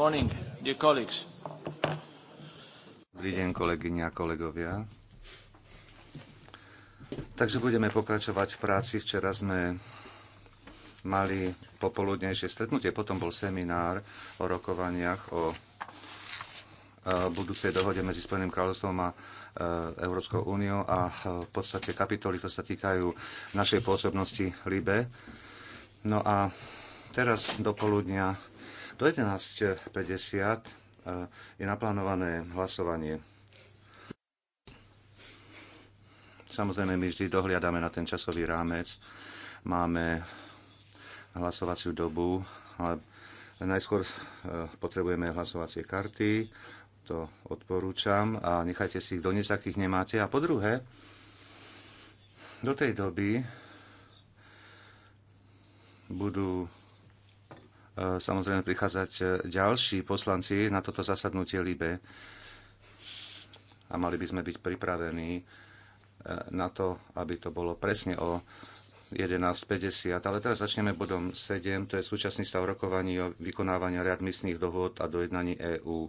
Dobrý deň, kolegyne a kolegovia. Takže budeme pokračovať v práci. Včera sme mali popoludnejšie stretnutie, potom bol seminár o rokovaniach o e, budúcej dohode medzi Spojeným kráľovstvom a e, Európskou úniou a e, v podstate kapitoly, ktoré sa týkajú našej pôsobnosti LIBE. No a teraz do poludnia do 11.50 e, je naplánované hlasovanie. Samozrejme, my vždy dohliadame na ten časový rámec. Máme hlasovaciu dobu, ale najskôr e, potrebujeme hlasovacie karty, to odporúčam a nechajte si ich doniesť, ak ich nemáte. A po druhé, do tej doby budú E, samozrejme prichádzať e, ďalší poslanci na toto zasadnutie Libe a mali by sme byť pripravení e, na to, aby to bolo presne o 11.50. Ale teraz začneme bodom 7, to je súčasný stav rokovaní o vykonávaní readmisných dohod a dojednaní EÚ.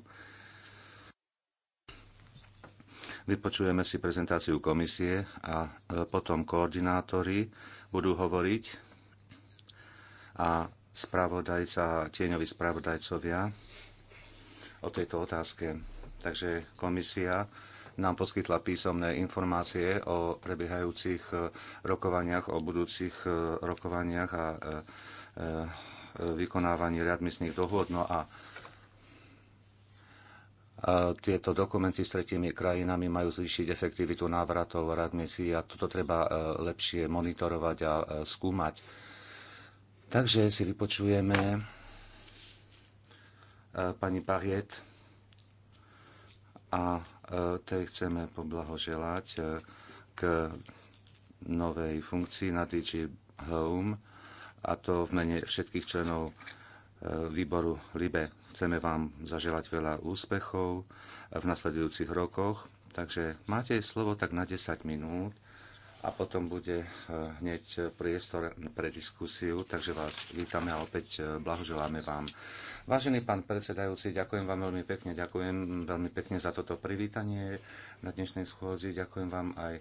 Vypočujeme si prezentáciu komisie a potom koordinátori budú hovoriť a spravodajca, tieňoví spravodajcovia o tejto otázke. Takže komisia nám poskytla písomné informácie o prebiehajúcich e, rokovaniach, o budúcich e, rokovaniach a e, vykonávaní readmisných dohôd. No a tieto dokumenty s tretími krajinami majú zvýšiť efektivitu návratov readmisí a toto treba lepšie monitorovať a skúmať Takže si vypočujeme e, pani Pariet a e, tej chceme poblahoželať e, k novej funkcii na DG Home a to v mene všetkých členov výboru LIBE. Chceme vám zaželať veľa úspechov v nasledujúcich rokoch, takže máte slovo tak na 10 minút a potom bude e, hneď priestor pre diskusiu, takže vás vítame a opäť e, blahoželáme vám. Vážený pán predsedajúci, ďakujem vám veľmi pekne, ďakujem veľmi pekne za toto privítanie na dnešnej schôdzi, ďakujem vám aj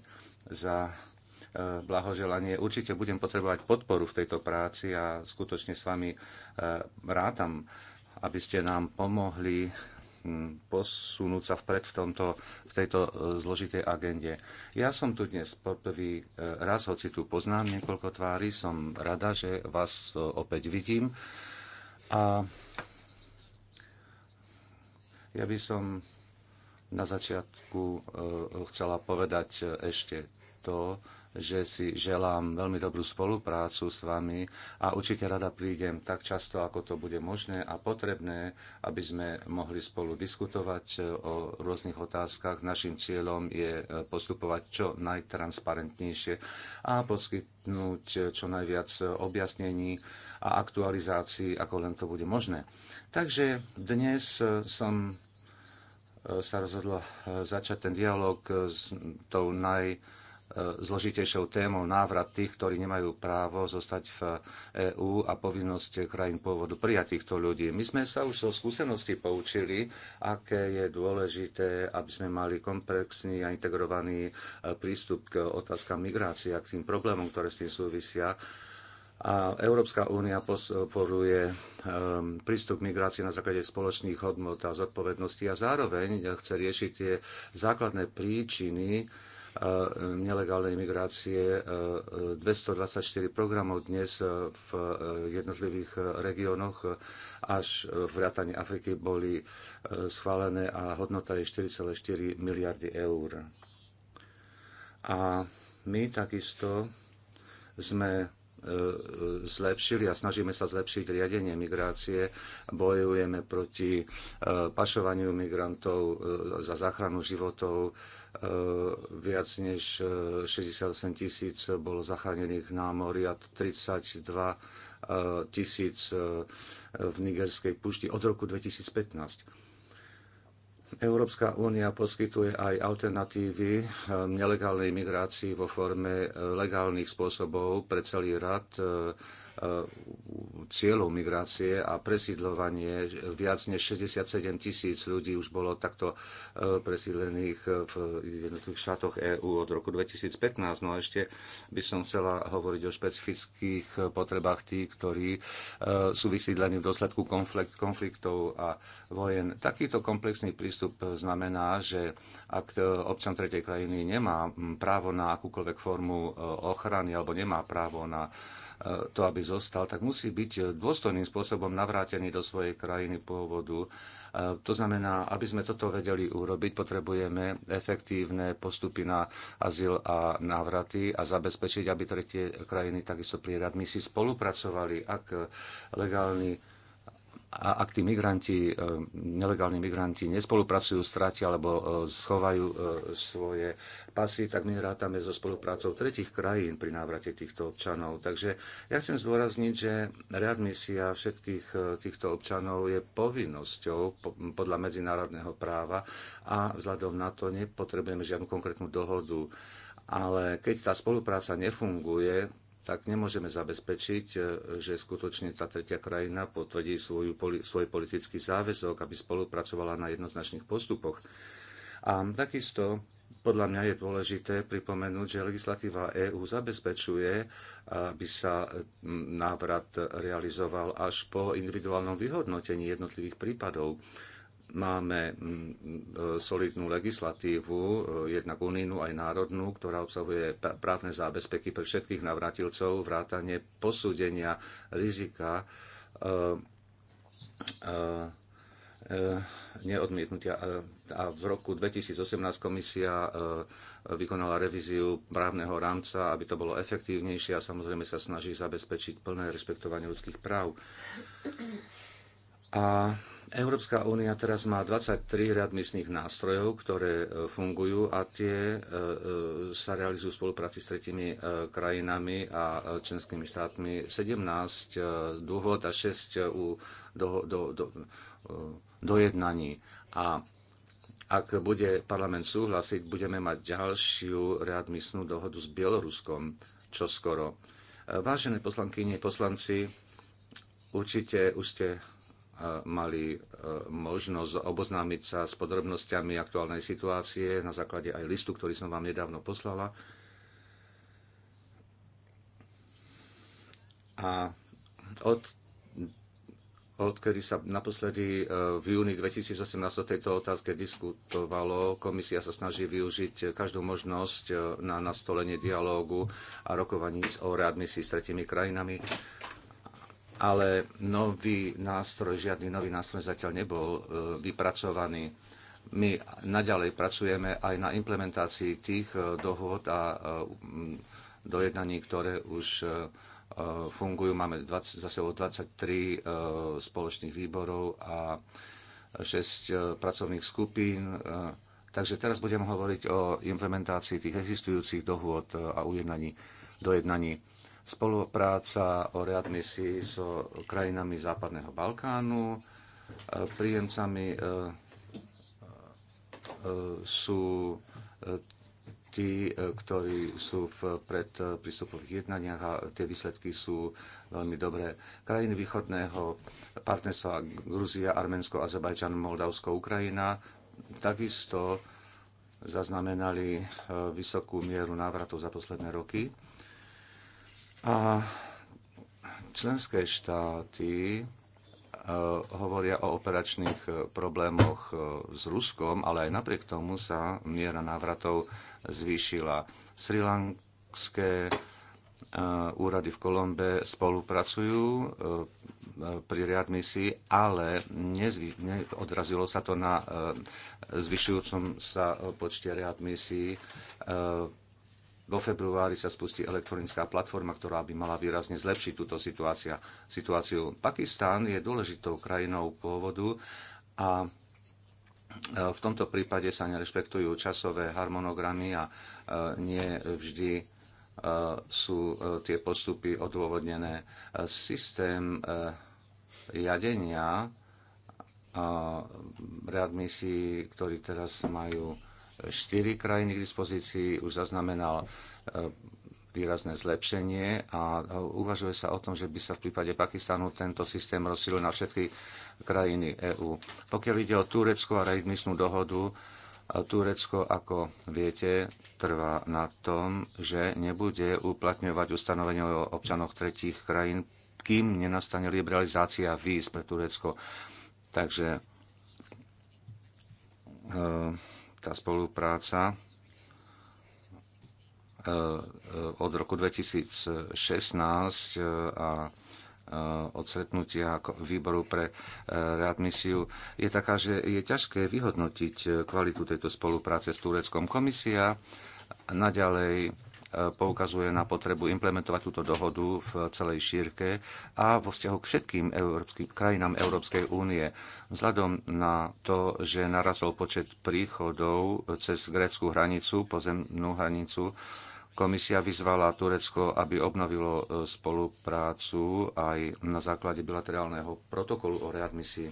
za e, blahoželanie. Určite budem potrebovať podporu v tejto práci a skutočne s vami rátam, aby ste nám pomohli Hm, posunúť sa vpred v, tomto, v tejto e, zložitej agende. Ja som tu dnes prvý e, raz, hoci tu poznám niekoľko tvári, som rada, že vás opäť vidím. A ja by som na začiatku e, chcela povedať ešte to, že si želám veľmi dobrú spoluprácu s vami a určite rada prídem tak často, ako to bude možné a potrebné, aby sme mohli spolu diskutovať e, o rôznych otázkach. Našim cieľom je e, postupovať čo najtransparentnejšie a poskytnúť e, čo najviac objasnení a aktualizácií, ako len to bude možné. Takže dnes som sa rozhodla začať ten dialog s tou naj E, zložitejšou témou návrat tých, ktorí nemajú právo zostať v EÚ a povinnosť krajín pôvodu prijať týchto ľudí. My sme sa už zo skúsenosti poučili, aké je dôležité, aby sme mali komplexný a integrovaný e, prístup k otázkam migrácie a k tým problémom, ktoré s tým súvisia. A Európska únia podporuje e, prístup k migrácii na základe spoločných hodnot a zodpovedností a zároveň chce riešiť tie základné príčiny, E, nelegálnej migrácie 224 e, e, programov dnes v jednotlivých regiónoch až v vrátane Afriky boli schválené a hodnota je 4,4 miliardy eur. A my takisto sme zlepšili a snažíme sa zlepšiť riadenie migrácie, bojujeme proti pašovaniu migrantov za záchranu životov, Eh, viac než 68 eh, tisíc bolo zachránených na mori a 32 eh, tisíc v nigerskej pušti od roku 2015. Európska únia poskytuje aj alternatívy nelegálnej migrácii vo forme legálnych spôsobov pre celý rad E, cieľov migrácie a presídľovanie. Viac než 67 tisíc ľudí už bolo takto e, presídlených v jednotlivých štátoch EÚ od roku 2015. No a ešte by som chcela hovoriť o špecifických potrebách tých, ktorí e, sú vysídlení v dôsledku konflikt, konfliktov a vojen. Takýto komplexný prístup znamená, že ak občan tretej krajiny nemá právo na akúkoľvek formu ochrany alebo nemá právo na to, aby zostal, tak musí byť dôstojným spôsobom navrátený do svojej krajiny pôvodu. To znamená, aby sme toto vedeli urobiť, potrebujeme efektívne postupy na azyl a návraty a zabezpečiť, aby tretie krajiny takisto pri si spolupracovali, ak legálny a ak tí migranti, e, nelegálni migranti nespolupracujú, stratia alebo e, schovajú e, svoje pasy, tak my rátame so spoluprácou tretich krajín pri návrate týchto občanov. Takže ja chcem zdôrazniť, že readmisia všetkých týchto občanov je povinnosťou podľa medzinárodného práva a vzhľadom na to nepotrebujeme žiadnu konkrétnu dohodu. Ale keď tá spolupráca nefunguje, tak nemôžeme zabezpečiť, e, že skutočne tá tretia krajina potvrdí svoju, svoj politický záväzok, aby spolupracovala na jednoznačných postupoch. A takisto podľa mňa je dôležité pripomenúť, že legislatíva EÚ zabezpečuje, aby sa návrat realizoval až po individuálnom vyhodnotení jednotlivých prípadov máme mm, e, solidnú legislatívu, e, jednak unijnú aj národnú, ktorá obsahuje právne zábezpeky pre všetkých navratilcov, vrátanie posúdenia rizika e, neodmietnutia. A v roku 2018 komisia vykonala revíziu právneho rámca, aby to bolo efektívnejšie a samozrejme sa snaží zabezpečiť plné rešpektovanie ľudských práv. A Európska únia teraz má 23 readmisných nástrojov, ktoré e, fungujú a tie e, e, sa realizujú v spolupráci s tretimi krajinami a členskými štátmi. 17 dôvod a 6 u do, do, do, dojednaní. A ak bude parlament súhlasiť, budeme mať ďalšiu readmisnú dohodu s Bieloruskom čoskoro. Vážené poslankyne, poslanci, určite už ste mali e, možnosť oboznámiť sa s podrobnosťami aktuálnej situácie na základe aj listu, ktorý som vám nedávno poslala. A od, odkedy sa naposledy e, v júni 2018 o tejto otázke diskutovalo, komisia sa snaží využiť každú možnosť e, na nastolenie dialógu a rokovaní o readmisii s tretimi krajinami ale nový nástroj, žiadny nový nástroj zatiaľ nebol e, vypracovaný. My naďalej pracujeme aj na implementácii tých e, dohod a e, dojednaní, ktoré už fungujú. Máme 20, za sebou 23 spoločných výborov a 6 pracovných skupín. Takže teraz budem hovoriť o implementácii tých existujúcich dohôd a ujednaní, dojednaní spolupráca o readmisii so krajinami Západného Balkánu. E, príjemcami e, e, sú tí, ktorí sú v predprístupových jednaniach a tie výsledky sú veľmi dobré. Krajiny východného partnerstva Gruzia, Arménsko, Azerbajčan, Moldavsko, Ukrajina takisto zaznamenali vysokú mieru návratov za posledné roky a členské štáty e, hovoria o operačných e, problémoch e, s Ruskom, ale aj napriek tomu sa miera návratov zvýšila. Sri Lankské úrady v Kolombe spolupracujú pri readmisii, ale odrazilo neodrazilo sa to na zvyšujúcom sa počte riad vo februári sa spustí elektronická platforma, ktorá by mala výrazne zlepšiť túto situácia, situáciu. Pakistán je dôležitou krajinou pôvodu a e, v tomto prípade sa nerešpektujú časové harmonogramy a e, nie vždy e, sú tie postupy odôvodnené. Systém riadenia readmisí, ktorí teraz majú Štyri krajiny k dispozícii už zaznamenal e, výrazné zlepšenie a e, uvažuje sa o tom, že by sa v prípade Pakistanu tento systém rozšíril na všetky krajiny EÚ. Pokiaľ ide o Turecko a readmisnú dohodu, e, Turecko, ako viete, trvá na tom, že nebude uplatňovať ustanovenie o občanoch tretích krajín, kým nenastane liberalizácia víz pre Turecko. Takže tá spolupráca e, e, od roku 2016 e, a od stretnutia výboru pre readmisiu je taká, že je ťažké vyhodnotiť kvalitu tejto spolupráce s Tureckom. Komisia naďalej poukazuje na potrebu implementovať túto dohodu v celej šírke a vo vzťahu k všetkým európskym, krajinám Európskej únie. Vzhľadom na to, že narastol počet príchodov cez grécku hranicu, pozemnú hranicu, Komisia vyzvala Turecko, aby obnovilo e, spoluprácu aj na základe bilaterálneho protokolu o readmisii.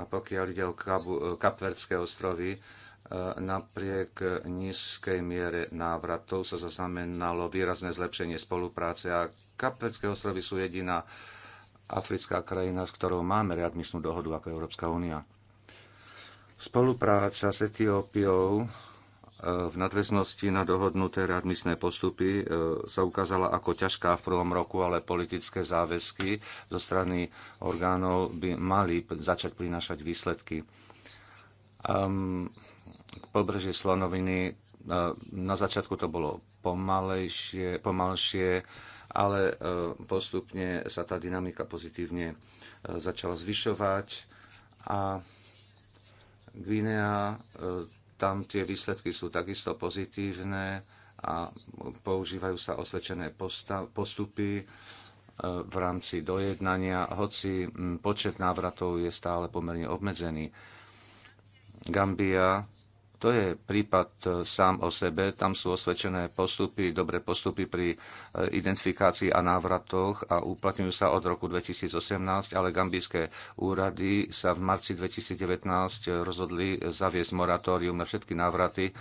A pokiaľ ide o e, Kapverské ostrovy, E, napriek nízkej miere návratov sa zaznamenalo výrazné zlepšenie spolupráce a Kapverské ostrovy sú jediná africká krajina, s ktorou máme readmisnú dohodu ako Európska únia. Spolupráca s Etiópiou e, v nadväznosti na dohodnuté readmisné postupy e, sa ukázala ako ťažká v prvom roku, ale politické záväzky zo strany orgánov by mali začať prinášať výsledky. Um, pobrežie slonoviny. E, na začiatku to bolo pomalejšie, pomalšie, ale e, postupne sa tá dynamika pozitívne e, začala zvyšovať a Gvinea, tam tie výsledky sú takisto pozitívne a používajú sa osvedčené postupy v rámci dojednania, hoci počet návratov je stále pomerne obmedzený. Gambia to je prípad e, sám o sebe. Tam sú osvedčené postupy, dobré postupy pri e, identifikácii a návratoch a uplatňujú sa od roku 2018, ale gambijské úrady sa v marci 2019 rozhodli zaviesť moratórium na všetky návraty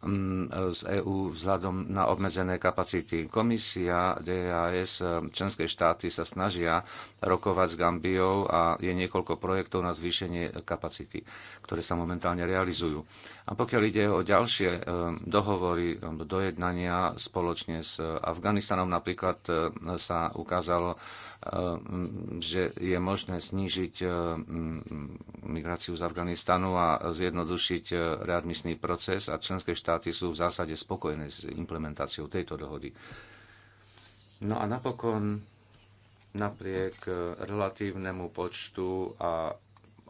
Mm, z EÚ vzhľadom na obmedzené kapacity. Komisia DAS, e, členské štáty sa snažia rokovať s Gambiou a je niekoľko projektov na zvýšenie kapacity, ktoré sa momentálne realizujú. A pokiaľ ide o ďalšie e, dohovory, e, dojednania spoločne s Afganistanom, napríklad sa ukázalo, Eh, že je možné snížiť eh, mm, migráciu z Afganistanu a zjednodušiť eh, readmisný proces a členské štáty sú v zásade spokojné s implementáciou tejto dohody. No a napokon napriek relatívnemu počtu a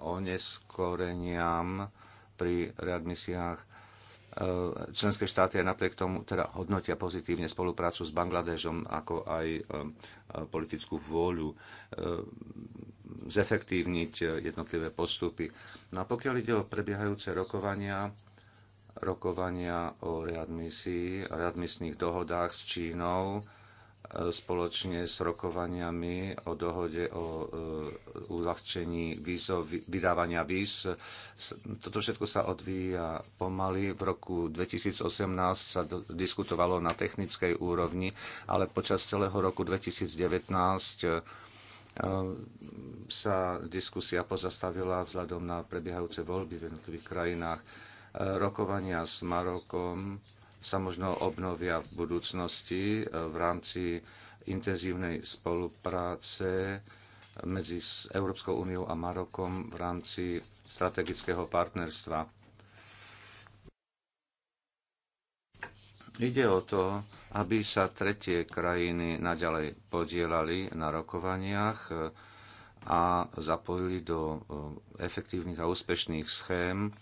oneskoreniam pri readmisiách E, členské štáty aj napriek tomu teda hodnotia pozitívne spoluprácu s Bangladežom, ako aj e, e, politickú vôľu zefektívniť jednotlivé postupy. No a pokiaľ ide o prebiehajúce rokovania, rokovania o readmisii, readmisných dohodách s Čínou, spoločne s rokovaniami o dohode o e, uľahčení vydávania víz. Toto všetko sa odvíja pomaly. V roku 2018 sa diskutovalo na technickej úrovni, ale počas celého roku 2019 e, sa diskusia pozastavila vzhľadom na prebiehajúce voľby v jednotlivých krajinách. E, rokovania s Marokom sa možno obnovia v budúcnosti e, v rámci intenzívnej spolupráce medzi Európskou úniou a Marokom v rámci strategického partnerstva. Ide o to, aby sa tretie krajiny naďalej podielali na rokovaniach e, a zapojili do e, efektívnych a úspešných schém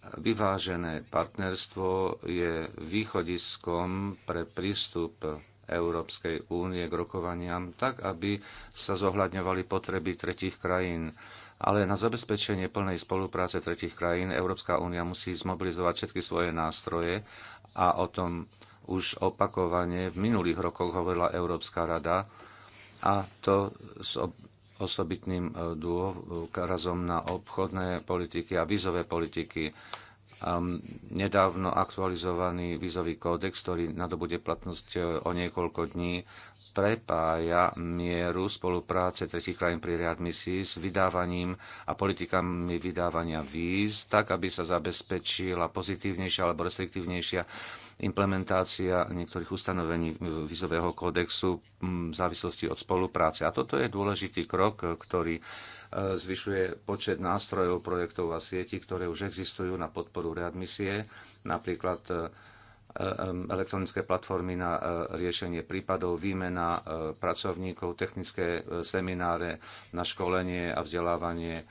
Vyvážené partnerstvo je východiskom pre prístup Európskej únie k rokovaniam tak, aby sa zohľadňovali potreby tretich krajín. Ale na zabezpečenie plnej spolupráce tretich krajín Európska únia musí zmobilizovať všetky svoje nástroje a o tom už opakovane v minulých rokoch hovorila Európska rada a to s osobitným e, dôkazom na obchodné politiky a vízové politiky. Nedávno aktualizovaný vízový kódex, ktorý nadobude platnosť e, o niekoľko dní, prepája mieru spolupráce tretich krajín pri readmisii s vydávaním a politikami vydávania víz, tak aby sa zabezpečila pozitívnejšia alebo restriktívnejšia implementácia niektorých ustanovení vizového kódexu v závislosti od spolupráce. A toto je dôležitý krok, ktorý e, zvyšuje počet nástrojov, projektov a sietí, ktoré už existujú na podporu readmisie, napríklad e, e, elektronické platformy na riešenie prípadov, výmena pracovníkov, technické semináre na školenie a vzdelávanie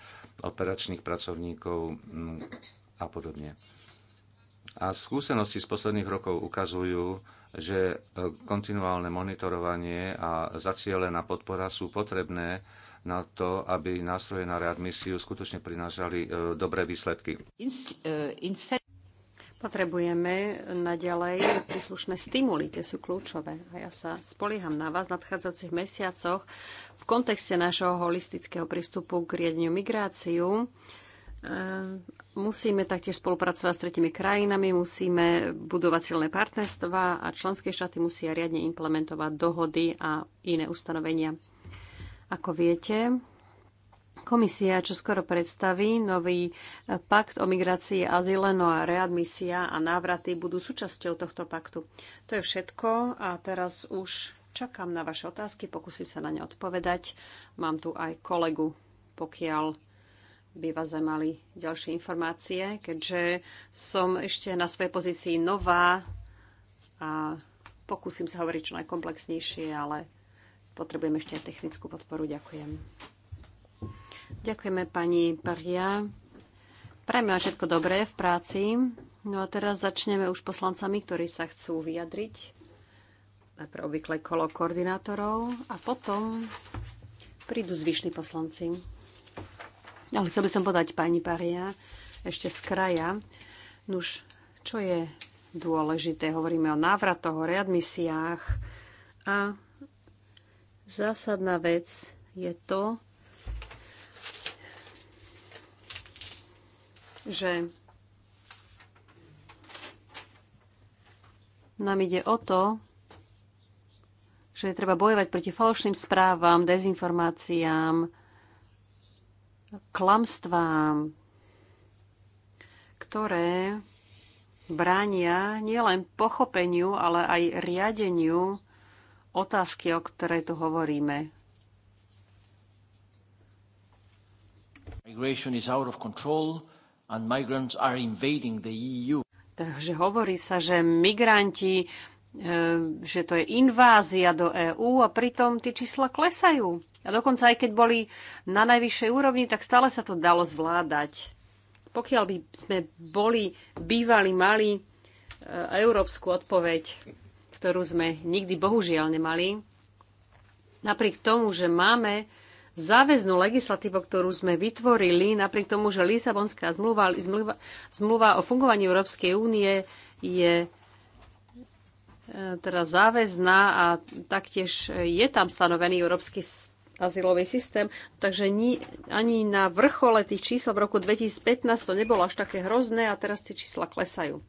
operačných pracovníkov a podobne. A skúsenosti z posledných rokov ukazujú, že e, kontinuálne monitorovanie a zacielená podpora sú potrebné na to, aby nástroje na readmisiu skutočne prinášali e, dobré výsledky. E, Potrebujeme naďalej príslušné stimuly, tie sú kľúčové. A ja sa spolieham na vás v nadchádzajúcich mesiacoch v kontexte nášho holistického prístupu k riadeniu migráciu, Ehm, musíme taktiež spolupracovať s tretimi krajinami, musíme budovať silné partnerstva a členské štáty musia riadne implementovať dohody a iné ustanovenia. Ako viete, Komisia čo skoro predstaví nový eh, pakt o migrácii a azyle, no a readmisia a návraty budú súčasťou tohto paktu. To je všetko a teraz už čakám na vaše otázky, pokúsim sa na ne odpovedať. Mám tu aj kolegu, pokiaľ by vás zajímali ďalšie informácie, keďže som ešte na svojej pozícii nová a pokúsim sa hovoriť čo najkomplexnejšie, ale potrebujem ešte aj technickú podporu. Ďakujem. Ďakujeme pani Paria. Prajme vám všetko dobré v práci. No a teraz začneme už poslancami, ktorí sa chcú vyjadriť. Najprv obvykle kolo koordinátorov a potom prídu zvyšní poslanci. Ale chcel by som podať pani Paria ešte z kraja. Nuž, čo je dôležité? Hovoríme o návratoch, o readmisiách a zásadná vec je to, že nám ide o to, že treba bojovať proti falošným správam, dezinformáciám, klamstvám, ktoré bránia nielen pochopeniu, ale aj riadeniu otázky, o ktorej tu hovoríme. Migration is out of control and migrants are invading the EU. Takže hovorí sa, že migranti, e, že to je invázia do EÚ a pritom tie čísla klesajú. A dokonca aj keď boli na najvyššej úrovni, tak stále sa to dalo zvládať. Pokiaľ by sme boli, bývali, mali e, európsku odpoveď, ktorú sme nikdy bohužiaľ nemali, napriek tomu, že máme záväznú legislatívu, ktorú sme vytvorili, napriek tomu, že Lisabonská zmluva, zmluva, zmluva o fungovaní Európskej únie je e, teda záväzná a taktiež je tam stanovený európsky azylový systém. Takže ni, ani na vrchole tých čísel v roku 2015 to nebolo až také hrozné a teraz tie čísla klesajú.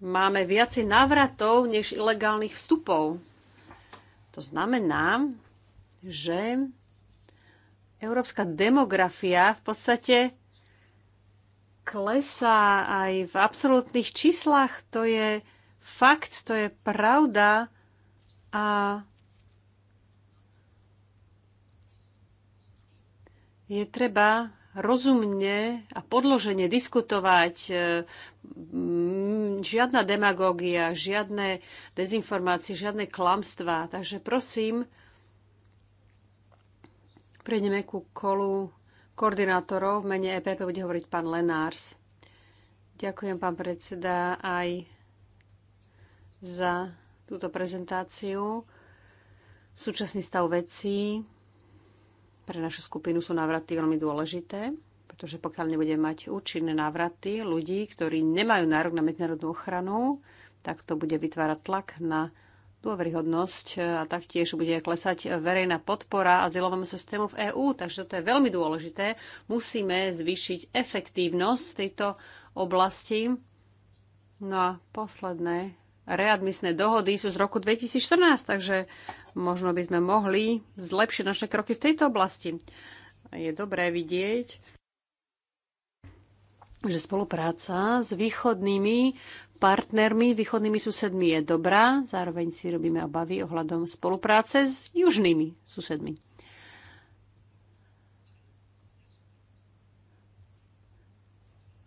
Máme viacej návratov než ilegálnych vstupov. To znamená, že európska demografia v podstate klesá aj v absolútnych číslach. To je fakt, to je pravda. A je treba rozumne a podložene diskutovať. E, žiadna demagógia, žiadne dezinformácie, žiadne klamstvá. Takže prosím, prejdeme ku kolu koordinátorov. V mene EPP bude hovoriť pán Lenárs. Ďakujem, pán predseda, aj za túto prezentáciu. Súčasný stav vecí pre našu skupinu sú návraty veľmi dôležité, pretože pokiaľ nebudeme mať účinné návraty ľudí, ktorí nemajú nárok na medzinárodnú ochranu, tak to bude vytvárať tlak na dôveryhodnosť a taktiež bude klesať verejná podpora azylovému systému v EÚ, takže toto je veľmi dôležité. Musíme zvýšiť efektívnosť tejto oblasti. No a posledné readmisné dohody sú z roku 2014, takže možno by sme mohli zlepšiť naše kroky v tejto oblasti. Je dobré vidieť, že spolupráca s východnými partnermi, východnými susedmi je dobrá. Zároveň si robíme obavy ohľadom spolupráce s južnými susedmi.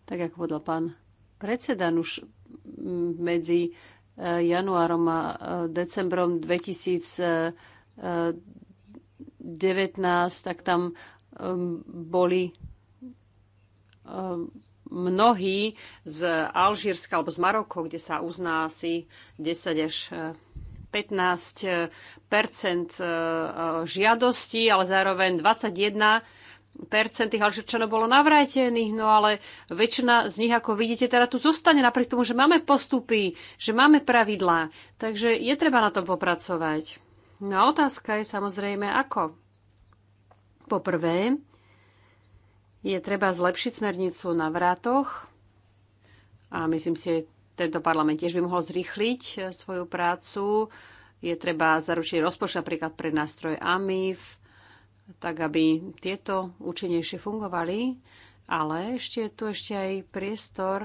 Tak ako povedal pán predseda, už medzi Eh, januárom a eh, decembrom 2019, eh, tak tam ehm, boli ehm, mnohí z Alžírska alebo z Maroko, kde sa uzná asi 10 až 15 žiadostí, ale zároveň 21 percent tých Alžírčanov bolo navrátených, no ale väčšina z nich, ako vidíte, teda tu zostane napriek tomu, že máme postupy, že máme pravidlá. Takže je treba na tom popracovať. No a otázka je samozrejme ako. Poprvé, je treba zlepšiť smernicu na vratoch a myslím si, tento parlament tiež by mohol zrýchliť eh, svoju prácu. Je treba zaručiť rozpočet napríklad pre nástroj AMIF, tak aby tieto účinnejšie fungovali, ale ešte je tu ešte aj priestor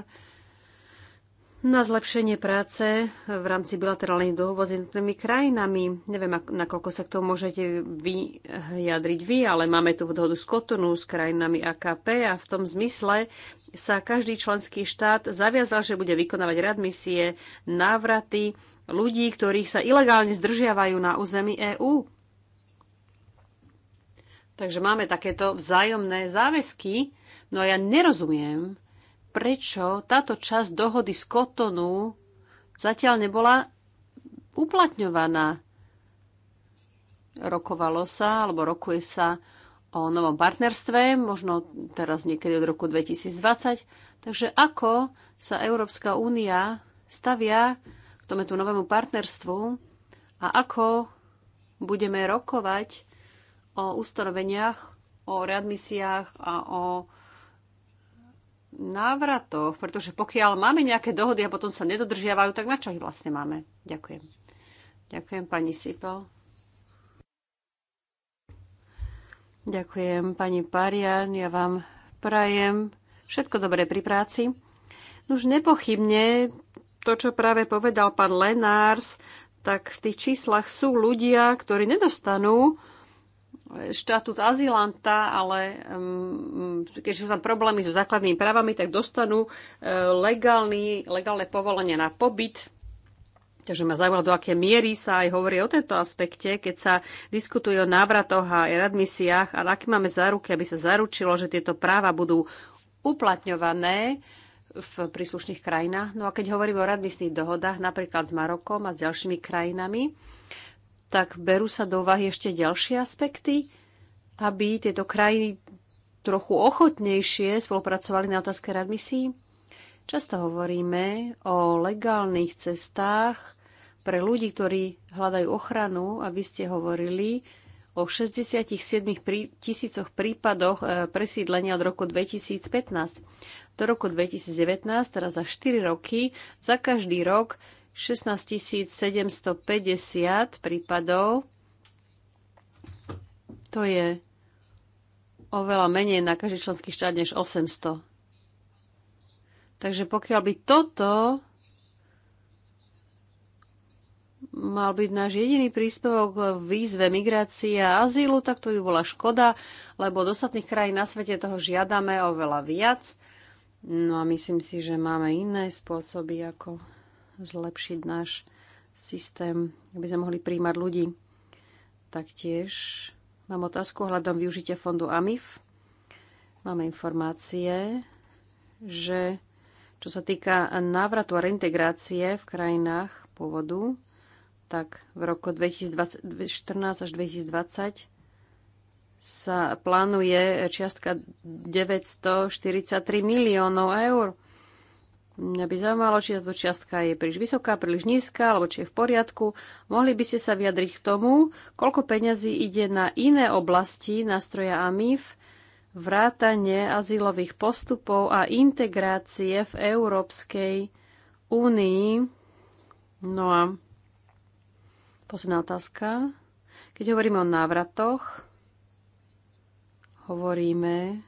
na zlepšenie práce v rámci bilaterálnych dohovor s jednotnými krajinami. Neviem, nakoľko sa k tomu môžete vyjadriť vy, ale máme tu dohodu s Kotonu, s krajinami AKP a v tom zmysle sa každý členský štát zaviazal, že bude vykonávať readmisie, návraty ľudí, ktorých sa ilegálne zdržiavajú na území EÚ. Takže máme takéto vzájomné záväzky. No a ja nerozumiem, prečo táto časť dohody z Kotonu zatiaľ nebola uplatňovaná. Rokovalo sa, alebo rokuje sa o novom partnerstve, možno teraz niekedy od roku 2020. Takže ako sa Európska únia stavia k tomu novému partnerstvu a ako budeme rokovať o ustanoveniach, o readmisiách a o návratoch, pretože pokiaľ máme nejaké dohody a potom sa nedodržiavajú, tak na čo ich vlastne máme? Ďakujem. Ďakujem, pani Sipel. Ďakujem, pani Parian. Ja vám prajem všetko dobré pri práci. Už nepochybne to, čo práve povedal pán Lenárs, tak v tých číslach sú ľudia, ktorí nedostanú štatút azylanta, ale mm, keď sú tam problémy so základnými právami, tak dostanú e, legálny, legálne povolenie na pobyt. Takže ma zaujímalo, do aké miery sa aj hovorí o tento aspekte, keď sa diskutuje o návratoch a readmisiách a aké máme záruky, aby sa zaručilo, že tieto práva budú uplatňované v príslušných krajinách. No a keď hovorím o readmisných dohodách napríklad s Marokom a s ďalšími krajinami, tak berú sa do úvahy ešte ďalšie aspekty, aby tieto krajiny trochu ochotnejšie spolupracovali na otázke readmisí. Často hovoríme o legálnych cestách pre ľudí, ktorí hľadajú ochranu aby ste hovorili o 67 tisícoch prípadoch e, presídlenia od roku 2015 do roku 2019, teraz za 4 roky, za každý rok 16 750 prípadov. To je oveľa menej na každý členský štát než 800. Takže pokiaľ by toto mal byť náš jediný príspevok v výzve migrácie a azylu, tak to by bola škoda, lebo do ostatných krajín na svete toho žiadame oveľa viac. No a myslím si, že máme iné spôsoby, ako zlepšiť náš systém, aby sme mohli príjmať ľudí. Taktiež mám otázku hľadom využitia fondu AMIF. Máme informácie, že čo sa týka návratu a reintegrácie v krajinách pôvodu, tak v roku 2014 až 2020 sa plánuje čiastka 943 miliónov eur. Mňa by zaujímalo, či táto čiastka je príliš vysoká, príliš nízka, alebo či je v poriadku. Mohli by ste sa vyjadriť k tomu, koľko peňazí ide na iné oblasti nástroja AMIF, vrátanie azylových postupov a integrácie v Európskej únii. No a posledná otázka. Keď hovoríme o návratoch, hovoríme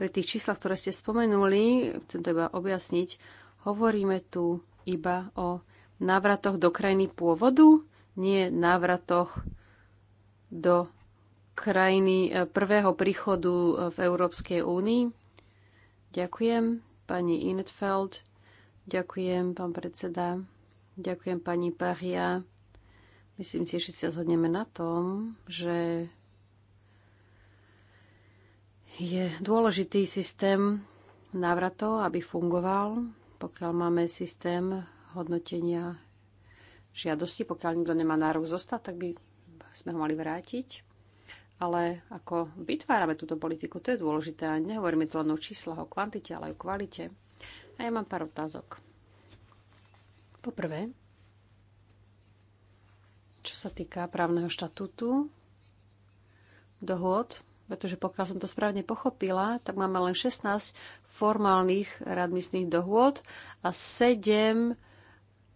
pri tých číslach, ktoré ste spomenuli, chcem to iba objasniť, hovoríme tu iba o návratoch do krajiny pôvodu, nie návratoch do krajiny e, prvého príchodu e, v Európskej únii. Ďakujem, pani Inetfeld. Ďakujem, pán predseda. Ďakujem, pani Paria. Myslím si, že sa zhodneme na tom, že je dôležitý systém návratov, aby fungoval, pokiaľ máme systém hodnotenia žiadosti. Pokiaľ nikto nemá nárok zostať, tak by sme ho mali vrátiť. Ale ako vytvárame túto politiku, to je dôležité. A nehovoríme tu len o číslach, o kvantite, ale aj o kvalite. A ja mám pár otázok. Poprvé, čo sa týka právneho štatútu, dohôd pretože pokiaľ som to správne pochopila, tak máme len 16 formálnych radmisných dohôd a 7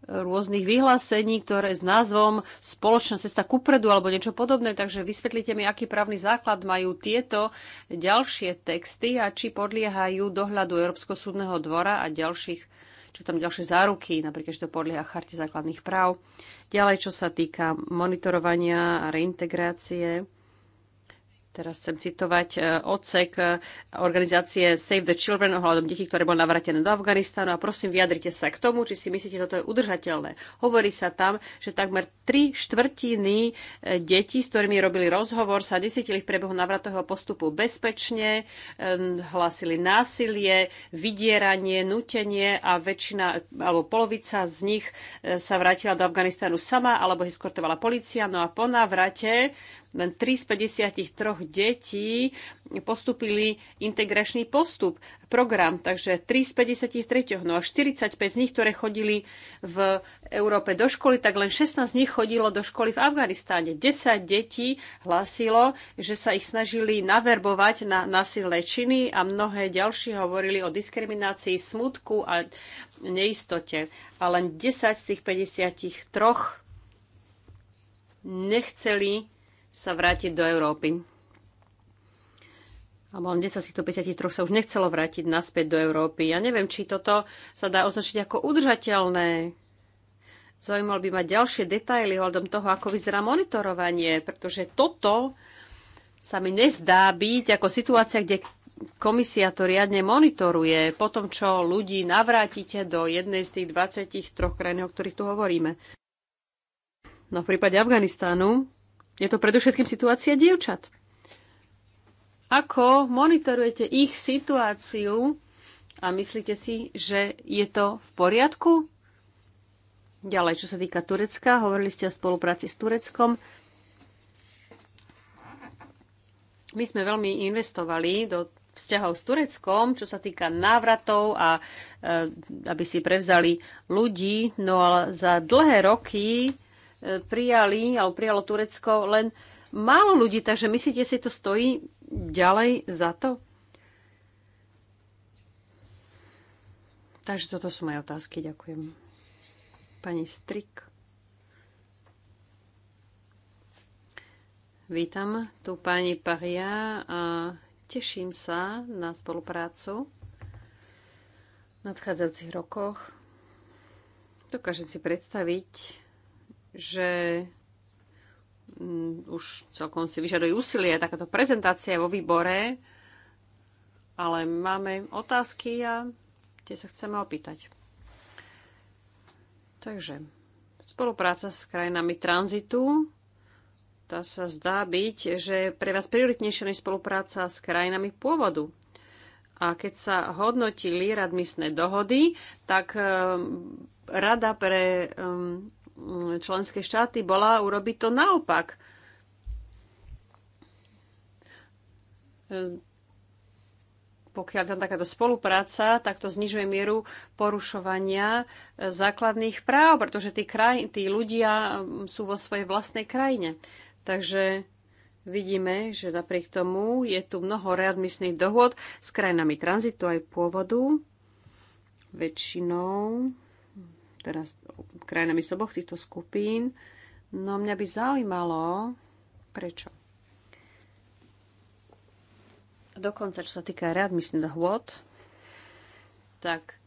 rôznych vyhlásení, ktoré s názvom Spoločná cesta kupredu alebo niečo podobné. Takže vysvetlite mi, aký právny základ majú tieto ďalšie texty a či podliehajú dohľadu Európskeho súdneho dvora a ďalších čo tam ďalšie záruky, napríklad, že to podlieha charte základných práv. Ďalej, čo sa týka monitorovania a reintegrácie, Teraz chcem citovať e, odsek e, organizácie Save the Children ohľadom detí, ktoré boli navrátené do Afganistánu. A prosím, vyjadrite sa k tomu, či si myslíte, toto je udržateľné. Hovorí sa tam, že takmer tri štvrtiny e, detí, s ktorými robili rozhovor, sa desítili v priebehu navratového postupu bezpečne, hlásili násilie, vydieranie, nutenie a väčšina alebo polovica z nich sa vrátila do Afganistánu sama alebo eskortovala policia. No a po návrate len 3 z 53 detí postupili integračný postup, program, takže 3 z 53. No a 45 z nich, ktoré chodili v Európe do školy, tak len 16 z nich chodilo do školy v Afganistáne. 10 detí hlásilo, že sa ich snažili naverbovať na násilné činy a mnohé ďalšie hovorili o diskriminácii, smutku a neistote. A len 10 z tých 53 nechceli sa vrátiť do Európy. Alebo len 10 z týchto 53 sa už nechcelo vrátiť naspäť do Európy. Ja neviem, či toto sa dá označiť ako udržateľné. Zaujímal by ma ďalšie detaily hľadom toho, ako vyzerá monitorovanie, pretože toto sa mi nezdá byť ako situácia, kde komisia to riadne monitoruje po tom, čo ľudí navrátite do jednej z tých 23 krajín, o ktorých tu hovoríme. No v prípade Afganistánu je to predovšetkým situácia dievčat. Ako monitorujete ich situáciu a myslíte si, že je to v poriadku? Ďalej, čo sa týka Turecka, hovorili ste o spolupráci s Tureckom. My sme veľmi investovali do vzťahov s Tureckom, čo sa týka návratov a e, aby si prevzali ľudí. No ale za dlhé roky prijali, alebo prijalo Turecko len málo ľudí, takže myslíte si, to stojí ďalej za to? Takže toto sú moje otázky, ďakujem. Pani Strik. Vítam tu pani Paria a teším sa na spoluprácu v nadchádzajúcich rokoch. Dokážem si predstaviť, že mm, už celkom si vyžaduje úsilie takáto prezentácia vo výbore, ale máme otázky a tie sa chceme opýtať. Takže spolupráca s krajinami tranzitu, tá sa zdá byť, že pre vás prioritnejšia než spolupráca s krajinami pôvodu. A keď sa hodnotili radmisné dohody, tak ehm, Rada pre ehm, Mm, členské štáty bola urobiť to naopak. E, pokiaľ tam takáto spolupráca, tak to znižuje mieru porušovania e, základných práv, pretože tí, kraj, tí ľudia mm, sú vo svojej vlastnej krajine. Takže vidíme, že napriek tomu je tu mnoho readmisných dohod s krajinami tranzitu aj pôvodu. Väčšinou teraz krajinami z oboch týchto skupín. No mňa by zaujímalo, prečo. Dokonca, čo sa týka readmisných hôd, tak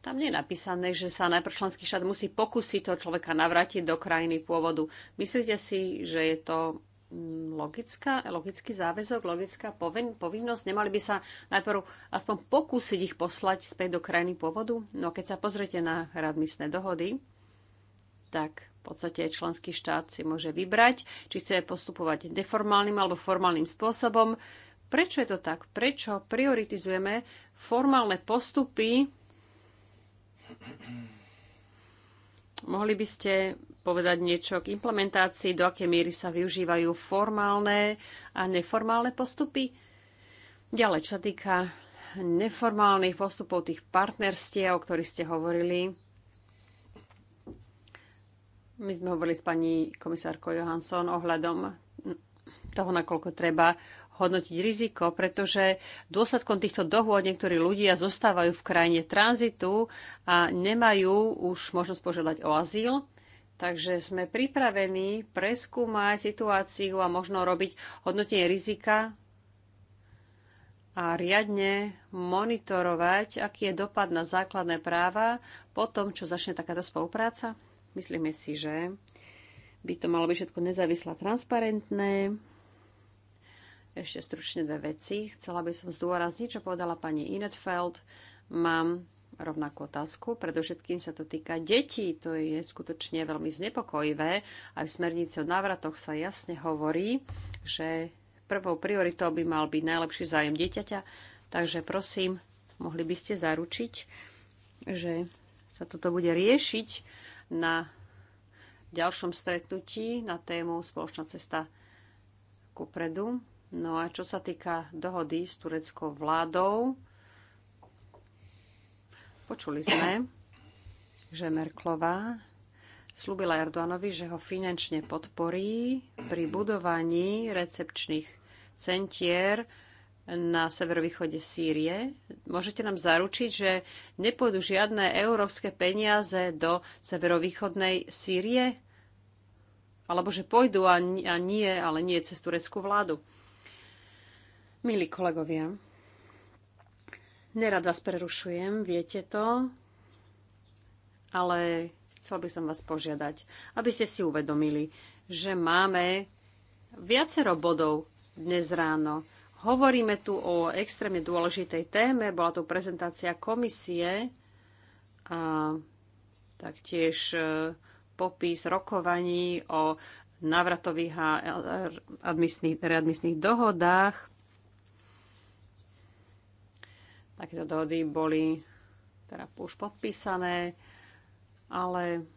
tam nie je napísané, že sa najprv členský štát musí pokúsiť toho človeka navrátiť do krajiny pôvodu. Myslíte si, že je to logická, logický záväzok, logická povin, povinnosť? Nemali by sa najprv aspoň pokúsiť ich poslať späť do krajiny pôvodu? No keď sa pozrete na radmisné dohody, tak v podstate členský štát si môže vybrať, či chce postupovať neformálnym alebo formálnym spôsobom. Prečo je to tak? Prečo prioritizujeme formálne postupy? Mohli by ste povedať niečo k implementácii, do akej miery sa využívajú formálne a neformálne postupy. Ďalej, čo sa týka neformálnych postupov, tých partnerstiev, o ktorých ste hovorili, my sme hovorili s pani komisárkou Johansson ohľadom toho, nakoľko treba hodnotiť riziko, pretože dôsledkom týchto dohôd niektorí ľudia zostávajú v krajine tranzitu a nemajú už možnosť požiadať o azyl. Takže sme pripravení preskúmať situáciu a možno robiť hodnotenie rizika a riadne monitorovať, aký je dopad na základné práva po tom, čo začne takáto spolupráca. Myslíme si, že by to malo byť všetko nezávislé a transparentné. Ešte stručne dve veci. Chcela by som zdôrazniť, čo povedala pani Inetfeld. Mám rovnakú otázku. Predovšetkým sa to týka detí. To je skutočne veľmi znepokojivé. Aj v smernici o návratoch sa jasne hovorí, že prvou prioritou by mal byť najlepší zájem dieťaťa. Takže prosím, mohli by ste zaručiť, že sa toto bude riešiť na ďalšom stretnutí na tému Spoločná cesta ku predu. No a čo sa týka dohody s tureckou vládou, Počuli sme, že Merklová slúbila Erdoganovi, že ho finančne podporí pri budovaní recepčných centier na severovýchode Sýrie. Môžete nám zaručiť, že nepôjdu žiadne európske peniaze do severovýchodnej Sýrie? Alebo že pôjdu a nie, ale nie cez tureckú vládu. Milí kolegovia, Nerad vás prerušujem, viete to, ale chcel by som vás požiadať, aby ste si uvedomili, že máme viacero bodov dnes ráno. Hovoríme tu o extrémne dôležitej téme, bola tu prezentácia komisie a taktiež e, popis rokovaní o návratových a e, readmisných dohodách. Takéto dohody boli teda už podpísané, ale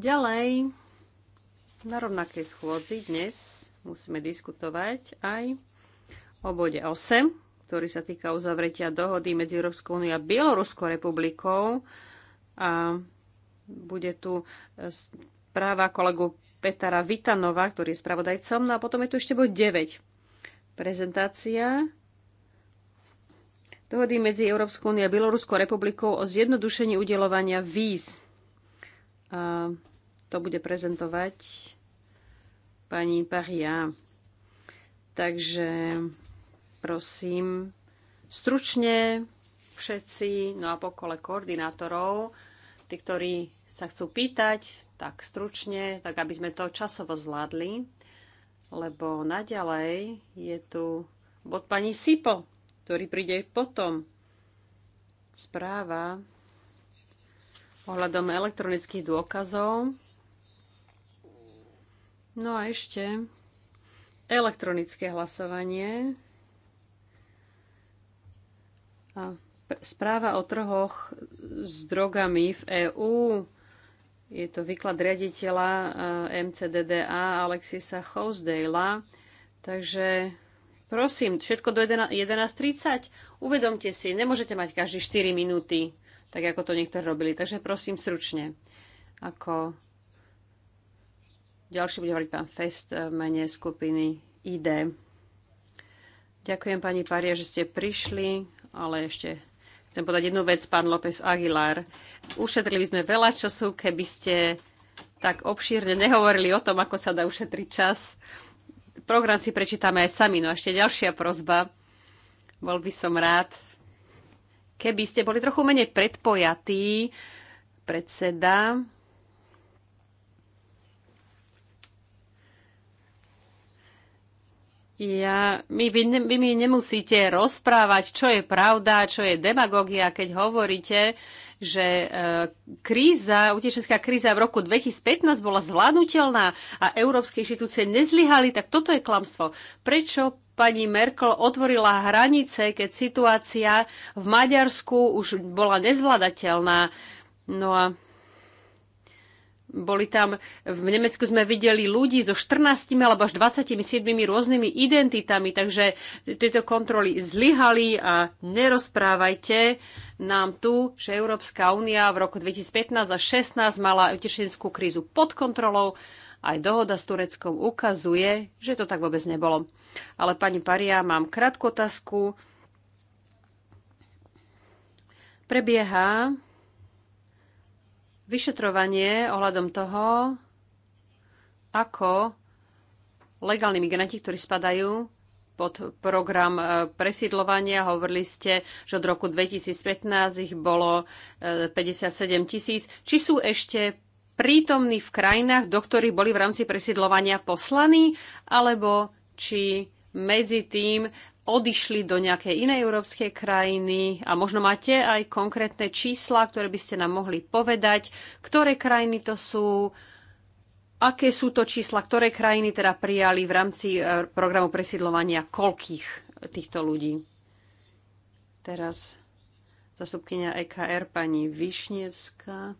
ďalej na rovnakej schôdzi dnes musíme diskutovať aj o bode 8, ktorý sa týka uzavretia dohody medzi Európskou úniou a Bieloruskou republikou. A bude tu e, práva kolegu Petara Vitanova, ktorý je spravodajcom. No a potom je tu ešte bod 9. Prezentácia dohody medzi Európskou úniou a Bieloruskou republikou o zjednodušení udelovania víz. A to bude prezentovať pani Paria. Takže prosím, stručne všetci, no a pokole koordinátorov, tí, ktorí sa chcú pýtať, tak stručne, tak aby sme to časovo zvládli, lebo naďalej je tu bod pani Sipo ktorý príde potom. Správa ohľadom elektronických dôkazov. No a ešte elektronické hlasovanie. A správa o trhoch s drogami v EÚ. Je to výklad riaditeľa e, MCDDA Alexisa Housdale. Takže Prosím, všetko do 11.30. Uvedomte si, nemôžete mať každý 4 minúty, tak ako to niektorí robili. Takže prosím, stručne. Ako ďalší bude hovoriť pán Fest v mene skupiny ID. Ďakujem pani Paria, že ste prišli, ale ešte chcem podať jednu vec, pán López Aguilar. Ušetrili sme veľa času, keby ste tak obšírne nehovorili o tom, ako sa dá ušetriť čas program si prečítame aj sami. No a ešte ďalšia prozba. Bol by som rád, keby ste boli trochu menej predpojatí, predseda. Ja, my, vy, vy mi nemusíte rozprávať, čo je pravda, čo je demagogia, keď hovoríte, že e, kríza, utečenská kríza v roku 2015 bola zvládnutelná a európske inštitúcie nezlyhali, tak toto je klamstvo. Prečo pani Merkel otvorila hranice, keď situácia v Maďarsku už bola nezvladateľná? No a boli tam, v Nemecku sme videli ľudí so 14 alebo až 27 rôznymi identitami, takže tieto kontroly zlyhali a nerozprávajte nám tu, že Európska únia v roku 2015 a 2016 mala utečenskú krízu pod kontrolou. Aj dohoda s Tureckom ukazuje, že to tak vôbec nebolo. Ale pani Paria, mám krátku otázku. Prebieha vyšetrovanie ohľadom toho, ako legálni migranti, ktorí spadajú pod program e, presídlovania. Hovorili ste, že od roku 2015 ich bolo 57 e, tisíc. Či sú ešte prítomní v krajinách, do ktorých boli v rámci presídlovania poslaní, alebo či medzi tým odišli do nejakej inej európskej krajiny a možno máte aj konkrétne čísla, ktoré by ste nám mohli povedať, ktoré krajiny to sú, aké sú to čísla, ktoré krajiny teda prijali v rámci e, programu presídlovania koľkých týchto ľudí. Teraz zastupkynia EKR pani Višnevská.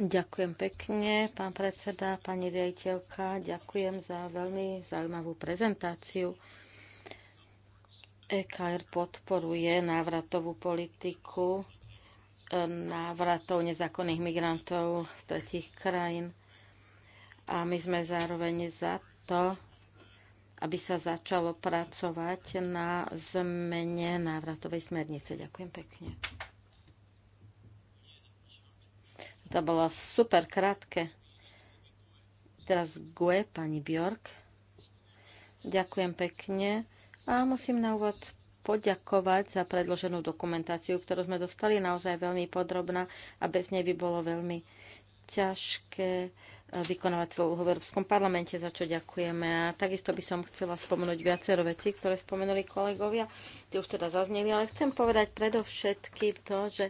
Ďakujem pekne, pán predseda, pani riaditeľka. Ďakujem za veľmi zaujímavú prezentáciu. EKR podporuje návratovú politiku e, návratov nezákonných migrantov z tretich krajín. A my sme zároveň za to, aby sa začalo pracovať na zmene návratovej smernice. Ďakujem pekne. To bolo super krátke. Teraz Gue, pani Bjork. Ďakujem pekne a musím na úvod poďakovať za predloženú dokumentáciu, ktorú sme dostali naozaj veľmi podrobná a bez nej by bolo veľmi ťažké vykonávať svoju úlohu v Európskom parlamente, za čo ďakujeme. A takisto by som chcela spomenúť viacero vecí, ktoré spomenuli kolegovia. Tie už teda zazneli, ale chcem povedať predovšetkým to, že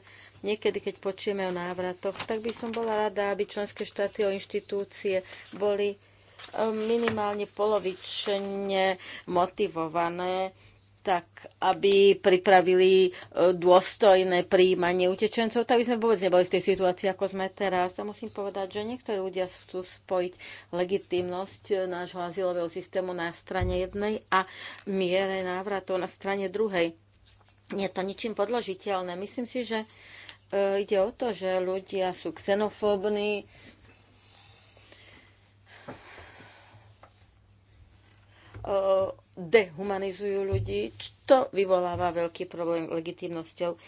niekedy, keď počujeme o návratoch, tak by som bola rada, aby členské štáty o inštitúcie boli eh, minimálne polovične motivované tak aby pripravili e, dôstojné príjmanie utečencov, tak by sme vôbec neboli v tej situácii, ako sme teraz. A musím povedať, že niektorí ľudia chcú spojiť legitimnosť e, nášho azylového systému na strane jednej a miere návratov na strane druhej. Nie je to ničím podložiteľné. Myslím si, že e, ide o to, že ľudia sú xenofóbni, dehumanizujú ľudí, čo vyvoláva veľký problém legitimnosťou e,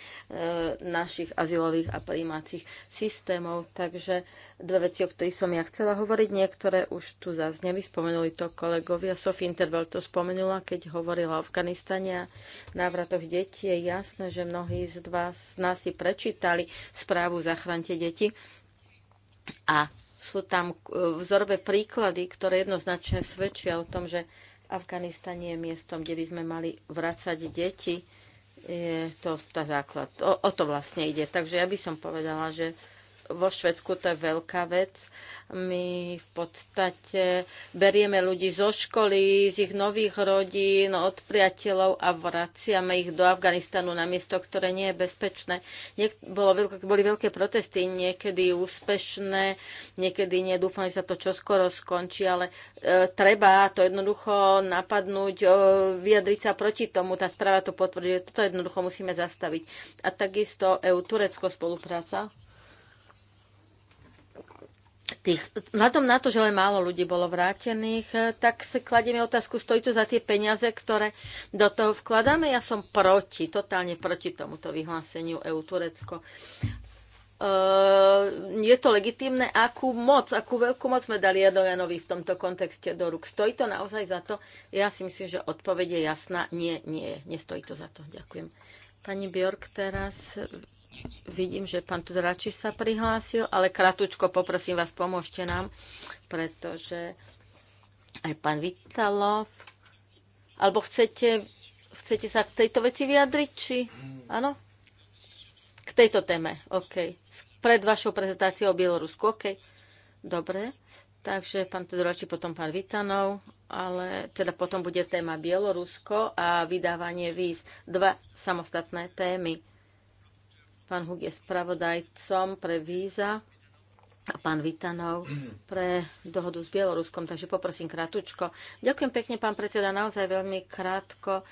našich azylových a príjímacích systémov. Takže dve veci, o ktorých som ja chcela hovoriť, niektoré už tu zazneli, spomenuli to kolegovia. Sophie Interval to spomenula, keď hovorila o Afganistane a návratoch detí. Je jasné, že mnohí z vás z nás si prečítali správu Zachránte deti a sú tam e, vzorové príklady, ktoré jednoznačne svedčia o tom, že Afganistan je miestom, kde by sme mali vracať deti. Je to tá základ. O, o to vlastne ide. Takže ja by som povedala, že vo Švedsku to je veľká vec. My v podstate berieme ľudí zo školy, z ich nových rodín, od priateľov a vraciame ich do Afganistanu na miesto, ktoré nie je bezpečné. Niek- bolo veľké, boli veľké protesty, niekedy úspešné, niekedy nedúfam, že sa to čoskoro skončí, ale e, treba to jednoducho napadnúť, e, vyjadriť sa proti tomu. Tá správa to potvrdí. Toto jednoducho musíme zastaviť. A takisto EU-Turecko spolupráca tých, vzhľadom na to, že len málo ľudí bolo vrátených, eh, tak si kladieme otázku, stojí to za tie peniaze, ktoré do toho vkladáme. Ja som proti, totálne proti tomuto vyhláseniu EU Turecko. Eh, je to legitimné, akú moc, akú veľkú moc sme dali Erdoganovi v tomto kontexte do rúk. Stojí to naozaj za to? Ja si myslím, že odpoveď je jasná. Nie, nie, nestojí to za to. Ďakujem. Pani Bjork teraz Vidím, že pán Tudrači sa prihlásil, ale kratučko poprosím vás, pomôžte nám, pretože aj pán Vitalov, alebo chcete, chcete sa k tejto veci vyjadriť, či áno? K tejto téme, OK. Pred vašou prezentáciou o Bielorusku, OK. Dobre, takže pán Tudrači, potom pán Vitanov, ale teda potom bude téma Bielorusko a vydávanie víz. Dva samostatné témy Pán Hug je spravodajcom pre víza a pán Vitanov pre dohodu s Bieloruskom, takže poprosím krátko. Ďakujem pekne, pán predseda, naozaj veľmi krátko.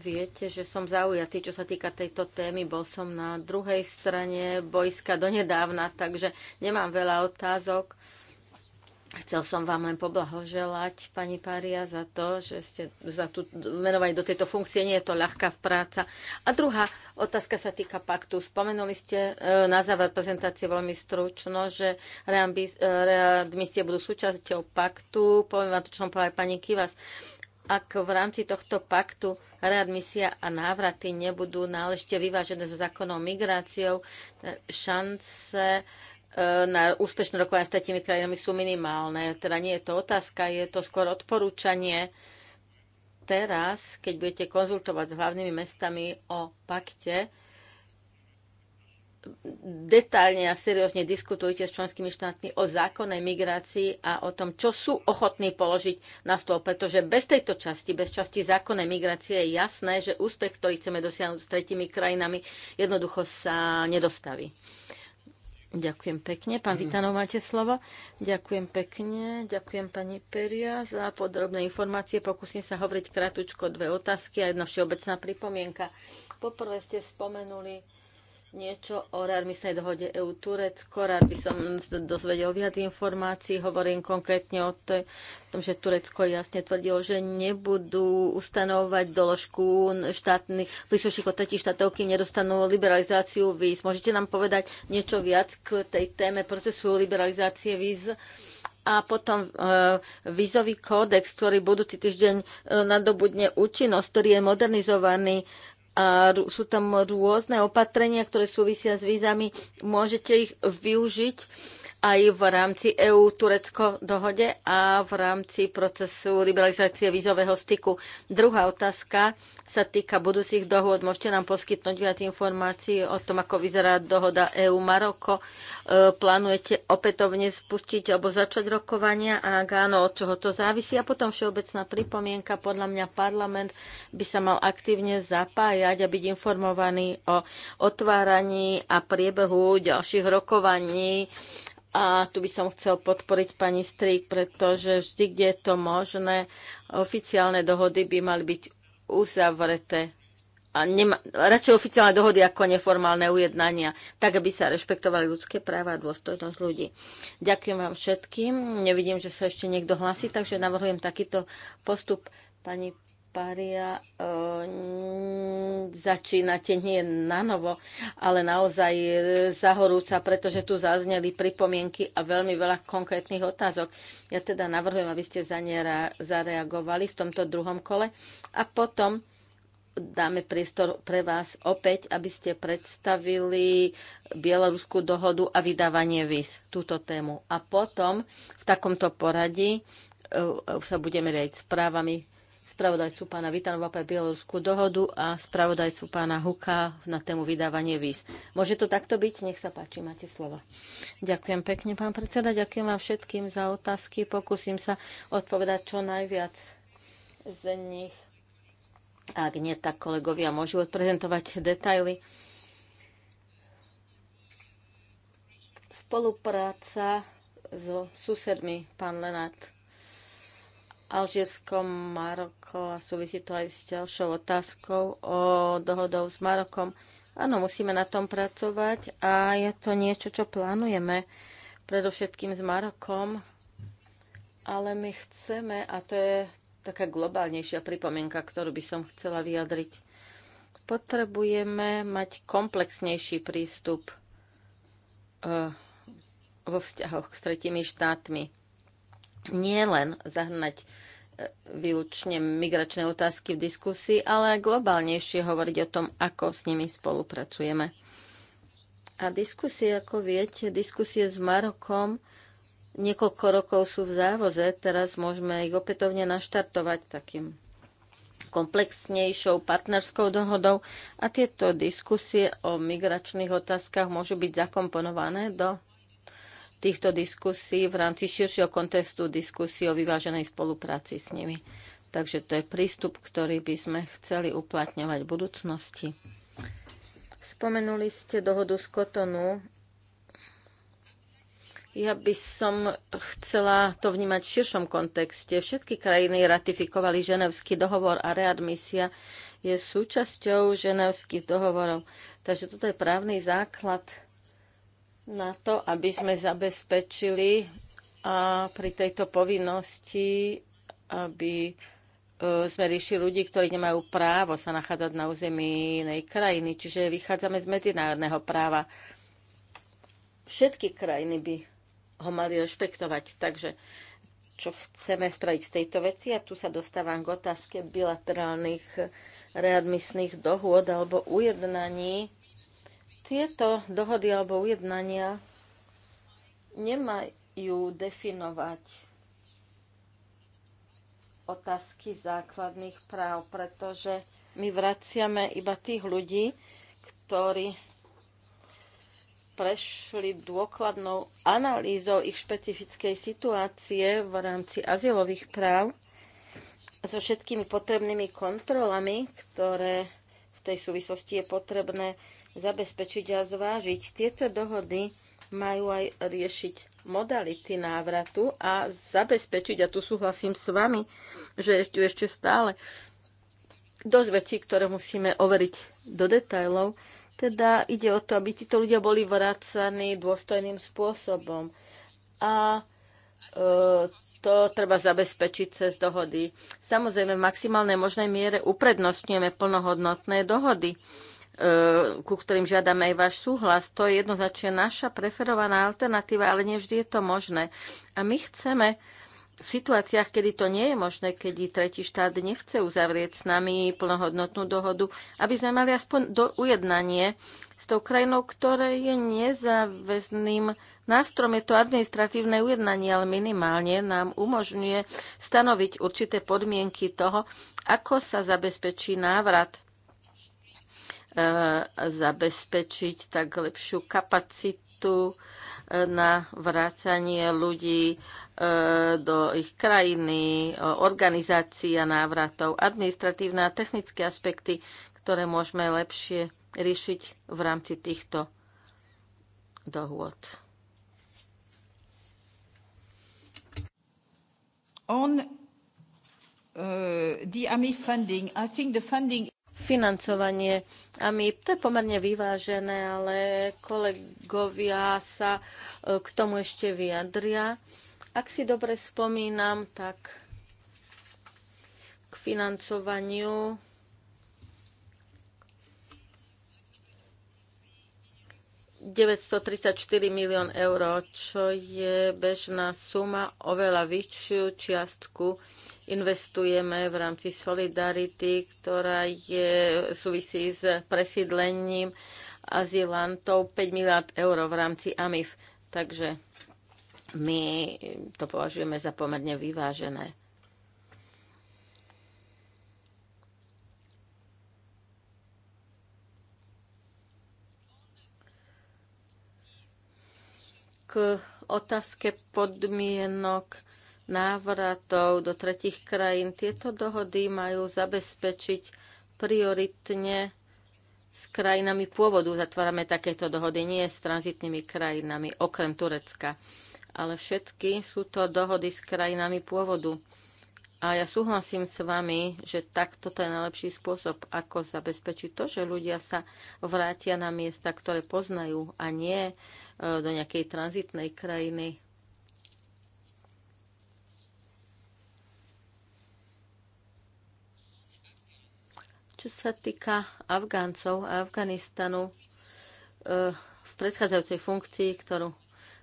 Viete, že som zaujatý, čo sa týka tejto témy. Bol som na druhej strane bojska donedávna, takže nemám veľa otázok. Chcel som vám len poblahoželať, pani Pária, za to, že ste za tú, menovali do tejto funkcie. Nie je to ľahká práca. A druhá otázka sa týka paktu. Spomenuli ste e, na záver prezentácie veľmi stručno, že e, readmisie budú súčasťou paktu. Poviem vám to, čo som aj pani Kivas. Ak v rámci tohto paktu readmisia a návraty nebudú náležite vyvážené so zákonom migráciou, e, šance E, na úspešné rokovanie s tretimi krajinami sú minimálne. Teda nie je to otázka, je to skôr odporúčanie. Teraz, keď budete konzultovať s hlavnými mestami o pakte, detálne a seriózne diskutujte s členskými štátmi o zákonnej migrácii a o tom, čo sú ochotní položiť na stôl, pretože bez tejto časti, bez časti zákonnej migrácie je jasné, že úspech, ktorý chceme dosiahnuť s tretimi krajinami, jednoducho sa nedostaví. Ďakujem pekne. Pán mm. Vitanov, máte slovo. Ďakujem pekne. Ďakujem pani Peria za podrobné informácie. Pokúsim sa hovoriť krátko dve otázky a jedna všeobecná pripomienka. Poprvé ste spomenuli niečo o readmisnej dohode EU Turecko. Rád by som dozvedel viac informácií. Hovorím konkrétne o tom, že Turecko jasne tvrdilo, že nebudú ustanovať doložku štátnych príslušníkov tretich štátov, kým nedostanú liberalizáciu víz. Môžete nám povedať niečo viac k tej téme procesu liberalizácie víz? a potom e, vízový kódex, ktorý budúci týždeň e, nadobudne účinnosť, ktorý je modernizovaný a sú tam rôzne opatrenia, ktoré súvisia s vízami. Môžete ich využiť aj v rámci EU-Turecko dohode a v rámci procesu liberalizácie vízového styku. Druhá otázka sa týka budúcich dohôd. Môžete nám poskytnúť viac informácií o tom, ako vyzerá dohoda EU-Maroko. E, plánujete opätovne spustiť alebo začať rokovania a ak áno, od čoho to závisí. A potom všeobecná pripomienka. Podľa mňa parlament by sa mal aktívne zapájať a byť informovaný o otváraní a priebehu ďalších rokovaní a tu by som chcel podporiť pani Strik, pretože vždy, kde je to možné, oficiálne dohody by mali byť uzavreté. A nema, radšej oficiálne dohody ako neformálne ujednania, tak aby sa rešpektovali ľudské práva a dôstojnosť ľudí. Ďakujem vám všetkým. Nevidím, že sa ešte niekto hlasí, takže navrhujem takýto postup. Pani paria e, začínate nie na novo, ale naozaj e, zahorúca, pretože tu zazneli pripomienky a veľmi veľa konkrétnych otázok. Ja teda navrhujem, aby ste za ne zareagovali v tomto druhom kole a potom dáme priestor pre vás opäť, aby ste predstavili Bieloruskú dohodu a vydávanie víz, túto tému. A potom v takomto poradí e, e, sa budeme riadiť správami spravodajcu pána Vitanova pre Bieloruskú dohodu a spravodajcu pána Huka na tému vydávanie víz. Môže to takto byť? Nech sa páči, máte slovo. Ďakujem pekne, pán predseda. Ďakujem vám všetkým za otázky. Pokúsim sa odpovedať čo najviac z nich. Ak nie, tak kolegovia môžu odprezentovať detaily. Spolupráca so susedmi, pán Lenát. Alžírskom, Maroko a súvisí to aj s ďalšou otázkou o dohodou s Marokom. Áno, musíme na tom pracovať a je to niečo, čo plánujeme predovšetkým s Marokom, ale my chceme, a to je taká globálnejšia pripomienka, ktorú by som chcela vyjadriť, potrebujeme mať komplexnejší prístup eh, vo vzťahoch s tretimi štátmi nie len zahrnať e, výlučne migračné otázky v diskusii, ale aj globálnejšie hovoriť o tom, ako s nimi spolupracujeme. A diskusie, ako viete, diskusie s Marokom niekoľko rokov sú v závoze, teraz môžeme ich opätovne naštartovať takým komplexnejšou partnerskou dohodou a tieto diskusie o migračných otázkach môžu byť zakomponované do týchto diskusí v rámci širšieho kontextu diskusí o vyváženej spolupráci s nimi. Takže to je prístup, ktorý by sme chceli uplatňovať v budúcnosti. Spomenuli ste dohodu z Kotonu. Ja by som chcela to vnímať v širšom kontexte. Všetky krajiny ratifikovali Ženevský dohovor a readmisia je súčasťou Ženevských dohovorov. Takže toto je právny základ na to, aby sme zabezpečili a pri tejto povinnosti, aby e, sme riešili ľudí, ktorí nemajú právo sa nachádzať na území inej krajiny. Čiže vychádzame z medzinárodného práva. Všetky krajiny by ho mali rešpektovať. Takže čo chceme spraviť v tejto veci, a tu sa dostávam k otázke bilaterálnych readmisných dohôd alebo ujednaní tieto dohody alebo ujednania nemajú definovať otázky základných práv, pretože my vraciame iba tých ľudí, ktorí prešli dôkladnou analýzou ich špecifickej situácie v rámci azylových práv so všetkými potrebnými kontrolami, ktoré v tej súvislosti je potrebné zabezpečiť a zvážiť. Tieto dohody majú aj riešiť modality návratu a zabezpečiť, a tu súhlasím s vami, že ešte, ešte stále dosť vecí, ktoré musíme overiť do detajlov. Teda ide o to, aby títo ľudia boli vracaní dôstojným spôsobom. A e, to treba zabezpečiť cez dohody. Samozrejme, v maximálnej možnej miere uprednostňujeme plnohodnotné dohody E, ku ktorým žiadame aj váš súhlas. To je jednoznačne naša preferovaná alternatíva, ale nie vždy je to možné. A my chceme v situáciách, kedy to nie je možné, keď tretí štát nechce uzavrieť s nami plnohodnotnú dohodu, aby sme mali aspoň do ujednanie s tou krajinou, ktoré je nezáväzným nástrom. Je to administratívne ujednanie, ale minimálne nám umožňuje stanoviť určité podmienky toho, ako sa zabezpečí návrat Eh, zabezpečiť tak lepšiu kapacitu eh, na vrácanie ľudí eh, do ich krajiny, organizácia návratov, administratívne a technické aspekty, ktoré môžeme lepšie riešiť v rámci týchto dohôd. On uh, the AMI funding, I think the funding financovanie. A my, to je pomerne vyvážené, ale kolegovia sa e, k tomu ešte vyjadria. Ak si dobre spomínam, tak k financovaniu 934 milión eur, čo je bežná suma, oveľa vyššiu čiastku investujeme v rámci Solidarity, ktorá je, súvisí s presídlením azylantov 5 miliard eur v rámci AMIF. Takže my to považujeme za pomerne vyvážené. k otázke podmienok návratov do tretich krajín. Tieto dohody majú zabezpečiť prioritne s krajinami pôvodu. Zatvárame takéto dohody, nie s tranzitnými krajinami, okrem Turecka. Ale všetky sú to dohody s krajinami pôvodu. A ja súhlasím s vami, že takto to je najlepší spôsob, ako zabezpečiť to, že ľudia sa vrátia na miesta, ktoré poznajú a nie e, do nejakej tranzitnej krajiny. Čo sa týka Afgáncov a Afganistanu, e, v predchádzajúcej funkcii, ktorú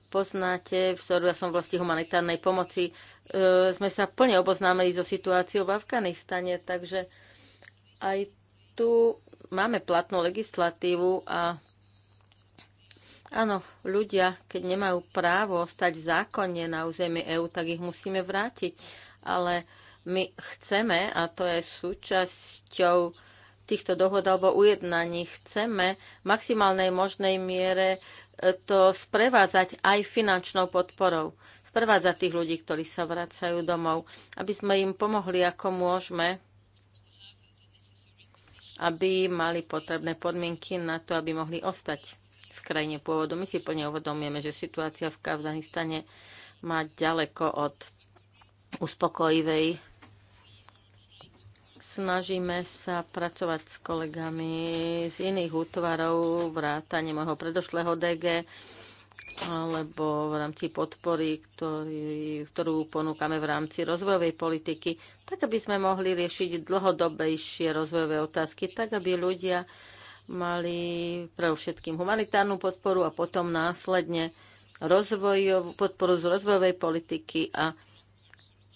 poznáte, v ktorú ja som vlastne humanitárnej pomoci, E, sme sa plne oboznámili so situáciou v Afganistane, takže aj tu máme platnú legislatívu a áno, ľudia, keď nemajú právo stať zákonne na území EÚ, tak ich musíme vrátiť. Ale my chceme, a to je súčasťou týchto dohod alebo ujednaní, chceme v maximálnej možnej miere to sprevádzať aj finančnou podporou sprevádzať tých ľudí, ktorí sa vracajú domov, aby sme im pomohli, ako môžeme, aby mali potrebné podmienky na to, aby mohli ostať v krajine pôvodu. My si plne uvedomujeme, že situácia v Afganistane má ďaleko od uspokojivej snažíme sa pracovať s kolegami z iných útvarov, vrátane môjho predošlého DG, alebo v rámci podpory, ktorý, ktorú ponúkame v rámci rozvojovej politiky, tak aby sme mohli riešiť dlhodobejšie rozvojové otázky, tak aby ľudia mali pre všetkým humanitárnu podporu a potom následne rozvojov, podporu z rozvojovej politiky a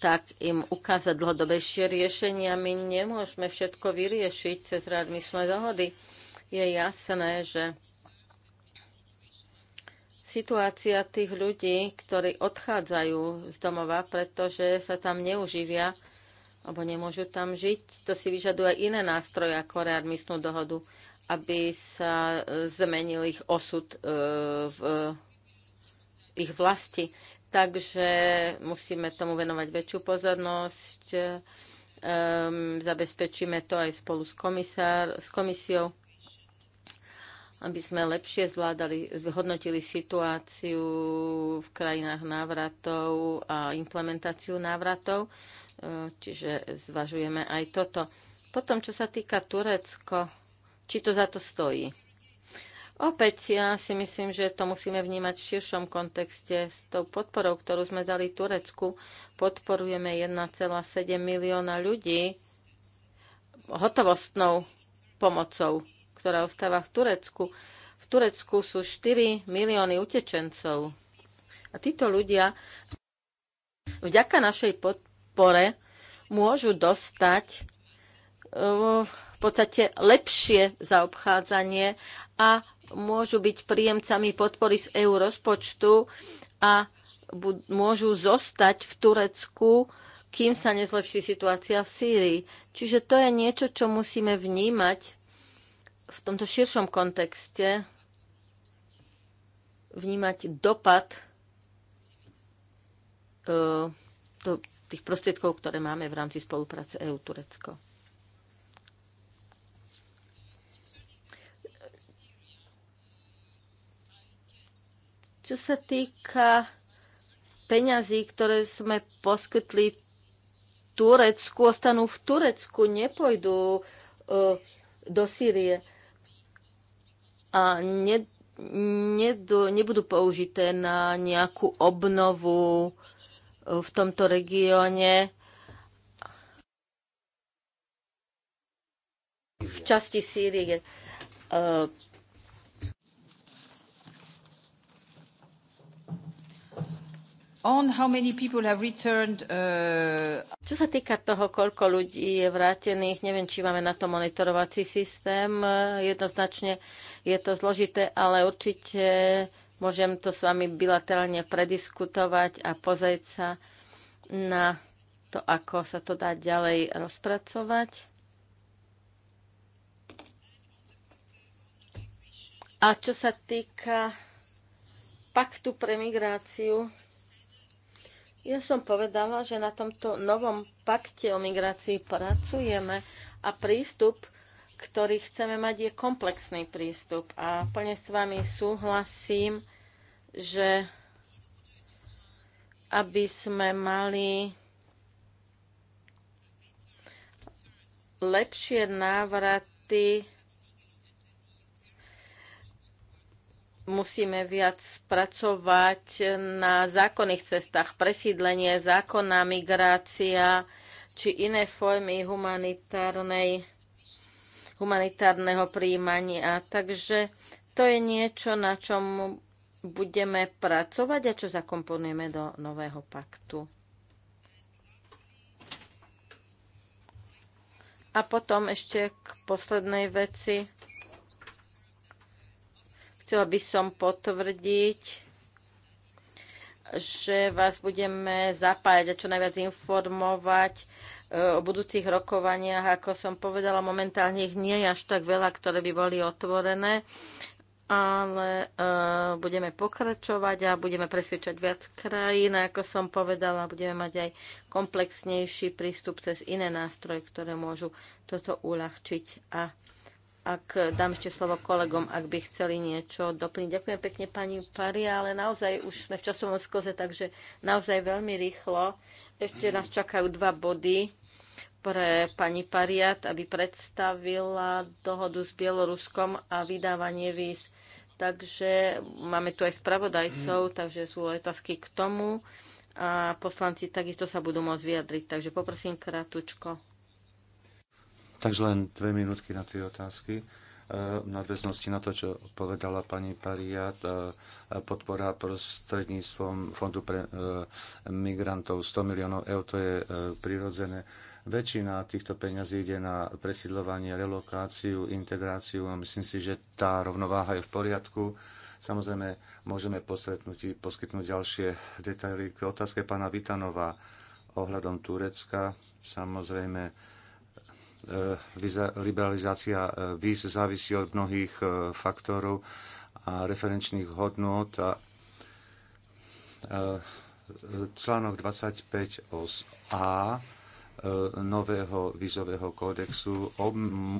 tak im ukázať dlhodobejšie riešenia. My nemôžeme všetko vyriešiť cez rádmyšné dohody. Je jasné, že situácia tých ľudí, ktorí odchádzajú z domova, pretože sa tam neuživia alebo nemôžu tam žiť, to si vyžaduje iné nástroje ako readmisnú dohodu, aby sa e, zmenil ich osud e, v e, ich vlasti. Takže musíme tomu venovať väčšiu pozornosť. Ehm, zabezpečíme to aj spolu s, komisár, s komisiou aby sme lepšie zvládali, vyhodnotili situáciu v krajinách návratov a implementáciu návratov. E, čiže zvažujeme aj toto. Potom, čo sa týka Turecko, či to za to stojí? Opäť ja si myslím, že to musíme vnímať v širšom kontexte. S tou podporou, ktorú sme dali Turecku, podporujeme 1,7 milióna ľudí hotovostnou pomocou ktorá ostáva v Turecku. V Turecku sú 4 milióny utečencov. A títo ľudia vďaka našej podpore môžu dostať eh, v podstate lepšie zaobchádzanie a môžu byť príjemcami podpory z EU rozpočtu a môžu zostať v Turecku, kým sa nezlepší situácia v Sýrii. Čiže to je niečo, čo musíme vnímať v tomto širšom kontexte vnímať dopad e, tých prostriedkov, ktoré máme v rámci spolupráce EU-Turecko. Čo sa týka peňazí, ktoré sme poskytli Turecku, ostanú v Turecku, nepôjdu e, do Sýrie a ne, nedo, nebudú použité na nejakú obnovu e, v tomto regióne. V časti Sýrie. E, On how many people have returned, uh... Čo sa týka toho, koľko ľudí je vrátených, neviem, či máme na to monitorovací systém. Jednoznačne uh, je to zložité, ale určite môžem to s vami bilaterálne prediskutovať a pozrieť sa na to, ako sa to dá ďalej rozpracovať. A čo sa týka paktu pre migráciu, ja som povedala, že na tomto novom pakte o migrácii pracujeme a prístup ktorý chceme mať, je komplexný prístup. A plne s vami súhlasím, že aby sme mali lepšie návraty, musíme viac pracovať na zákonných cestách. Presídlenie, zákonná migrácia či iné formy humanitárnej humanitárneho príjmania. Takže to je niečo, na čom budeme pracovať a čo zakomponujeme do nového paktu. A potom ešte k poslednej veci. Chcela by som potvrdiť, že vás budeme zapájať a čo najviac informovať e, o budúcich rokovaniach. Ako som povedala, momentálne ich nie je až tak veľa, ktoré by boli otvorené, ale e, budeme pokračovať a budeme presvedčať viac krajín. Ako som povedala, budeme mať aj komplexnejší prístup cez iné nástroje, ktoré môžu toto uľahčiť a ak dám ešte slovo kolegom, ak by chceli niečo doplniť. Ďakujem pekne pani Pari, ale naozaj už sme v časovom skoze, takže naozaj veľmi rýchlo. Ešte nás čakajú dva body pre pani Pariat, aby predstavila dohodu s Bieloruskom a vydávanie víz. Takže máme tu aj spravodajcov, takže sú otázky k tomu a poslanci takisto sa budú môcť vyjadriť. Takže poprosím kratučko. Takže len dve minútky na tie otázky. E, v nadväznosti na to, čo povedala pani Pariat, e, podpora prostredníctvom Fondu pre e, migrantov 100 miliónov eur, to je prirodzené. Väčšina týchto peňazí ide na presídľovanie, relokáciu, integráciu a myslím si, že tá rovnováha je v poriadku. Samozrejme, môžeme poskytnúť ďalšie detaily k otázke pána Vitanova ohľadom Turecka. Samozrejme, E, liberalizácia e, víz závisí od mnohých e, faktorov a referenčných hodnot. A článok 25 a nového vízového kódexu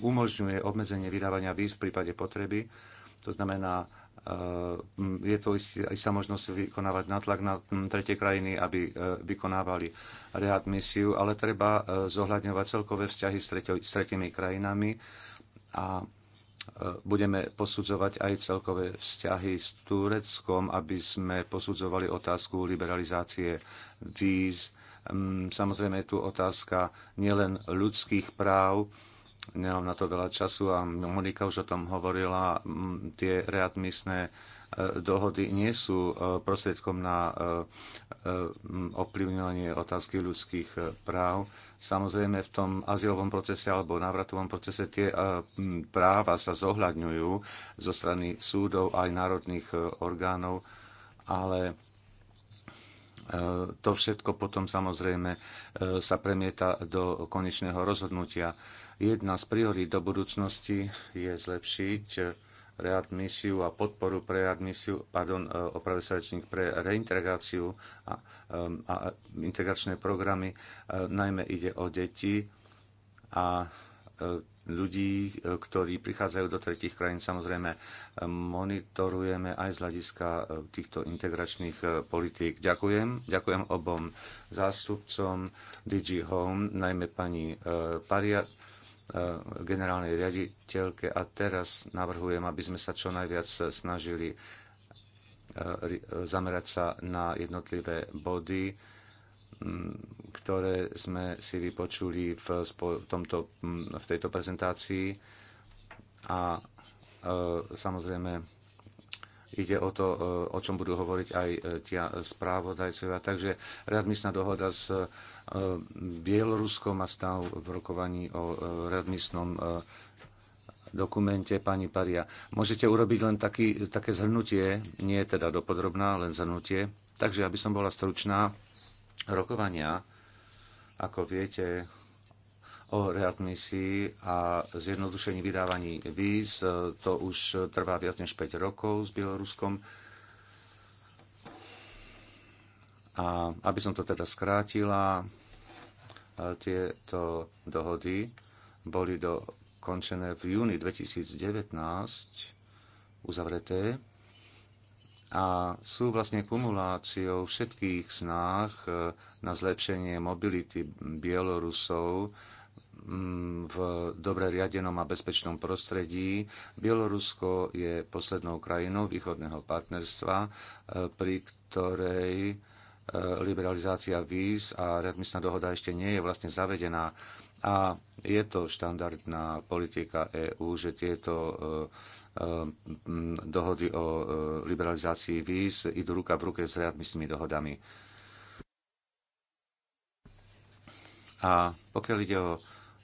umožňuje obmedzenie vydávania víz v prípade potreby. To znamená, Ehm, je to istá možnosť vykonávať natlak na tretie krajiny, aby e, vykonávali readmisiu, ale treba e, zohľadňovať celkové vzťahy s tretimi krajinami a e, budeme posudzovať aj celkové vzťahy s Tureckom, aby sme posudzovali otázku liberalizácie víz. Ehm, samozrejme je tu otázka nielen ľudských práv, nemám na to veľa času a Monika už o tom hovorila, tie readmisné e, dohody nie sú e, prostriedkom na e, ovplyvňovanie otázky ľudských práv. Samozrejme v tom azylovom procese alebo návratovom procese tie práva sa zohľadňujú zo strany súdov aj národných orgánov, ale to všetko potom samozrejme sa premieta do konečného rozhodnutia Jedna z priorít do budúcnosti je zlepšiť eh, readmisiu a podporu pre readmisiu, pardon, eh, opravdu sa rečník, pre reintegráciu a, eh, a integračné programy. Najmä ide o deti a ľudí, ktorí prichádzajú do tretich krajín. Samozrejme, monitorujeme aj z hľadiska týchto integračných politík. Ďakujem. Ďakujem obom zástupcom DG Home, najmä pani Pariat generálnej riaditeľke a teraz navrhujem, aby sme sa čo najviac snažili e, e, zamerať sa na jednotlivé body, ktoré sme si vypočuli v, tomto, v tejto prezentácii. A e, samozrejme ide o to, o čom budú hovoriť aj tia správodajcovia. Takže sa dohoda s Bielorusko má stav v rokovaní o e, readmisnom e, dokumente pani Paria. Môžete urobiť len taký, také zhrnutie, nie teda dopodrobná, len zhrnutie. Takže, aby som bola stručná, rokovania, ako viete, o readmisii a zjednodušení vydávaní víz, e, to už trvá viac než 5 rokov s Bieloruskom. A aby som to teda skrátila, tieto dohody boli dokončené v júni 2019 uzavreté a sú vlastne kumuláciou všetkých snách e, na zlepšenie mobility Bielorusov mm, v dobre riadenom a bezpečnom prostredí. Bielorusko je poslednou krajinou východného partnerstva, e, pri ktorej E, liberalizácia víz a readmisná dohoda ešte nie je vlastne zavedená. A je to štandardná politika EÚ, že tieto e, e, dohody o liberalizácii víz idú ruka v ruke s readmisnými dohodami. A pokiaľ ide o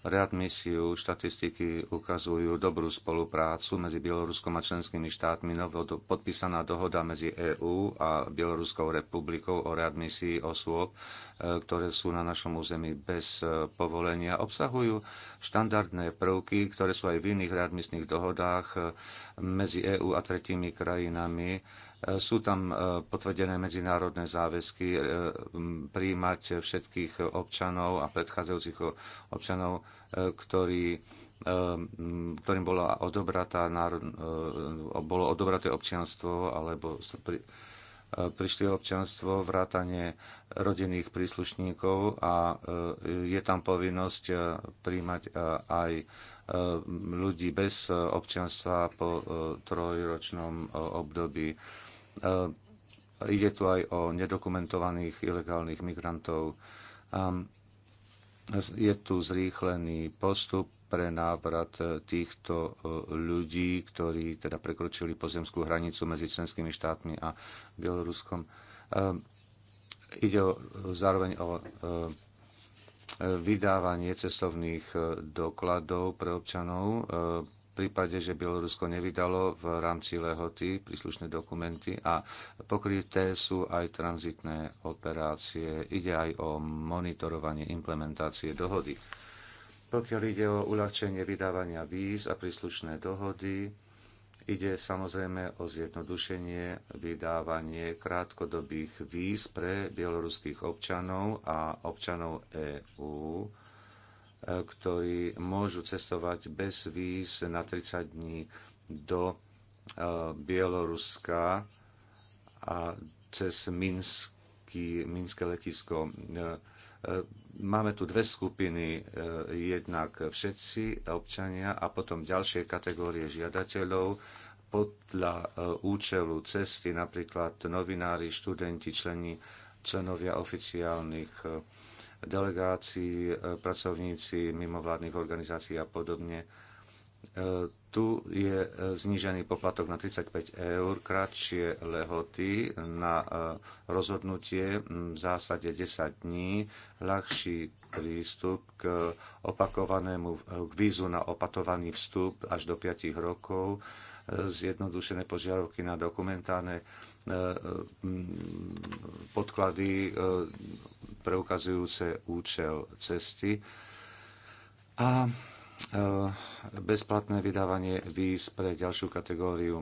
readmisiu štatistiky ukazujú dobrú spoluprácu medzi Bieloruskom a členskými štátmi. Novo podpísaná dohoda medzi EÚ a Bieloruskou republikou o readmisii osôb, e, ktoré sú na našom území bez e, povolenia, obsahujú štandardné prvky, ktoré sú aj v iných readmisných dohodách e, medzi EÚ a tretími krajinami sú tam e, potvrdené medzinárodné záväzky e, príjmať všetkých občanov a predchádzajúcich občanov, e, ktorí ktorým bolo odobratá, bolo odobraté občianstvo alebo prišli občianstvo, vrátanie rodinných príslušníkov a je tam povinnosť príjmať aj ľudí bez občianstva po trojročnom období. Eh, ide tu aj o nedokumentovaných ilegálnych migrantov. Ehm, je tu zrýchlený postup pre návrat eh, týchto eh, ľudí, ktorí teda prekročili pozemskú hranicu medzi členskými štátmi a Bieloruskom. Ehm, ide o, zároveň o vydávanie cestovných dokladov pre občanov prípade, že Bielorusko nevydalo v rámci lehoty príslušné dokumenty a pokryté sú aj tranzitné operácie. Ide aj o monitorovanie implementácie dohody. Pokiaľ ide o uľahčenie vydávania víz a príslušné dohody, ide samozrejme o zjednodušenie vydávanie krátkodobých víz pre bieloruských občanov a občanov EÚ ktorí môžu cestovať bez víz na 30 dní do e, Bieloruska a cez Minsky, Minské letisko. E, e, máme tu dve skupiny, jednak všetci občania a potom ďalšie kategórie žiadateľov podľa účelu cesty, napríklad novinári, študenti, členi, členovia oficiálnych delegáci, e, pracovníci mimovládnych organizácií a podobne. E, tu je e, znížený poplatok na 35 eur, kratšie lehoty na rozhodnutie v zásade 10 dní, ľahší prístup k opakovanému k vízu na opatovaný vstup až do 5 rokov, zjednodušené požiadavky na dokumentárne podklady, preukazujúce účel cesty a e, bezplatné vydávanie víz pre ďalšiu kategóriu.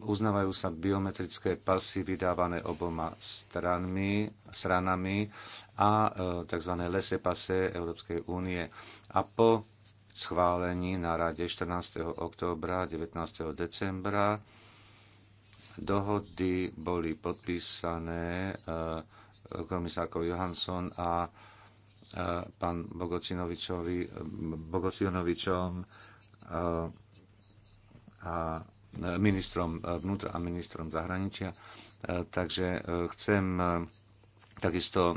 uznávajú sa biometrické pasy vydávané oboma stranmi, stranami a e, tzv. lese pase Európskej únie. A po schválení na rade 14. októbra, 19. decembra Dohody boli podpísané eh, komisárkou Johansson a eh, pán Bogocinovičom eh, a ministrom vnútra a ministrom zahraničia. Takže chcem takisto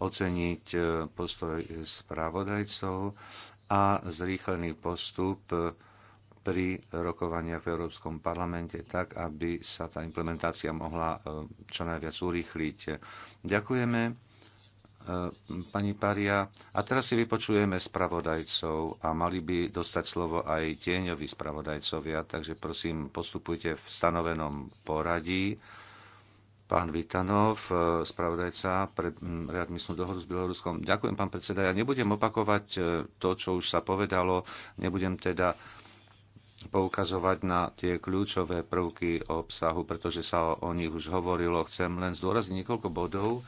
oceniť postoj spravodajcov a zrýchlený postup pri rokovaniach v Európskom parlamente tak, aby sa tá implementácia mohla e, čo najviac urýchliť. Ďakujeme, e, pani Paria. A teraz si vypočujeme spravodajcov a mali by dostať slovo aj tieňoví spravodajcovia, takže prosím, postupujte v stanovenom poradí. Pán Vitanov, e, spravodajca pre readmisnú dohodu s Bieloruskom. Ďakujem, pán predseda. Ja nebudem opakovať to, čo už sa povedalo. Nebudem teda poukazovať na tie kľúčové prvky obsahu, pretože sa o, nich už hovorilo. Chcem len zdôrazniť niekoľko bodov.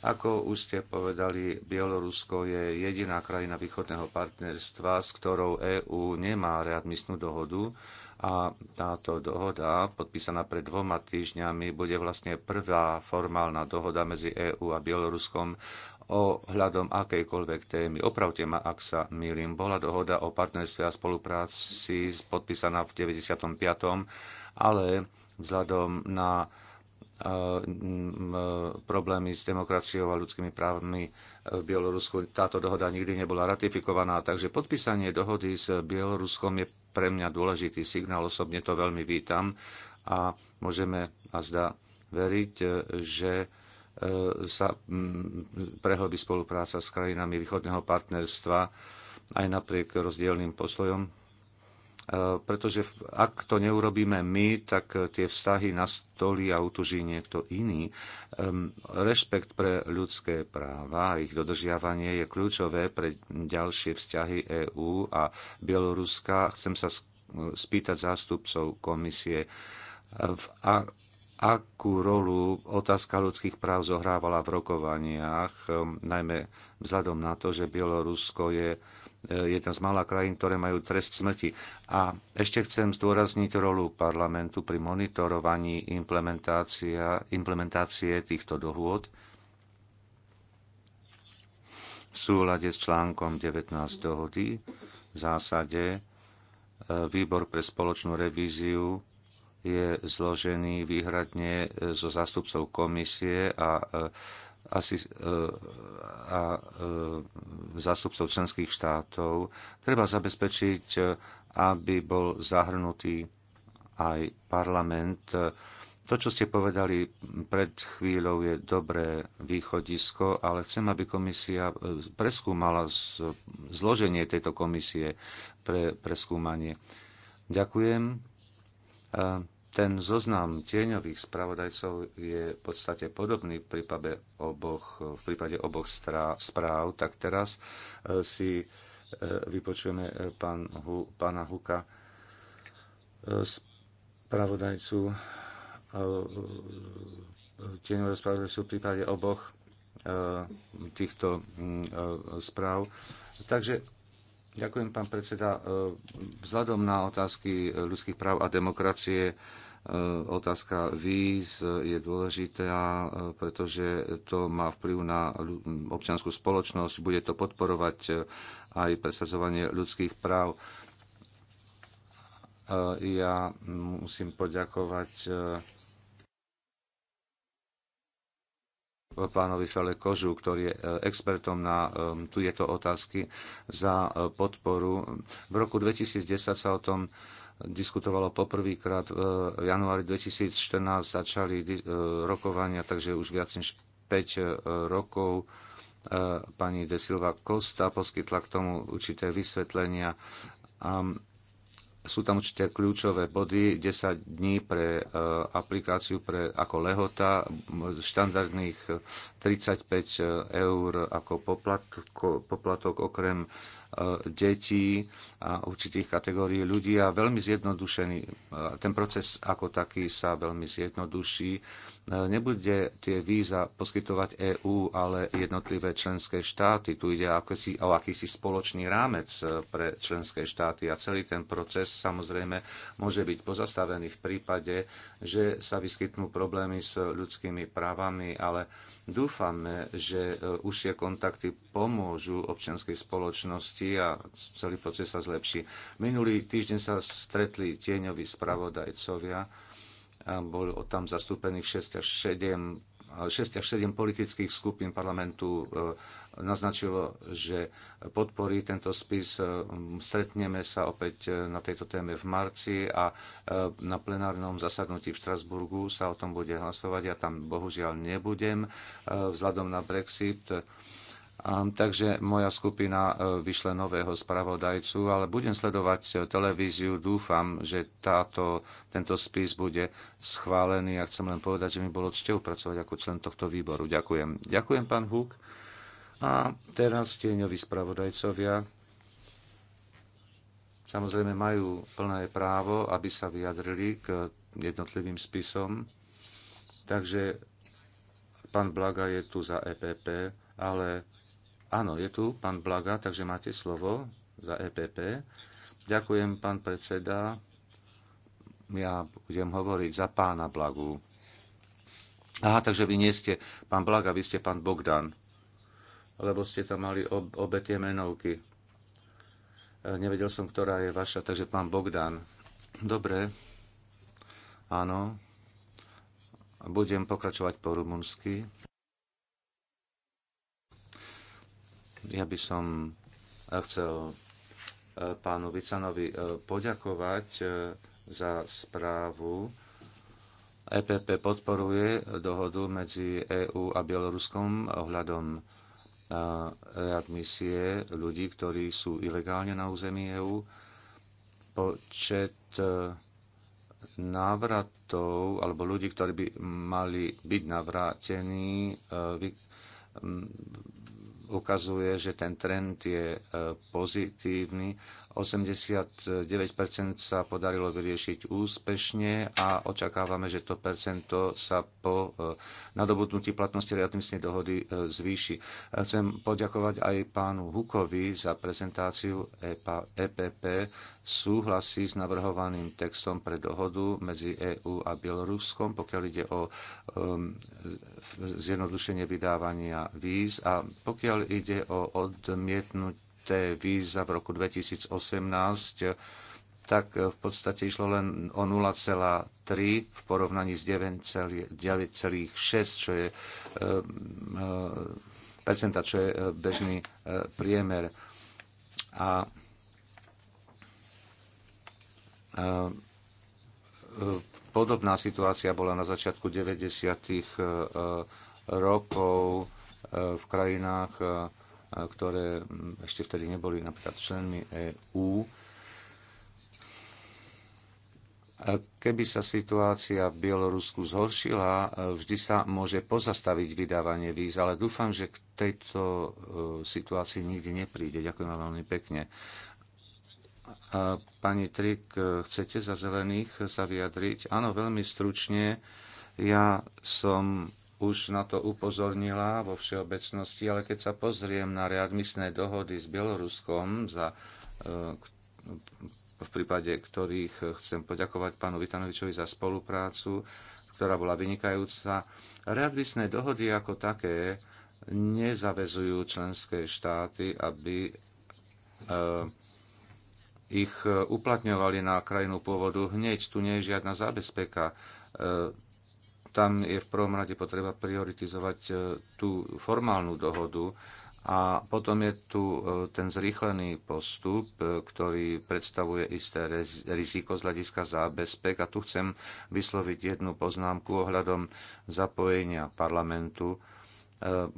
Ako už ste povedali, Bielorusko je jediná krajina východného partnerstva, s ktorou EÚ nemá readmisnú dohodu a táto dohoda, podpísaná pred dvoma týždňami, bude vlastne prvá formálna dohoda medzi EÚ a Bieloruskom ohľadom akejkoľvek témy. Opravte ma, ak sa milím. Bola dohoda o partnerstve a spolupráci podpísaná v 95. ale vzhľadom na e, e, problémy s demokraciou a ľudskými právami v Bielorusku. Táto dohoda nikdy nebola ratifikovaná, takže podpísanie dohody s Bieloruskom je pre mňa dôležitý signál, osobne to veľmi vítam a môžeme a zdá veriť, že sa mm, prehlbí spolupráca s krajinami východného partnerstva aj napriek rozdielným postojom. E, pretože ak to neurobíme my, tak e, tie vztahy nastolí a utuží niekto iný. E, rešpekt pre ľudské práva a ich dodržiavanie je kľúčové pre ďalšie vzťahy EÚ a Bieloruska. Chcem sa spýtať zástupcov komisie, v, akú rolu otázka ľudských práv zohrávala v rokovaniach, um, najmä vzhľadom na to, že Bielorusko je e, jedna z malá krajín, ktoré majú trest smrti. A ešte chcem zdôrazniť rolu parlamentu pri monitorovaní implementácie týchto dohôd v súlade s článkom 19 dohody. V zásade e, výbor pre spoločnú revíziu je zložený výhradne e, zo zástupcov komisie a, e, asi, e, a zástupcov členských štátov. Treba zabezpečiť, aby bol zahrnutý aj parlament. To, čo ste povedali pred chvíľou, je dobré východisko, ale chcem, aby komisia preskúmala zloženie tejto komisie pre preskúmanie. Ďakujem. Ten zoznam tieňových spravodajcov je v podstate podobný v prípade oboch, v prípade oboch strá, správ. Tak teraz e, si e, vypočujeme e, pán, pána Huka, spravodajcu tieňového spravodajcu v prípade oboch týchto mm, správ. Takže Ďakujem, pán predseda. E, vzhľadom na otázky ľudských práv a demokracie, e, otázka víz je dôležitá, e, pretože to má vplyv na občianskú spoločnosť, bude to podporovať aj presadzovanie ľudských práv. Ja musím poďakovať pánovi Fele Kožu, ktorý je e, expertom na e, tieto otázky, za e, podporu. V roku 2010 sa o tom diskutovalo poprvýkrát. V januári 2014 začali rokovania, takže už viac než 5 rokov pani De Silva Costa poskytla k tomu určité vysvetlenia sú tam určite kľúčové body, 10 dní pre e, aplikáciu pre, ako lehota, štandardných 35 e, e, eur ako poplatok, poplatok okrem detí a určitých kategórií ľudí a veľmi zjednodušený, ten proces ako taký sa veľmi zjednoduší E, nebude tie víza poskytovať EÚ, ale jednotlivé členské štáty. Tu ide akýsi, o akýsi spoločný rámec e, pre členské štáty a celý ten proces samozrejme môže byť pozastavený v prípade, že sa vyskytnú problémy s ľudskými právami, ale dúfame, že e, už tie kontakty pomôžu občianskej spoločnosti a celý proces sa zlepší. Minulý týždeň sa stretli tieňoví spravodajcovia boli tam zastúpených 6 až 7, 6 až 7 politických skupín parlamentu e, naznačilo, že podporí tento spis. E, stretneme sa opäť e, na tejto téme v marci a na plenárnom zasadnutí v Štrasburgu sa o tom bude hlasovať. Ja tam bohužiaľ nebudem vzhľadom na Brexit takže moja skupina e, vyšle nového spravodajcu, ale budem sledovať e, televíziu. Dúfam, že táto, tento spis bude schválený a ja chcem len povedať, že mi bolo cťou pracovať ako člen tohto výboru. Ďakujem. Ďakujem, pán Húk. A teraz tieňoví spravodajcovia samozrejme majú plné právo, aby sa vyjadrili k jednotlivým spisom. Takže pán Blaga je tu za EPP, ale Áno, je tu pán Blaga, takže máte slovo za EPP. Ďakujem, pán predseda. Ja budem hovoriť za pána Blagu. Aha, takže vy nie ste pán Blaga, vy ste pán Bogdan. Lebo ste tam mali ob, obe tie menovky. E, nevedel som, ktorá je vaša, takže pán Bogdan. Dobre. Áno. Budem pokračovať po rumunsky. Ja by som eh, chcel eh, pánu Vicanovi eh, poďakovať za správu. EPP podporuje dohodu medzi EÚ a Bieloruskom ohľadom readmisie ľudí, ktorí sú ilegálne na území EÚ. Počet návratov alebo ľudí, ktorí by mali byť navrátení, ukazuje, že ten trend je e, pozitívny 89% sa podarilo vyriešiť úspešne a očakávame, že to percento sa po eh, nadobudnutí platnosti readmisnej dohody eh, zvýši. Chcem poďakovať aj pánu Hukovi za prezentáciu EPP. E Súhlasí s navrhovaným textom pre dohodu medzi EÚ a Bieloruskom, pokiaľ ide o eh, zjednodušenie vydávania víz a pokiaľ ide o odmietnutie té víza v roku 2018, tak v podstate išlo len o 0,3 v porovnaní s 9,6, čo je eh, percenta, čo je eh, bežný eh, priemer. A podobná situácia bola na začiatku 90. rokov v krajinách ktoré mm, ešte vtedy neboli napríklad členmi EÚ. Keby sa situácia v Bielorusku zhoršila, e, vždy sa môže pozastaviť vydávanie víz, ale dúfam, že k tejto e, situácii nikdy nepríde. Ďakujem veľmi pekne. Pani Trik, e, chcete za zelených sa vyjadriť? Áno, veľmi stručne. Ja som už na to upozornila vo všeobecnosti, ale keď sa pozriem na readmisné dohody s Bieloruskom, za, e, v prípade ktorých chcem poďakovať pánu Vitanovičovi za spoluprácu, ktorá bola vynikajúca, readmisné dohody ako také nezavezujú členské štáty, aby e, ich uplatňovali na krajinu pôvodu hneď. Tu nie je žiadna zábezpeka e, tam je v prvom rade potreba prioritizovať e, tú formálnu dohodu a potom je tu e, ten zrýchlený postup, e, ktorý predstavuje isté riziko z hľadiska zábezpek. A tu chcem vysloviť jednu poznámku ohľadom zapojenia parlamentu.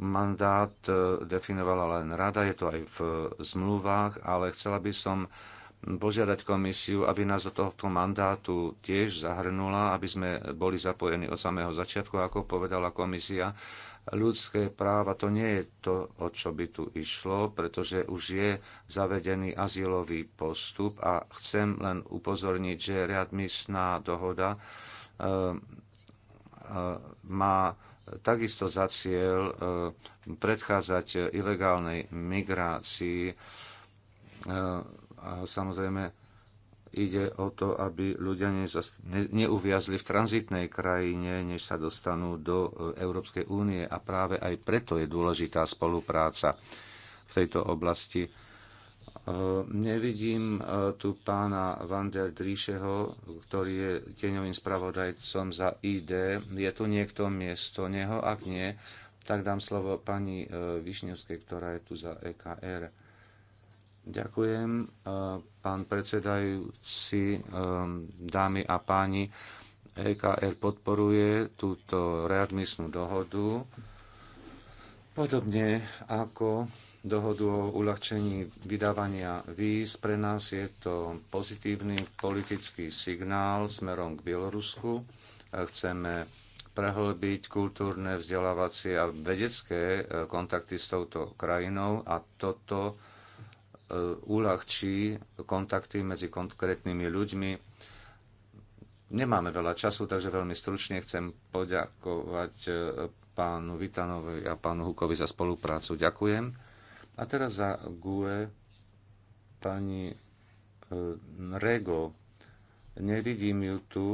Mandát definovala len rada, je to aj v zmluvách, ale chcela by som požiadať komisiu, aby nás do tohto mandátu tiež zahrnula, aby sme boli zapojení od samého začiatku, ako povedala komisia. Ľudské práva to nie je to, o čo by tu išlo, pretože už je zavedený azylový postup a chcem len upozorniť, že readmisná dohoda e, e, má takisto za cieľ e, predchádzať ilegálnej migrácii a samozrejme ide o to, aby ľudia neuviazli v tranzitnej krajine, než sa dostanú do e, Európskej únie. A práve aj preto je dôležitá spolupráca v tejto oblasti. E, nevidím e, tu pána Van der Dríšeho, ktorý je tieňovým spravodajcom za ID. Je tu niekto miesto neho? Ak nie, tak dám slovo pani Višňovskej, ktorá je tu za EKR. Ďakujem, e, pán predsedajúci, e, dámy a páni. EKR podporuje túto readmisnú dohodu, podobne ako dohodu o uľahčení vydávania víz. Pre nás je to pozitívny politický signál smerom k Bielorusku. Chceme prehlbiť kultúrne, vzdelávacie a vedecké e, kontakty s touto krajinou a toto E, uľahčí kontakty medzi konkrétnymi ľuďmi. Nemáme veľa času, takže veľmi stručne chcem poďakovať e, pánu Vitanovi a pánu Hukovi za spoluprácu. Ďakujem. A teraz za GUE pani e, Rego. Nevidím ju tu,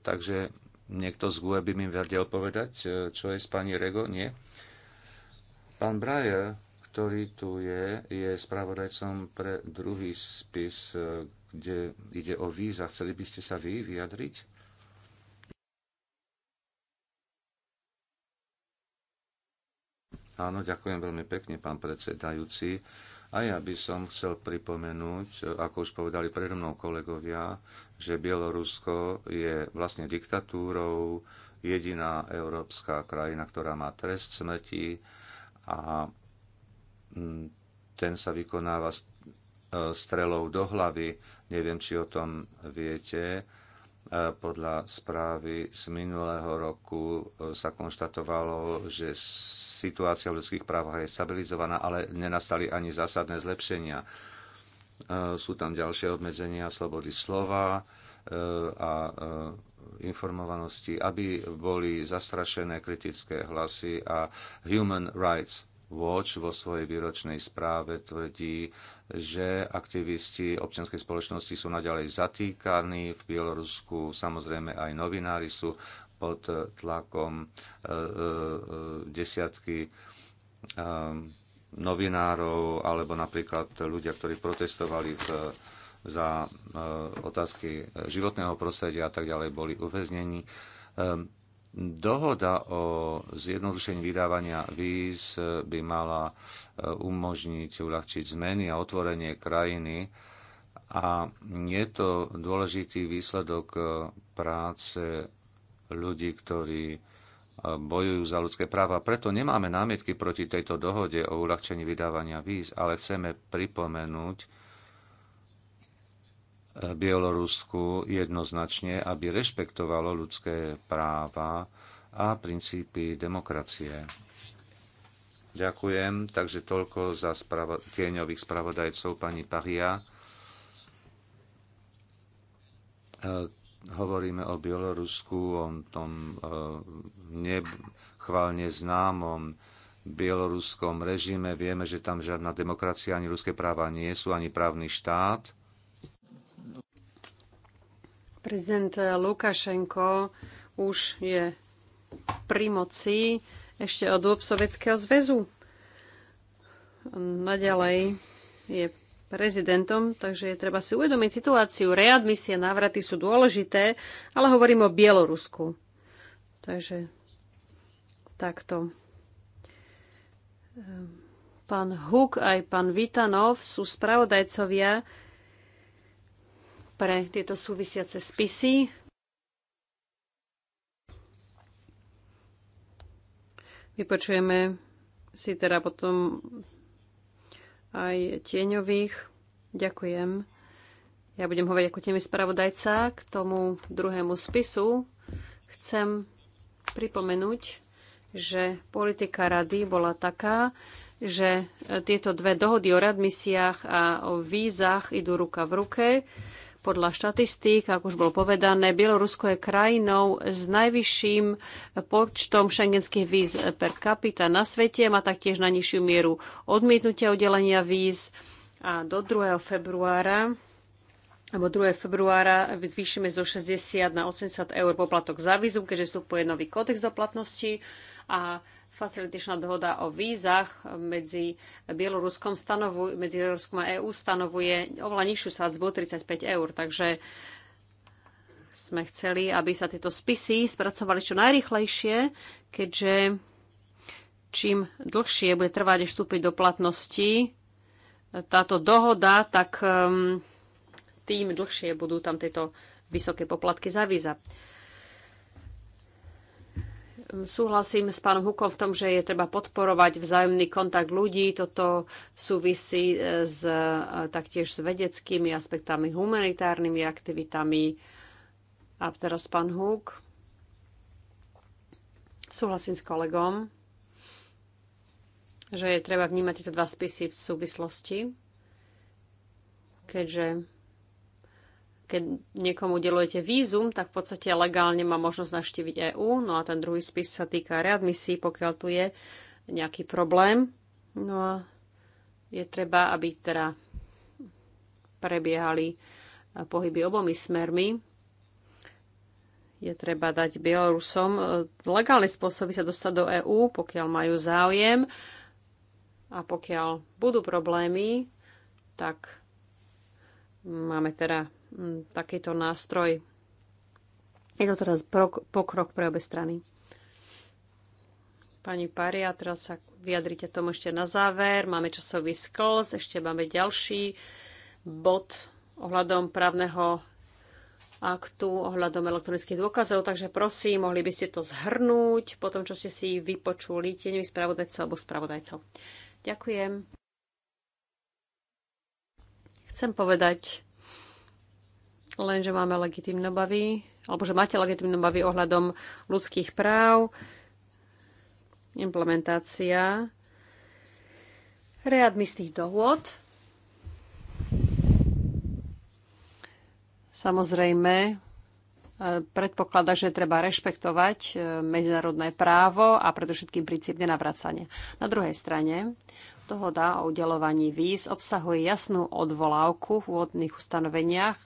takže niekto z GUE by mi vedel povedať, čo je s pani Rego? Nie. Pán Brajer ktorý tu je, je spravodajcom pre druhý spis, eh, kde ide o víza. Chceli by ste sa vy vyjadriť? Áno, ďakujem veľmi pekne, pán predsedajúci. A ja by som chcel pripomenúť, eh, ako už povedali predo mnou kolegovia, že Bielorusko je vlastne diktatúrou, jediná európska krajina, ktorá má trest smrti a Mm, ten sa vykonáva e, strelou do hlavy. Neviem, či o tom viete. E, podľa správy z minulého roku e, sa konštatovalo, že situácia v ľudských právach je stabilizovaná, ale nenastali ani zásadné zlepšenia. Sú tam ďalšie obmedzenia slobody slova a informovanosti, aby boli zastrašené kritické hlasy a human rights Watch vo svojej výročnej správe tvrdí, že aktivisti občianskej spoločnosti sú naďalej zatýkaní v Bielorusku, samozrejme aj novinári sú pod tlakom e, e, e, desiatky novinárov alebo napríklad ľudia, ktorí protestovali v za otázky životného prostredia a tak ďalej boli uväznení. Ehm, Dohoda o zjednodušení vydávania víz by mala e, umožniť, uľahčiť zmeny a otvorenie krajiny a je to dôležitý výsledok e, práce ľudí, ktorí e, bojujú za ľudské práva. Preto nemáme námietky proti tejto dohode o uľahčení vydávania víz, ale chceme pripomenúť, Bielorusku jednoznačne, aby rešpektovalo ľudské práva a princípy demokracie. Ďakujem. Takže toľko za spravo- tieňových spravodajcov pani Pahia. E, hovoríme o Bielorusku, o tom e, nechválne známom bieloruskom režime. Vieme, že tam žiadna demokracia ani ľudské práva nie sú, ani právny štát. Prezident Lukašenko už je pri moci ešte od dôb Sovietskeho zväzu. Naďalej je prezidentom, takže je treba si uvedomiť situáciu. Readmisie, návraty sú dôležité, ale hovorím o Bielorusku. Takže takto. Ehm, pán Huk aj pán Vitanov sú spravodajcovia pre tieto súvisiace spisy. Vypočujeme si teda potom aj tieňových. Ďakujem. Ja budem hovoriť ako tieňový spravodajca k tomu druhému spisu. Chcem pripomenúť, že politika rady bola taká, že tieto dve dohody o radmisiách a o vízach idú ruka v ruke. Podľa štatistík, ako už bolo povedané, Bielorusko je krajinou s najvyšším počtom šengenských víz per capita na svete, má taktiež na nižšiu mieru odmietnutia udelenia víz a do 2. februára alebo 2. februára zvýšime zo 60 na 80 eur poplatok za vízum, keďže vstupuje nový kódex do platnosti a facilitačná dohoda o vízach medzi Bieloruskom, stanovu, medzi Bieloruskom a EÚ stanovuje oveľa nižšiu sadzbu 35 eur. Takže sme chceli, aby sa tieto spisy spracovali čo najrychlejšie, keďže čím dlhšie bude trvať, než vstúpiť do platnosti táto dohoda, tak ehm, tým dlhšie budú tam tieto vysoké poplatky za víza. Súhlasím s pánom Hukom v tom, že je treba podporovať vzájomný kontakt ľudí. Toto súvisí e, s, e, taktiež s vedeckými aspektami, humanitárnymi aktivitami. A teraz pán Huk. Súhlasím s kolegom, že je treba vnímať tieto dva spisy v súvislosti, keďže keď niekomu delujete vízum, tak v podstate legálne má možnosť navštíviť EÚ. No a ten druhý spis sa týka readmisí, pokiaľ tu je nejaký problém. No a je treba, aby teda prebiehali pohyby obomi smermi. Je treba dať Bielorusom e, legálne spôsoby sa dostať do EÚ, pokiaľ majú záujem. A pokiaľ budú problémy, tak máme teda Mm, takýto nástroj. Je to teraz pokrok pre obe strany. Pani Paria, teraz sa vyjadrite tomu ešte na záver. Máme časový sklz, ešte máme ďalší bod ohľadom právneho aktu ohľadom elektronických dôkazov, takže prosím, mohli by ste to zhrnúť po tom, čo ste si vypočuli tieňových spravodajcov alebo spravodajcov. Ďakujem. Chcem povedať, len že máme legitimné obavy, alebo že máte legitimné obavy ohľadom ľudských práv, implementácia readmistých dohôd. Samozrejme, e, predpokladá, že treba rešpektovať e, medzinárodné právo a predovšetkým princíp nenavracania. Na druhej strane, dohoda o udelovaní víz obsahuje jasnú odvolávku v úvodných ustanoveniach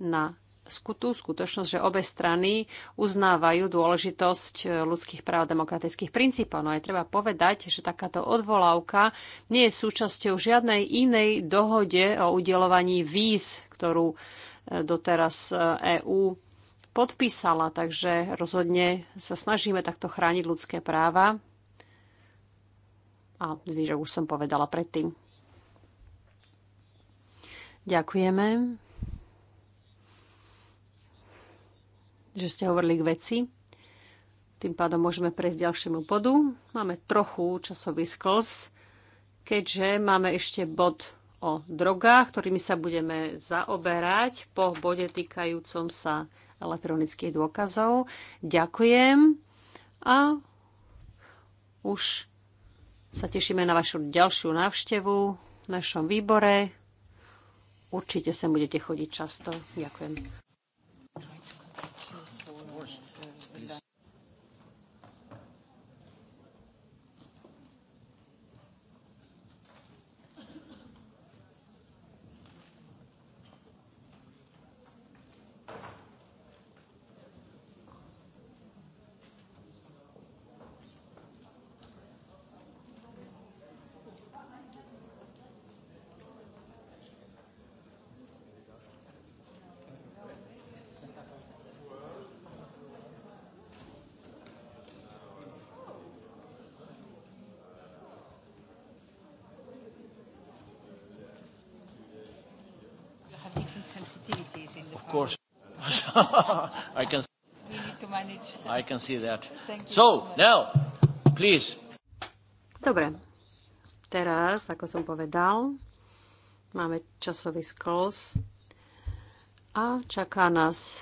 na skutú skutočnosť, že obe strany uznávajú dôležitosť e, ľudských práv a demokratických princípov. No aj treba povedať, že takáto odvolávka nie je súčasťou žiadnej inej dohode o udelovaní víz, ktorú e, doteraz EÚ e podpísala. Takže rozhodne sa snažíme takto chrániť ľudské práva. A zvyšok už som povedala predtým. Ďakujeme. že ste hovorili k veci. Tým pádom môžeme prejsť ďalšiemu bodu. Máme trochu časový sklz, keďže máme ešte bod o drogách, ktorými sa budeme zaoberať po bode týkajúcom sa elektronických dôkazov. Ďakujem a už sa tešíme na vašu ďalšiu návštevu v našom výbore. Určite sem budete chodiť často. Ďakujem. I can We need to manage. That. I can see that. Thank you so, so now, please. Dobre. Teraz, ako som povedal, máme časový skos a čaká nás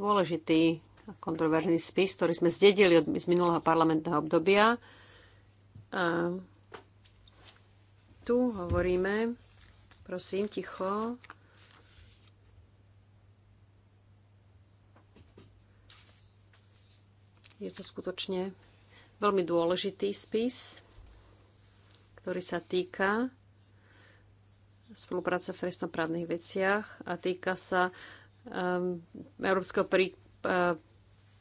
dôležitý a kontroverzný spis, ktorý sme zdedili od, z minulého parlamentného obdobia. A tu hovoríme, prosím, ticho, Je to skutočne veľmi dôležitý spis, ktorý sa týka spolupráce v trestnoprávnych veciach a týka sa um, Európskeho prí, uh,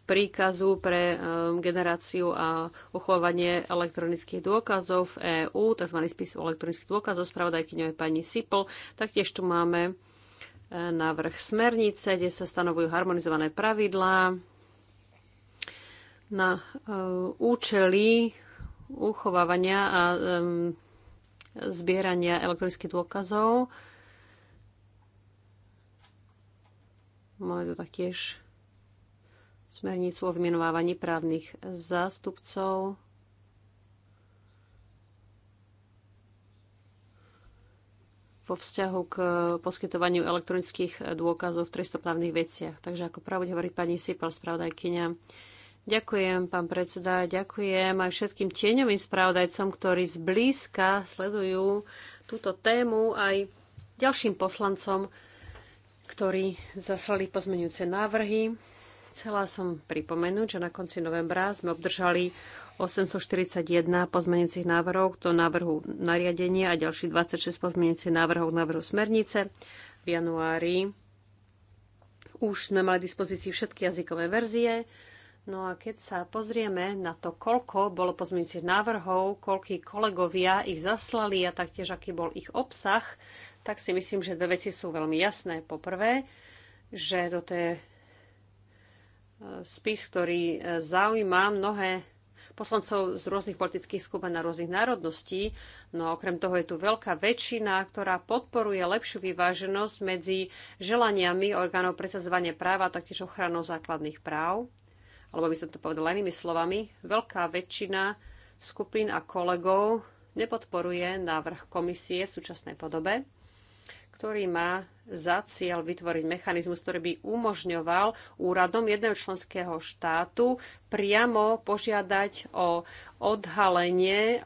príkazu pre um, generáciu a uchovanie elektronických dôkazov v EÚ, tzv. spis o elektronických dôkazov, spravodajkyňou je pani Sipol. Taktiež tu máme e, návrh smernice, kde sa stanovujú harmonizované pravidlá na e, účely uchovávania a zbierania elektronických dôkazov. Máme tu taktiež smernicu o vymenovávaní právnych zástupcov. vo vzťahu k poskytovaniu elektronických dôkazov v trestnoprávnych veciach. Takže ako pravde hovorí pani Sipal, spravodajkyňa, Ďakujem, pán predseda, ďakujem aj všetkým tieňovým spravodajcom, ktorí zblízka sledujú túto tému, aj ďalším poslancom, ktorí zaslali pozmenujúce návrhy. Chcela som pripomenúť, že na konci novembra sme obdržali 841 pozmenujúcich návrhov do návrhu nariadenia a ďalších 26 pozmenujúcich návrhov k návrhu smernice. V januári už sme mali dispozícii všetky jazykové verzie No a keď sa pozrieme na to, koľko bolo pozmeňujúcich návrhov, koľkí kolegovia ich zaslali a taktiež aký bol ich obsah, tak si myslím, že dve veci sú veľmi jasné. Poprvé, že toto je e, spis, ktorý e, zaujíma mnohé poslancov z rôznych politických skupín a rôznych národností. No a okrem toho je tu veľká väčšina, ktorá podporuje lepšiu vyváženosť medzi želaniami orgánov presadzovania práva a taktiež ochranou základných práv alebo by som to povedala inými slovami, veľká väčšina skupín a kolegov nepodporuje návrh komisie v súčasnej podobe, ktorý má za cieľ vytvoriť mechanizmus, ktorý by umožňoval úradom jedného členského štátu priamo požiadať o odhalenie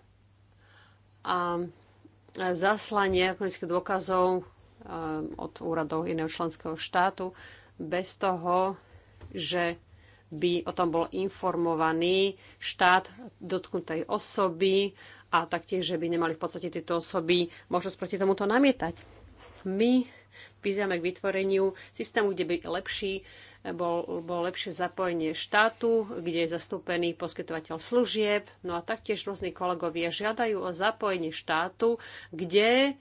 a zaslanie ekonomických dôkazov eh, od úradov iného členského štátu bez toho, že by o tom bol informovaný štát dotknutej osoby a taktiež, že by nemali v podstate tieto osoby možnosť proti tomuto namietať. My vyzývame k vytvoreniu systému, kde by lepší, bol, bol lepšie zapojenie štátu, kde je zastúpený poskytovateľ služieb. No a taktiež rôzni kolegovia žiadajú o zapojenie štátu, kde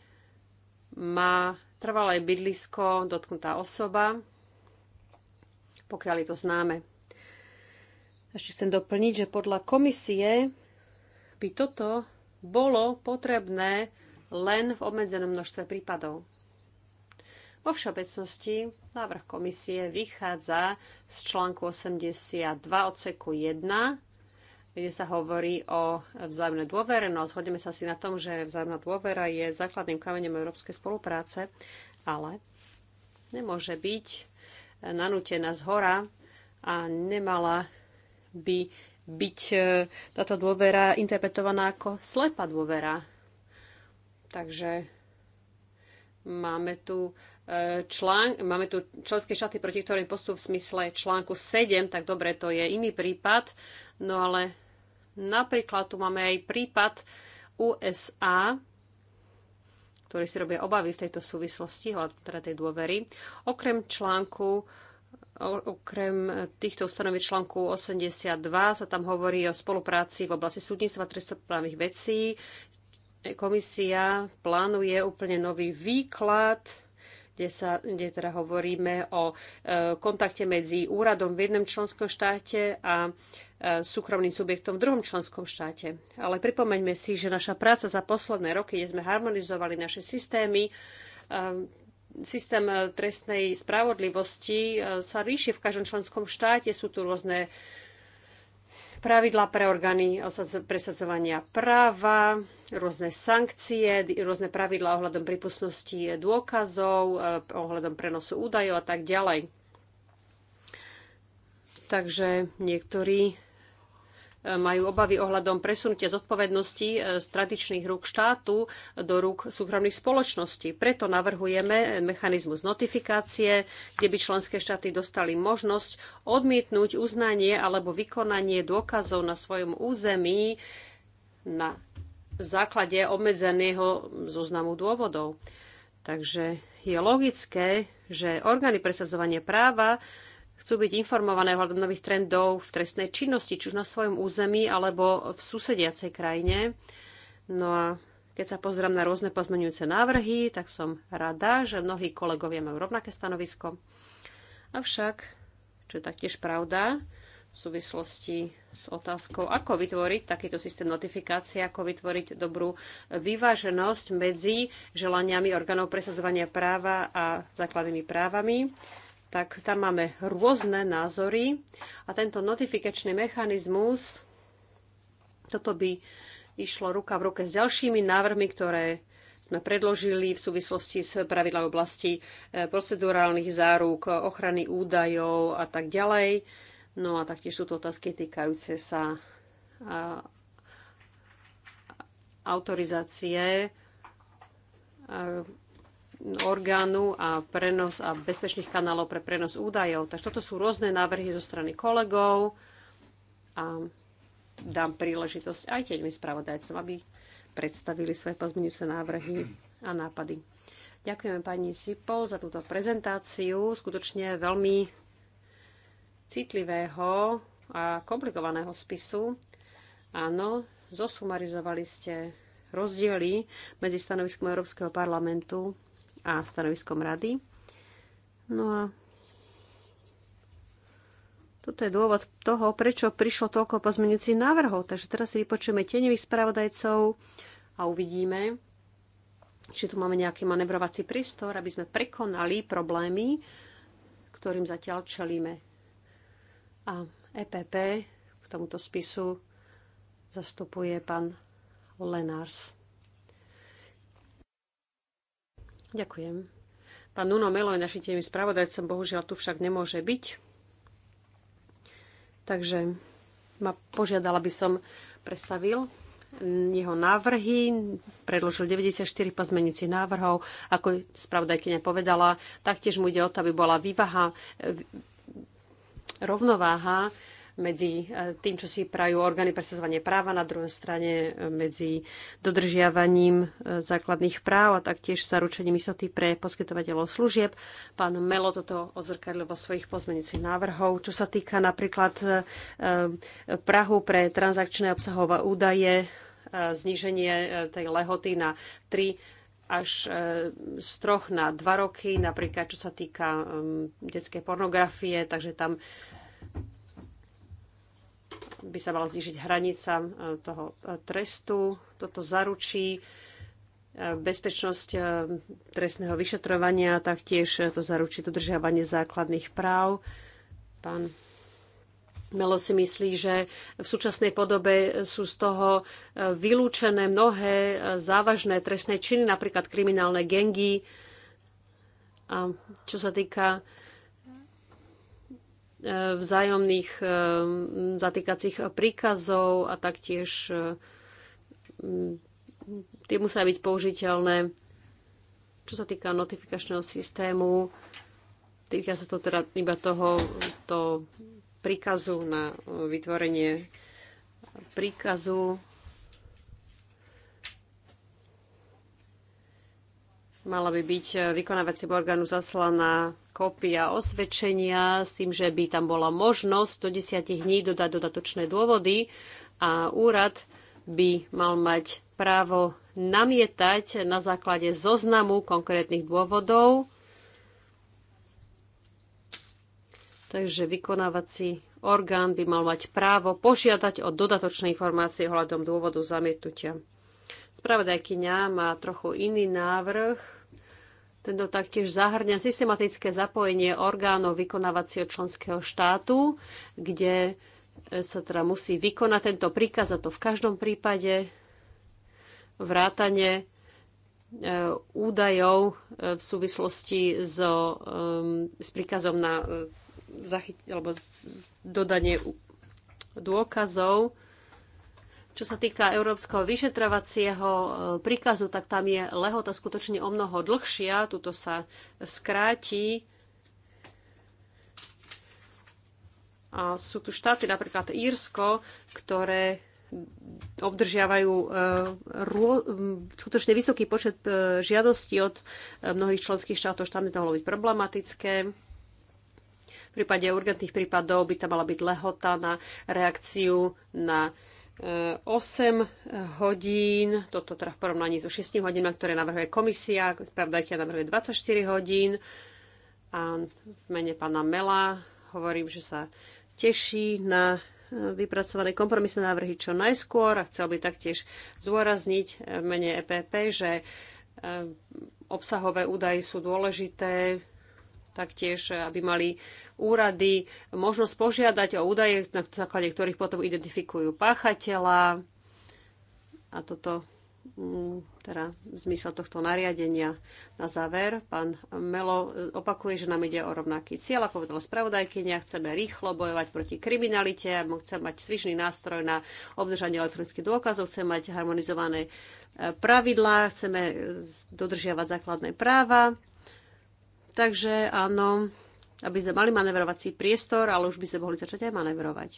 má trvalé bydlisko dotknutá osoba, pokiaľ je to známe. Ešte chcem doplniť, že podľa komisie by toto bolo potrebné len v obmedzenom množstve prípadov. Vo všeobecnosti návrh komisie vychádza z článku 82 odseku 1, kde sa hovorí o vzájomnej dôvere. No, zhodneme sa si na tom, že vzájomná dôvera je základným kameňom európskej spolupráce, ale nemôže byť nanútená z hora a nemala by byť e, táto dôvera interpretovaná ako slepá dôvera. Takže máme tu, e, člán, máme tu členské šaty, proti ktorým postup v smysle článku 7, tak dobre, to je iný prípad, no ale napríklad tu máme aj prípad USA, ktorý si robia obavy v tejto súvislosti, hľadom teda tej dôvery. Okrem článku Okrem týchto ustanoví článku 82 sa tam hovorí o spolupráci v oblasti súdnictva a vecí. Komisia plánuje úplne nový výklad, kde, sa, kde teda hovoríme o e, kontakte medzi úradom v jednom členskom štáte a e, súkromným subjektom v druhom členskom štáte. Ale pripomeňme si, že naša práca za posledné roky, kde sme harmonizovali naše systémy, e, systém e, trestnej spravodlivosti e, sa ríši v každom členskom štáte. Sú tu rôzne pravidlá pre orgány presadzovania práva, rôzne sankcie, rôzne pravidlá ohľadom prípustnosti dôkazov, e, ohľadom prenosu údajov a tak ďalej. Takže niektorí E, majú obavy ohľadom presunutia zodpovednosti e, z tradičných rúk štátu do rúk súkromných spoločností. Preto navrhujeme mechanizmus notifikácie, kde by členské štáty dostali možnosť odmietnúť uznanie alebo vykonanie dôkazov na svojom území na základe obmedzeného zoznamu dôvodov. Takže je logické, že orgány presadzovania práva chcú byť informované hľadom nových trendov v trestnej činnosti, či už na svojom území alebo v susediacej krajine. No a keď sa pozerám na rôzne pozmenujúce návrhy, tak som rada, že mnohí kolegovia majú rovnaké stanovisko. Avšak, čo je taktiež pravda, v súvislosti s otázkou, ako vytvoriť takýto systém notifikácie, ako vytvoriť dobrú vyváženosť medzi želaniami orgánov presadzovania práva a základnými právami tak tam máme rôzne názory a tento notifikačný mechanizmus, toto by išlo ruka v ruke s ďalšími návrhmi, ktoré sme predložili v súvislosti s pravidla oblasti e, procedurálnych záruk, ochrany údajov a tak ďalej. No a taktiež sú to otázky týkajúce sa autorizácie orgánu a prenos a bezpečných kanálov pre prenos údajov. Takže toto sú rôzne návrhy zo strany kolegov a dám príležitosť aj mi spravodajcom, aby predstavili svoje pozmeňujúce návrhy a nápady. Ďakujeme pani Sipov za túto prezentáciu skutočne veľmi citlivého a komplikovaného spisu. Áno, zosumarizovali ste rozdiely medzi stanoviskom Európskeho parlamentu a stanoviskom rady. No a toto je dôvod toho, prečo prišlo toľko pozmeňujúcich návrhov. Takže teraz si vypočujeme tieňových spravodajcov a uvidíme, či tu máme nejaký manevrovací priestor, aby sme prekonali problémy, ktorým zatiaľ čelíme. A EPP k tomuto spisu zastupuje pán Lenars. Ďakujem. Pán Nuno Melo je našim tým spravodajcom, bohužiaľ tu však nemôže byť. Takže ma požiadala, aby som predstavil jeho návrhy, predložil 94 pozmenujúcich návrhov, ako spravodajkyňa povedala. Taktiež mu ide o to, aby bola vývaha, rovnováha medzi e, tým, čo si prajú orgány presadzovania práva, na druhej strane e, medzi dodržiavaním e, základných práv a taktiež zaručením istoty pre poskytovateľov služieb. Pán Melo toto odzrkadlil vo svojich pozmeňujúcich návrhov. Čo sa týka napríklad Prahu pre transakčné obsahové údaje, zníženie tej lehoty na 3 až z troch na dva roky, napríklad čo sa týka detskej pornografie, takže tam by sa mala znižiť hranica e, toho e, trestu. Toto zaručí e, bezpečnosť trestného vyšetrovania, taktiež to zaručí dodržiavanie základných práv. Pán Melo si myslí, že v súčasnej podobe sú z toho vylúčené mnohé závažné trestné činy, napríklad kriminálne gengy. A čo sa týka vzájomných eh, zatýkacích príkazov a taktiež eh, tie musia byť použiteľné. Čo sa týka notifikačného systému, týka sa to teda iba toho to príkazu na eh, vytvorenie príkazu Mala by byť e, vykonávaciemu orgánu zaslaná kópia osvedčenia s tým, že by tam bola možnosť do 10 dní dodať dodatočné dôvody a úrad by mal mať právo namietať na základe zoznamu konkrétnych dôvodov. Takže vykonávací orgán by mal mať právo požiadať o dodatočné informácie ohľadom dôvodu zamietnutia. Spravodajkyňa má trochu iný návrh tento taktiež zahrňa systematické zapojenie orgánov vykonávacieho členského štátu, kde e, sa teda musí vykonať tento príkaz, a to v každom prípade vrátanie e, údajov e, v súvislosti so, s príkazom na zachyt, alebo dodanie dôkazov. Čo sa týka Európskeho vyšetrovacieho e, príkazu, tak tam je lehota skutočne o mnoho dlhšia. Tuto sa skráti. A sú tu štáty, napríklad Írsko, ktoré obdržiavajú e, rô, skutočne vysoký počet e, žiadostí od mnohých členských štátov. Tam by to mohlo byť problematické. V prípade urgentných prípadov by tam mala byť lehota na reakciu na 8 hodín, toto teda v porovnaní so 6 hodinami, ktoré navrhuje komisia, pravdajte navrhuje 24 hodín a v mene pána Mela hovorím, že sa teší na eh, vypracované kompromisné návrhy čo najskôr a chcel by taktiež zdôrazniť eh, v mene EPP, že eh, obsahové údaje sú dôležité, taktiež, eh, aby mali úrady možnosť požiadať o údaje, na základe ktorých potom identifikujú páchateľa. A toto mm, teda zmysel tohto nariadenia. Na záver, pán Melo eh, opakuje, že nám ide o rovnaký cieľ, ako povedala spravodajkynia, chceme rýchlo bojovať proti kriminalite, chceme mať svižný nástroj na obdržanie elektronických dôkazov, chceme mať harmonizované eh, pravidlá, chceme dodržiavať základné práva Takže áno, aby sme mali manevrovací priestor, ale už by sme mohli začať aj manevrovať.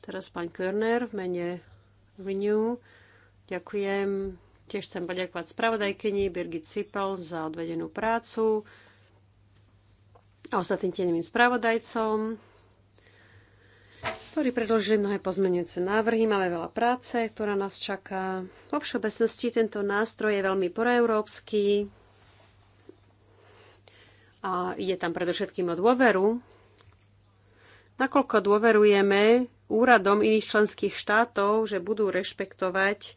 Teraz pán Körner v mene Renew. Ďakujem. Tiež chcem poďakovať spravodajkyni Birgit Sipel za odvedenú prácu a ostatným tieným spravodajcom, ktorí predložili mnohé pozmenujúce návrhy. Máme veľa práce, ktorá nás čaká. Vo všeobecnosti tento nástroj je veľmi proeurópsky, a ide tam predovšetkým o dôveru. Nakoľko dôverujeme úradom iných členských štátov, že budú rešpektovať e,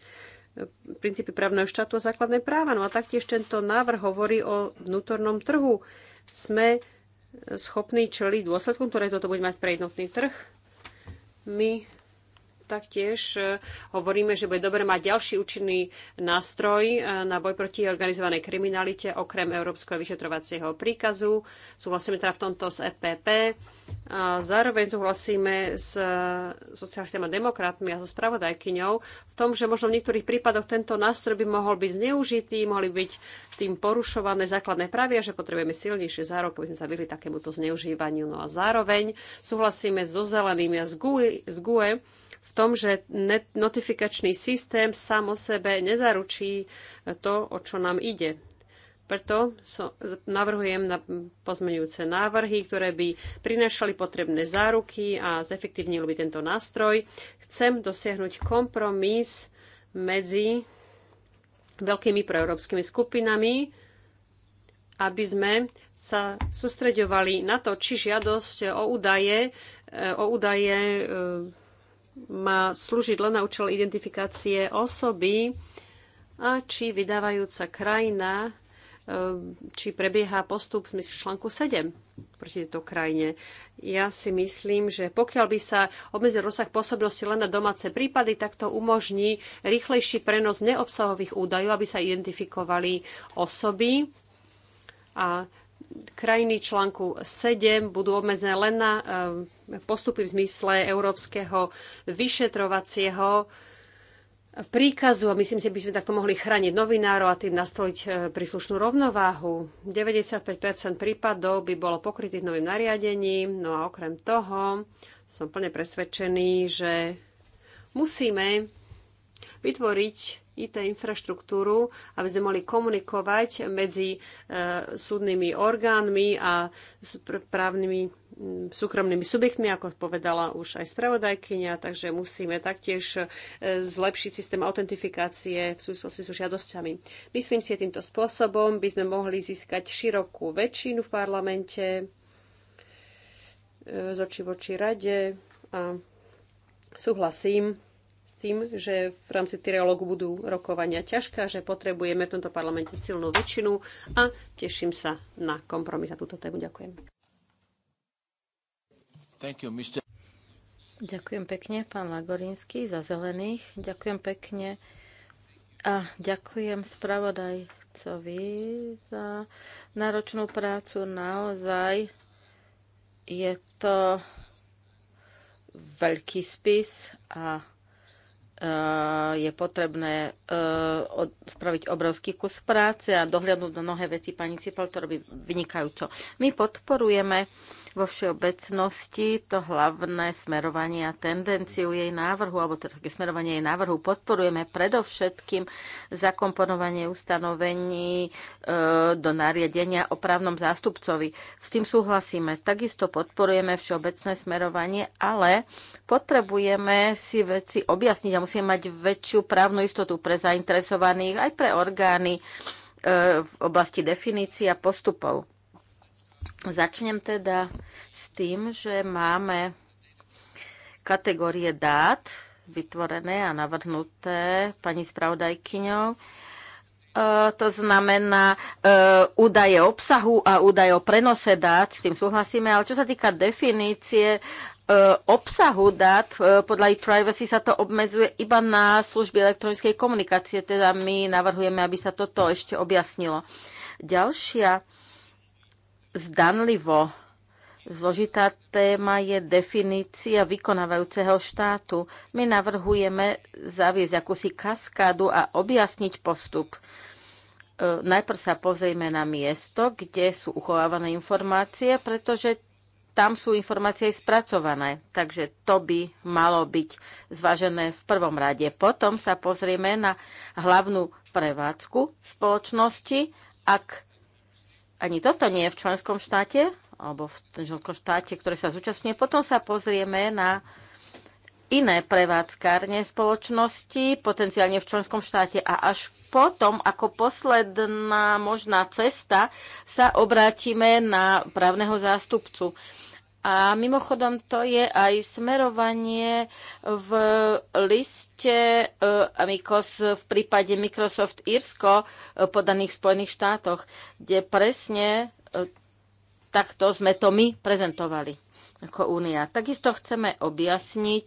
princípy právneho štátu a základné práva. No a taktiež tento návrh hovorí o vnútornom trhu. Sme e, schopní čeliť dôsledkom, ktoré toto bude mať pre jednotný trh. My taktiež e, hovoríme, že bude dobre mať ďalší účinný nástroj e, na boj proti organizovanej kriminalite okrem Európskeho vyšetrovacieho príkazu. Súhlasíme teda v tomto s EPP. A zároveň súhlasíme s e, sociálnymi demokratmi a so spravodajkyňou v tom, že možno v niektorých prípadoch tento nástroj by mohol byť zneužitý, mohli byť tým porušované základné právy že potrebujeme silnejšie zárok, aby sme sa vyhli takémuto zneužívaniu. No a zároveň súhlasíme so zelenými a z GUE, z GUE v tom, že notifikačný systém sám o sebe nezaručí e, to, o čo nám ide. Preto so, navrhujem na pozmeňujúce návrhy, ktoré by prinašali potrebné záruky a zefektívnili by tento nástroj. Chcem dosiahnuť kompromis medzi veľkými proeurópskymi skupinami, aby sme sa sústreďovali na to, či žiadosť o údaje, e, o údaje e, má slúžiť len na účel identifikácie osoby a či vydávajúca krajina e, či prebieha postup v článku 7 proti tejto krajine. Ja si myslím, že pokiaľ by sa obmedzil rozsah pôsobnosti len na domáce prípady, tak to umožní rýchlejší prenos neobsahových údajov, aby sa identifikovali osoby a krajiny článku 7 budú obmedzené len na eh, postupy v zmysle európskeho vyšetrovacieho príkazu a myslím si, by sme takto mohli chrániť novinárov a tým nastoliť eh, príslušnú rovnováhu. 95% prípadov by bolo pokrytých novým nariadením, no a okrem toho som plne presvedčený, že musíme vytvoriť IT infraštruktúru, aby sme mohli komunikovať medzi e, súdnymi orgánmi a právnymi súkromnými subjektmi, ako povedala už aj spravodajkynia, takže musíme taktiež e, zlepšiť systém autentifikácie v súvislosti so žiadosťami. Myslím si, že týmto spôsobom by sme mohli získať širokú väčšinu v parlamente e, z očí voči rade a súhlasím tým, že v rámci trialógu budú rokovania ťažká, že potrebujeme v tomto parlamente silnú väčšinu a teším sa na kompromis a túto tému. Ďakujem. Thank you, Mr. Ďakujem pekne, pán Lagorinský, za zelených. Ďakujem pekne a ďakujem spravodajcovi za náročnú prácu. Naozaj je to veľký spis a Eh, je potrebné eh, spraviť obrovský kus práce a dohľadnúť na mnohé veci. Pani Cipel to robí vynikajúco. My podporujeme vo všeobecnosti to hlavné smerovanie a tendenciu jej návrhu, alebo teda také smerovanie jej návrhu podporujeme predovšetkým zakomponovanie ustanovení e, do nariadenia o právnom zástupcovi. S tým súhlasíme. Takisto podporujeme všeobecné smerovanie, ale potrebujeme si veci objasniť a musíme mať väčšiu právnu istotu pre zainteresovaných aj pre orgány e, v oblasti definícií a postupov Začnem teda s tým, že máme kategórie dát vytvorené a navrhnuté pani spravodajkyňou e, to znamená e, údaje obsahu a údaje o prenose dát, s tým súhlasíme, ale čo sa týka definície e, obsahu dát, e, podľa e-privacy sa to obmedzuje iba na služby elektronickej komunikácie, teda my navrhujeme, aby sa toto ešte objasnilo. Ďalšia zdanlivo Zložitá téma je definícia vykonávajúceho štátu. My navrhujeme zaviesť akúsi kaskádu a objasniť postup. E, najprv sa pozrieme na miesto, kde sú uchovávané informácie, pretože tam sú informácie aj spracované, takže to by malo byť zvažené v prvom rade. Potom sa pozrieme na hlavnú prevádzku spoločnosti, ak ani toto nie je v členskom štáte, alebo v členskom štáte, ktoré sa zúčastňuje. Potom sa pozrieme na iné prevádzkárne spoločnosti, potenciálne v členskom štáte a až potom, ako posledná možná cesta, sa obrátime na právneho zástupcu. A mimochodom to je aj smerovanie v liste eh, v prípade Microsoft Irsko eh, podaných v Spojených štátoch, kde presne eh, takto sme to my prezentovali ako únia. Takisto chceme objasniť,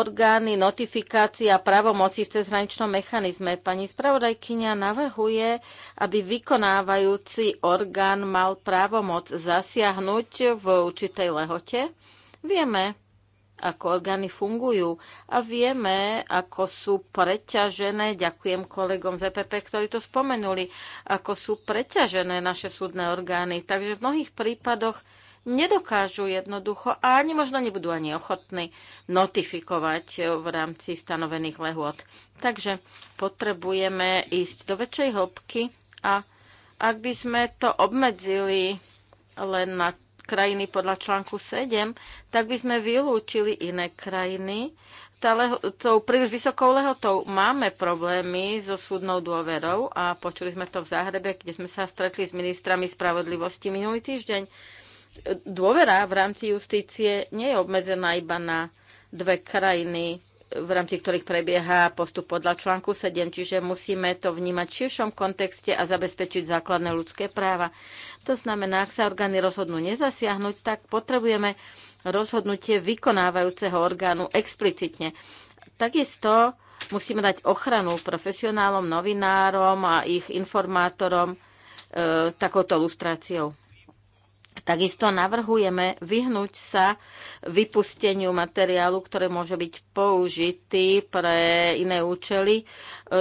orgány notifikácie a právomoci v cezhraničnom mechanizme. Pani spravodajkynia navrhuje, aby vykonávajúci orgán mal právomoc zasiahnuť v určitej lehote. Vieme, ako orgány fungujú a vieme, ako sú preťažené, ďakujem kolegom z EPP, ktorí to spomenuli, ako sú preťažené naše súdne orgány. Takže v mnohých prípadoch nedokážu jednoducho a ani možno nebudú ani ochotní notifikovať eh, v rámci stanovených lehôd. Takže potrebujeme ísť do väčšej hĺbky a ak by sme to obmedzili len na krajiny podľa článku 7, tak by sme vylúčili iné krajiny. Tá leho, tou príliš vysokou lehotou máme problémy so súdnou dôverou a počuli sme to v Záhrebe, kde sme sa stretli s ministrami spravodlivosti minulý týždeň dôvera v rámci justície nie je obmedzená iba na dve krajiny, v rámci ktorých prebieha postup podľa článku 7, čiže musíme to vnímať v širšom kontexte a zabezpečiť základné ľudské práva. To znamená, ak sa orgány rozhodnú nezasiahnuť, tak potrebujeme rozhodnutie vykonávajúceho orgánu explicitne. Takisto musíme dať ochranu profesionálom, novinárom a ich informátorom e, takouto lustráciou. Takisto navrhujeme vyhnúť sa vypusteniu materiálu, ktoré môže byť použitý pre iné účely e,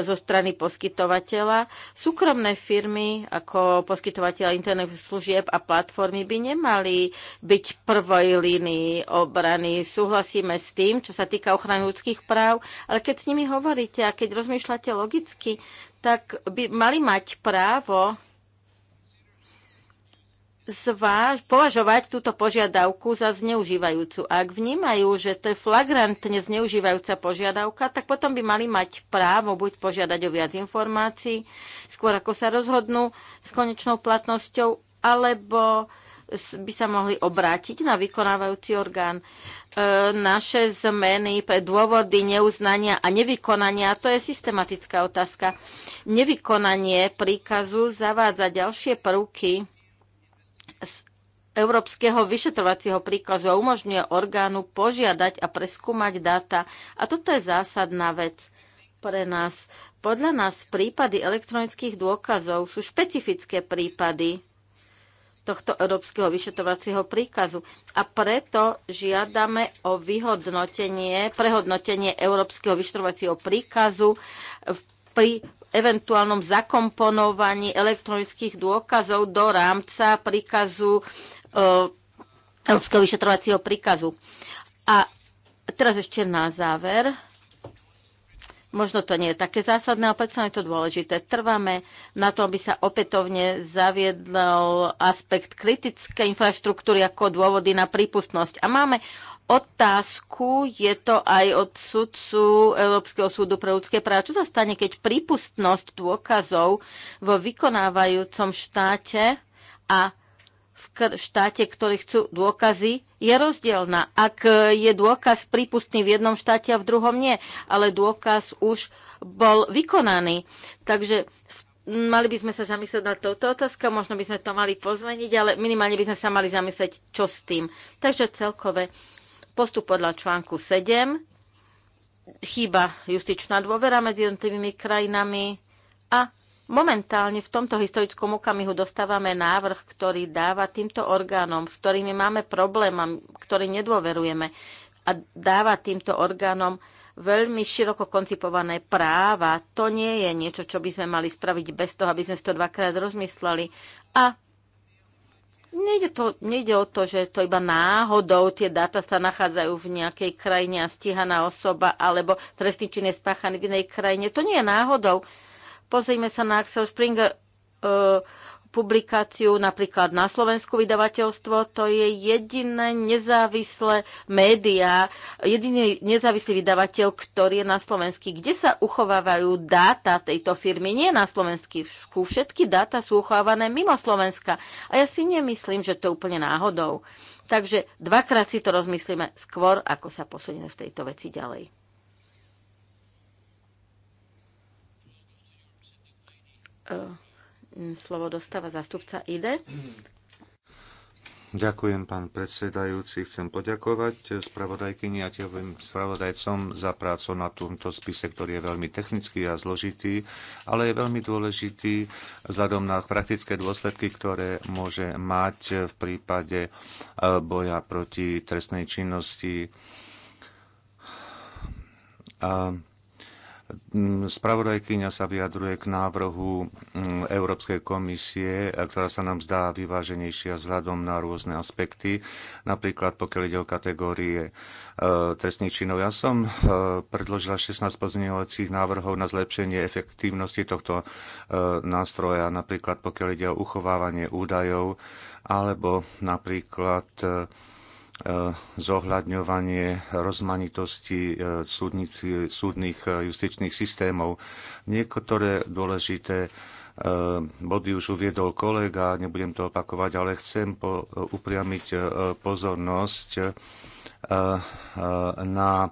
zo strany poskytovateľa. Súkromné firmy ako poskytovateľ internet služieb a platformy by nemali byť prvoj línii obrany. Súhlasíme s tým, čo sa týka ochrany ľudských práv, ale keď s nimi hovoríte a keď rozmýšľate logicky, tak by mali mať právo zváž, považovať túto požiadavku za zneužívajúcu. Ak vnímajú, že to je flagrantne zneužívajúca požiadavka, tak potom by mali mať právo buď požiadať o viac informácií, skôr ako sa rozhodnú s konečnou platnosťou, alebo by sa mohli obrátiť na vykonávajúci orgán. E, naše zmeny pre dôvody neuznania a nevykonania, to je systematická otázka. Nevykonanie príkazu zavádza ďalšie prvky Európskeho vyšetrovacieho príkazu a umožňuje orgánu požiadať a preskúmať dáta. A toto je zásadná vec pre nás. Podľa nás prípady elektronických dôkazov sú špecifické prípady tohto Európskeho vyšetrovacieho príkazu. A preto žiadame o vyhodnotenie, prehodnotenie Európskeho vyšetrovacieho príkazu pri eventuálnom zakomponovaní elektronických dôkazov do rámca príkazu Európskeho vyšetrovacieho príkazu. A teraz ešte na záver. Možno to nie je také zásadné, ale predsa je to dôležité. Trváme na to, aby sa opätovne zaviedol aspekt kritické infraštruktúry ako dôvody na prípustnosť. A máme otázku, je to aj od sudcu Európskeho súdu pre ľudské práva. Čo sa stane, keď prípustnosť dôkazov vo vykonávajúcom štáte a v štáte, ktorí chcú dôkazy, je rozdielna. Ak e, je dôkaz prípustný v jednom štáte a v druhom nie, ale dôkaz už bol vykonaný. Takže mali by sme sa zamyslieť na touto otázku, možno by sme to mali pozmeniť, ale minimálne by sme sa mali zamyslieť, čo s tým. Takže celkové postup podľa článku 7, chýba justičná dôvera medzi jednotlivými krajinami a Momentálne v tomto historickom okamihu dostávame návrh, ktorý dáva týmto orgánom, s ktorými máme problém a ktorý nedôverujeme, a dáva týmto orgánom veľmi široko koncipované práva. To nie je niečo, čo by sme mali spraviť bez toho, aby sme si to dvakrát rozmysleli. A Nejde, to, nejde o to, že to iba náhodou tie dáta sa nachádzajú v nejakej krajine a stíhaná osoba alebo trestný čin je spáchaný v inej krajine. To nie je náhodou. Pozrime sa na Axel Springer uh, publikáciu napríklad na Slovensku vydavateľstvo. To je jediné nezávislé médiá, jediný nezávislý vydavateľ, ktorý je na Slovensku. Kde sa uchovávajú dáta tejto firmy? Nie na Slovensku. Všetky dáta sú uchovávané mimo Slovenska. A ja si nemyslím, že to je úplne náhodou. Takže dvakrát si to rozmyslíme skôr, ako sa posunieme v tejto veci ďalej. E, slovo dostáva zástupca IDE. Ďakujem, pán predsedajúci. Chcem poďakovať spravodajkyni a tiehovým spravodajcom za prácu na tomto spise, ktorý je veľmi technický a zložitý, ale je veľmi dôležitý vzhľadom na praktické dôsledky, ktoré môže mať v prípade e, boja proti trestnej činnosti. A Spravodajkyňa sa vyjadruje k návrhu mm, Európskej komisie, ktorá sa nám zdá vyváženejšia vzhľadom na rôzne aspekty, napríklad pokiaľ ide o kategórie e, trestných činov. Ja som e, predložila 16 pozmeňovacích návrhov na zlepšenie efektívnosti tohto e, nástroja, napríklad pokiaľ ide o uchovávanie údajov alebo napríklad E, zohľadňovanie rozmanitosti e, súdnych e, justičných systémov. Niektoré dôležité body už uviedol kolega, nebudem to opakovať, ale chcem upriamiť pozornosť na eh,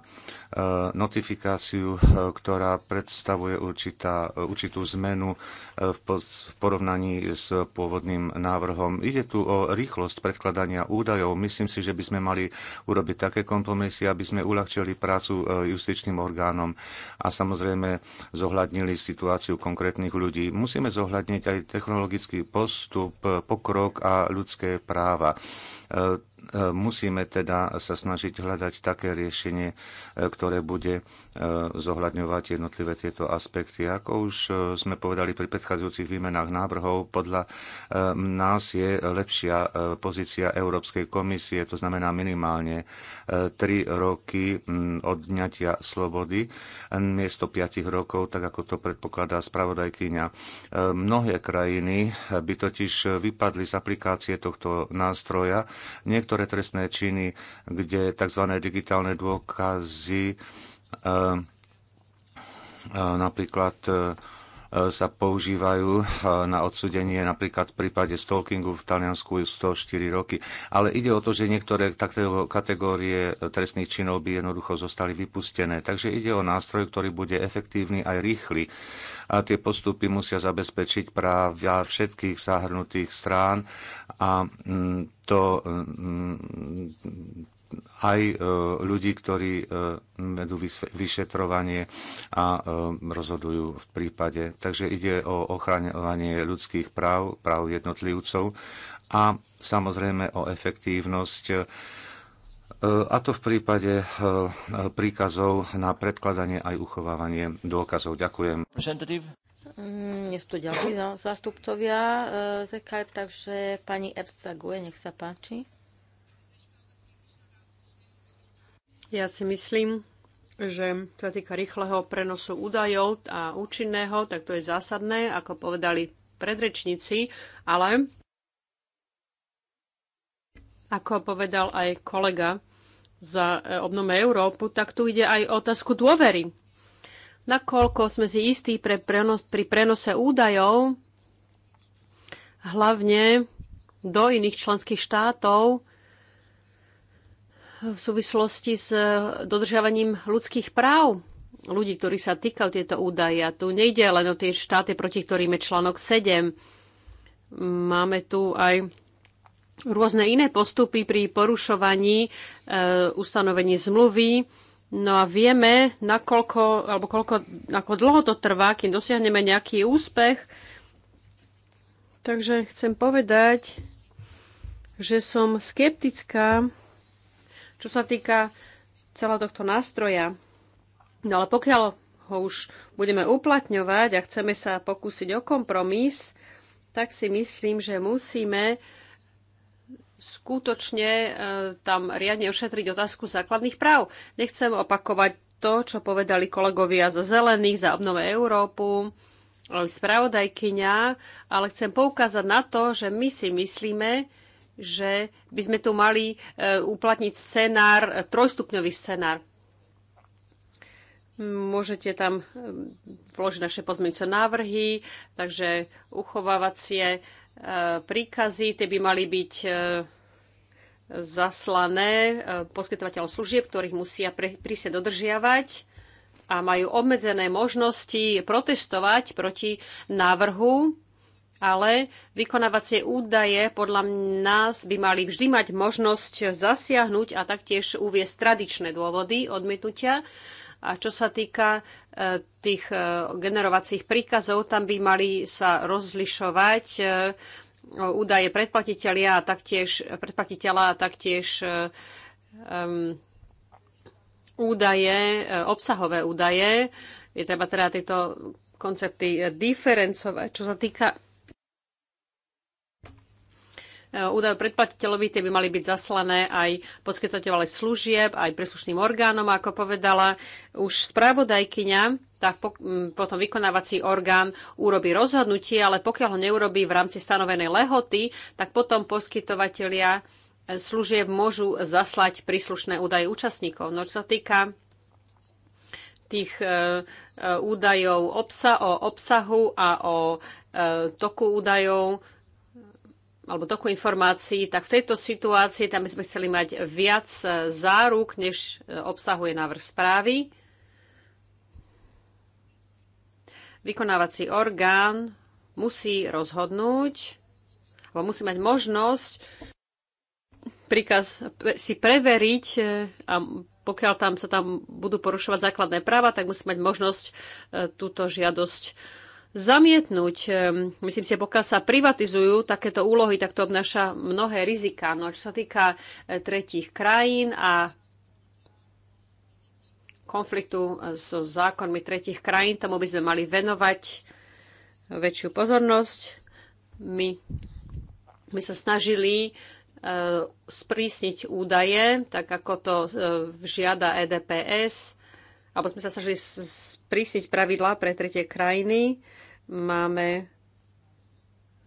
notifikáciu, eh, ktorá predstavuje určitá, eh, určitú zmenu v porovnaní s pôvodným návrhom. Ide tu o rýchlosť predkladania údajov. Myslím si, že by sme mali urobiť také kompromisy, aby sme uľahčili prácu justičným orgánom a samozrejme zohľadnili situáciu konkrétnych ľudí. Musíme zohľadniť aj technologický postup, pokrok a ľudské práva Musíme teda sa snažiť hľadať také riešenie, e, ktoré bude e, zohľadňovať jednotlivé tieto aspekty. Ako už e, sme povedali pri predchádzajúcich výmenách návrhov, podľa nás je lepšia pozícia Európskej komisie, to znamená minimálne 3 roky odňatia slobody miesto 5 rokov, tak ako to predpokladá spravodajkyňa. Mnohé krajiny by totiž vypadli z aplikácie tohto nástroja. Niektoré niektoré trestné činy, kde tzv. digitálne dôkazy eh, eh, napríklad eh, E, sa používajú e, na odsudenie napríklad v prípade stalkingu v Taliansku 104 roky. Ale ide o to, že niektoré takto kategórie e, trestných činov by jednoducho zostali vypustené. Takže ide o nástroj, ktorý bude efektívny aj rýchly. A tie postupy musia zabezpečiť práva všetkých zahrnutých strán a mm, to mm, aj e, ľudí, ktorí e, vedú vyšetrovanie a e, rozhodujú v prípade. Takže ide o ochraňovanie ľudských práv, práv jednotlivcov a samozrejme o efektívnosť a to v prípade príkazov na predkladanie aj uchovávanie dôkazov. Ďakujem. Mm, nie sú tu ďalší zástupcovia ZK, takže pani Erca Gue, nech sa páči. Ja si myslím, že čo sa týka rýchleho prenosu údajov a účinného, tak to je zásadné, ako povedali predrečníci, ale ako povedal aj kolega za e, obnome Európu, tak tu ide aj o otázku dôvery. Nakoľko sme si istí pre prenos, pri prenose údajov, hlavne do iných členských štátov, v súvislosti s eh, dodržiavaním ľudských práv ľudí, ktorí sa týkajú tieto údaje. A tu nejde len o tie štáty, proti ktorým je článok 7. Máme tu aj rôzne iné postupy pri porušovaní e, ustanovení zmluvy. No a vieme, nakoľko, alebo koľko, ako dlho to trvá, kým dosiahneme nejaký úspech. Takže chcem povedať, že som skeptická čo sa týka celého tohto nástroja, no ale pokiaľ ho už budeme uplatňovať a chceme sa pokúsiť o kompromis, tak si myslím, že musíme skutočne e, tam riadne ošetriť otázku základných práv. Nechcem opakovať to, čo povedali kolegovia za zelených, za obnove Európu, e, spravodajkyňa, ale chcem poukázať na to, že my si myslíme, že by sme tu mali e, uplatniť scenár, e, trojstupňový scenár. Môžete tam e, vložiť naše pozmeňujúce návrhy, takže uchovávacie príkazy, tie by mali byť zaslané poskytovateľom služieb, ktorých musia prísne dodržiavať a majú obmedzené možnosti protestovať proti návrhu ale vykonávacie údaje podľa nás by mali vždy mať možnosť zasiahnuť a taktiež uviesť tradičné dôvody odmietnutia. A čo sa týka e, tých e, generovacích príkazov, tam by mali sa rozlišovať e, údaje predplatiteľa a taktiež, predplatiteľa a taktiež um, údaje, obsahové údaje. Je treba teda tieto koncepty diferencovať. Čo sa týka údajov predplatiteľovi, tie by mali byť zaslané aj poskytovateľovi služieb, aj príslušným orgánom, ako povedala už spravodajkyňa tak potom vykonávací orgán urobí rozhodnutie, ale pokiaľ ho neurobí v rámci stanovenej lehoty, tak potom poskytovatelia e, služieb môžu zaslať príslušné údaje účastníkov. No čo sa týka tých e, e, údajov obsa, o obsahu a o toku údajov, alebo toku informácií, tak v tejto situácii tam by sme chceli mať viac e, záruk, než e, obsahuje návrh správy. Vykonávací orgán musí rozhodnúť, alebo musí mať možnosť príkaz si preveriť e, a pokiaľ tam sa tam budú porušovať základné práva, tak musí mať možnosť túto žiadosť zamietnúť. Ehm, myslím si, pokiaľ sa privatizujú takéto úlohy, tak to obnáša mnohé rizika. No a čo sa týka e, tretích krajín a konfliktu e, so zákonmi tretich krajín, tomu by sme mali venovať väčšiu pozornosť. My, my sa snažili e, sprísniť údaje, tak ako to žiada EDPS alebo sme sa snažili sprísniť pravidlá pre tretie krajiny. Máme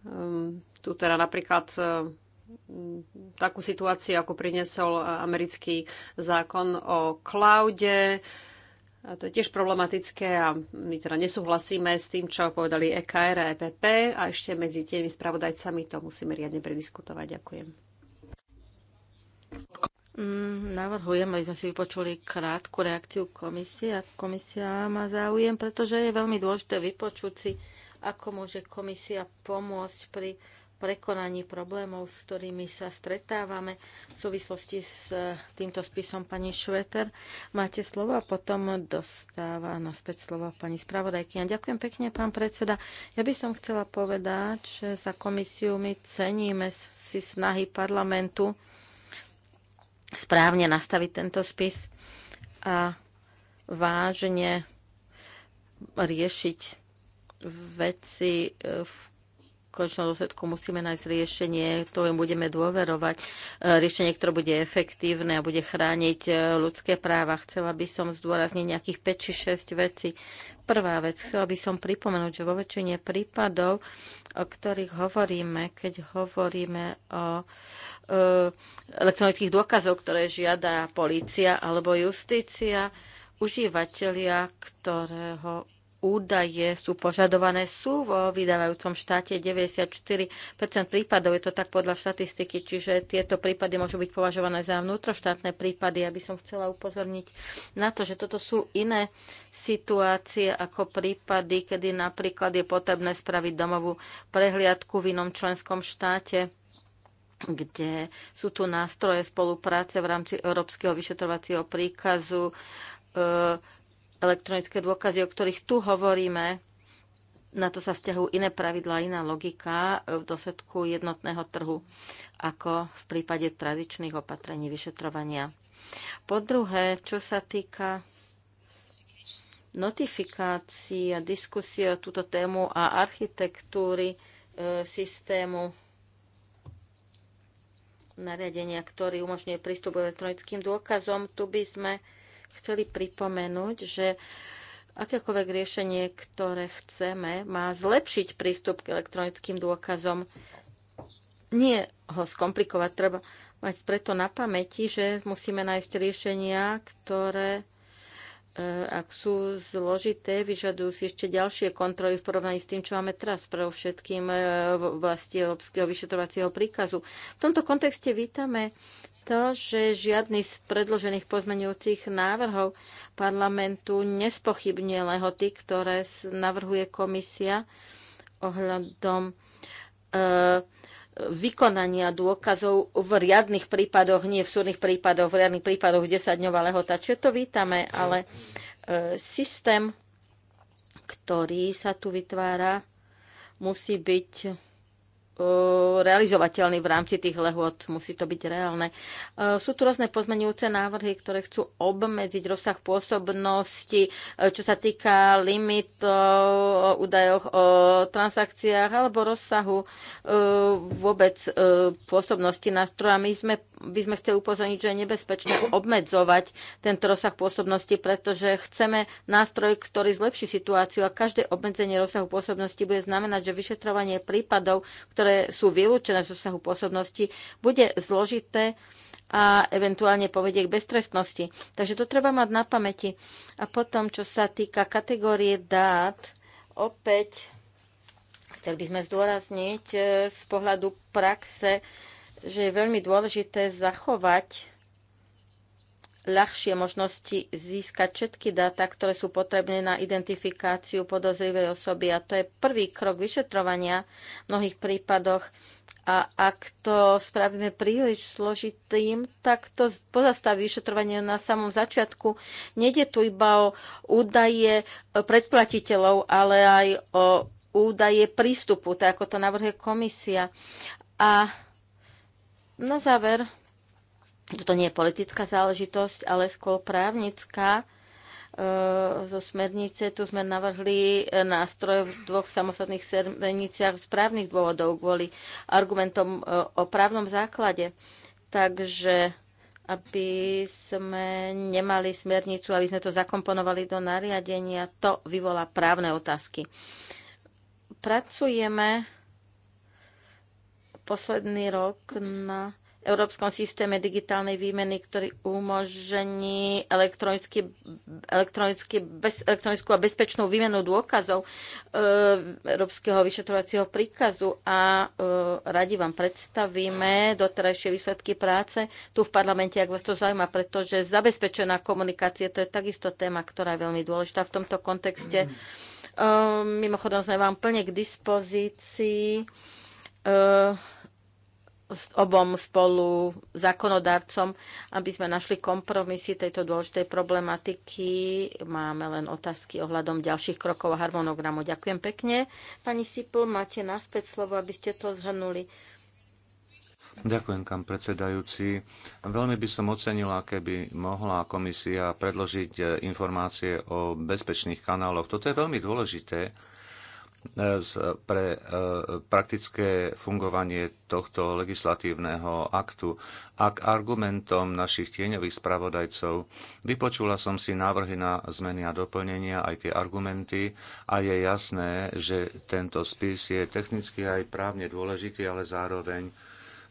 um, tu teda napríklad ehm, takú situáciu, ako priniesol americký zákon o cloude. A to je tiež problematické a my teda nesúhlasíme s tým, čo povedali EKR a EPP a ešte medzi tými spravodajcami to musíme riadne prediskutovať. Ďakujem. Mm, navrhujem, aby sme si vypočuli krátku reakciu komisie, ak komisia má záujem, pretože je veľmi dôležité vypočuť si, ako môže komisia pomôcť pri prekonaní problémov, s ktorými sa stretávame v súvislosti s e, týmto spisom pani Šveter. Máte slovo a potom dostáva naspäť slovo pani spravodajkyňa. Ja ďakujem pekne, pán predseda. Ja by som chcela povedať, že za komisiu my ceníme si snahy parlamentu správne nastaviť tento spis a vážne riešiť veci v konečnom dôsledku musíme nájsť riešenie, ktorému budeme dôverovať, e, riešenie, ktoré bude efektívne a bude chrániť e, ľudské práva. Chcela by som zdôrazniť nejakých 5 či 6 vecí. Prvá vec, chcela by som pripomenúť, že vo väčšine prípadov, o ktorých hovoríme, keď hovoríme o e, elektronických dôkazov, ktoré žiada polícia alebo justícia, užívateľia, ktorého údaje sú požadované, sú vo vydávajúcom štáte 94% prípadov, je to tak podľa štatistiky, čiže tieto prípady môžu byť považované za vnútroštátne prípady. Ja by som chcela upozorniť na to, že toto sú iné situácie ako prípady, kedy napríklad je potrebné spraviť domovú prehliadku v inom členskom štáte kde sú tu nástroje spolupráce v rámci Európskeho vyšetrovacieho príkazu, e, elektronické dôkazy, o ktorých tu hovoríme, na to sa vzťahujú iné pravidlá, iná logika v dosledku jednotného trhu, ako v prípade tradičných opatrení vyšetrovania. Po druhé, čo sa týka notifikácií a diskusie o túto tému a architektúry e, systému nariadenia, ktorý umožňuje prístup k elektronickým dôkazom, tu by sme chceli pripomenúť, že akékoľvek riešenie, ktoré chceme, má zlepšiť prístup k elektronickým dôkazom. Nie ho skomplikovať, treba mať preto na pamäti, že musíme nájsť riešenia, ktoré e, ak sú zložité, vyžadujú si ešte ďalšie kontroly v porovnaní s tým, čo máme teraz pre všetkým e, v oblasti Európskeho vyšetrovacieho príkazu. V tomto kontexte vítame to, že žiadny z predložených pozmeňujúcich návrhov parlamentu nespochybňuje lehoty, ktoré navrhuje komisia ohľadom e, vykonania dôkazov v riadnych prípadoch, nie v súdnych prípadoch, v riadnych prípadoch 10-dňová lehota. Čiže to vítame, ale e, systém, ktorý sa tu vytvára, musí byť E, realizovateľný v rámci tých lehôd. Musí to byť reálne. E, sú tu rôzne pozmenujúce návrhy, ktoré chcú obmedziť rozsah pôsobnosti, e, čo sa týka limitov, údajov o transakciách alebo rozsahu vôbec pôsobnosti nástroja. My sme, by sme chceli upozorniť, že je nebezpečné obmedzovať tento rozsah pôsobnosti, pretože chceme nástroj, ktorý zlepší situáciu a každé obmedzenie rozsahu pôsobnosti bude znamenať, že vyšetrovanie prípadov, ktoré ktoré sú vylúčené z rozsahu pôsobnosti, bude zložité a eventuálne povedie k beztrestnosti. Takže to treba mať na pamäti. A potom, čo sa týka kategórie dát, opäť chceli by sme zdôrazniť eh, z pohľadu praxe, že je veľmi dôležité zachovať ľahšie možnosti získať všetky dáta, ktoré sú potrebné na identifikáciu podozrivej osoby. A to je prvý krok vyšetrovania v mnohých prípadoch. A ak to spravíme príliš složitým, tak to pozastaví vyšetrovanie na samom začiatku. Nede tu iba o údaje predplatiteľov, ale aj o údaje prístupu, tak ako to navrhuje komisia. A na záver toto nie je politická záležitosť, ale skôr právnická e, zo smernice. Tu sme navrhli e, nástroj v dvoch samostatných smerniciach z právnych dôvodov kvôli argumentom e, o právnom základe. Takže aby sme nemali smernicu, aby sme to zakomponovali do nariadenia, to vyvolá právne otázky. Pracujeme posledný rok na európskom systéme digitálnej výmeny, ktorý umožní elektronicky, elektronicky bez, elektronickú a bezpečnú výmenu dôkazov eh, Európskeho vyšetrovacieho príkazu a eh, radi vám predstavíme doterajšie výsledky práce tu v parlamente, ak vás to zaujíma, pretože zabezpečená komunikácia to je takisto téma, ktorá je veľmi dôležitá v tomto kontexte. Mm-hmm. Eh, mimochodom sme vám plne k dispozícii s obom spolu zákonodarcom, aby sme našli kompromisy tejto dôležitej problematiky. Máme len otázky ohľadom ďalších krokov a harmonogramu. Ďakujem pekne. Pani Sipl, máte naspäť slovo, aby ste to zhrnuli. Ďakujem, kam predsedajúci. Veľmi by som ocenila, keby mohla komisia predložiť eh, informácie o bezpečných kanáloch. Toto je veľmi dôležité pre e, praktické fungovanie tohto legislatívneho aktu a k argumentom našich tieňových spravodajcov. Vypočula som si návrhy na zmeny a doplnenia, aj tie argumenty a je jasné, že tento spis je technicky aj právne dôležitý, ale zároveň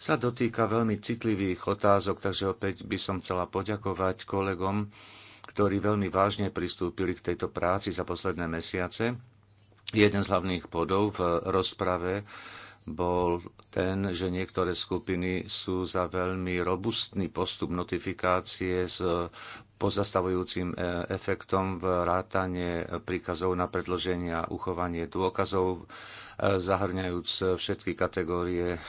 sa dotýka veľmi citlivých otázok, takže opäť by som chcela poďakovať kolegom, ktorí veľmi vážne pristúpili k tejto práci za posledné mesiace Jeden z hlavných bodov v rozprave bol ten, že niektoré skupiny sú za veľmi robustný postup notifikácie s pozastavujúcim e, efektom rátane príkazov na predloženie a uchovanie dôkazov, e, zahrňajúc všetky kategórie e,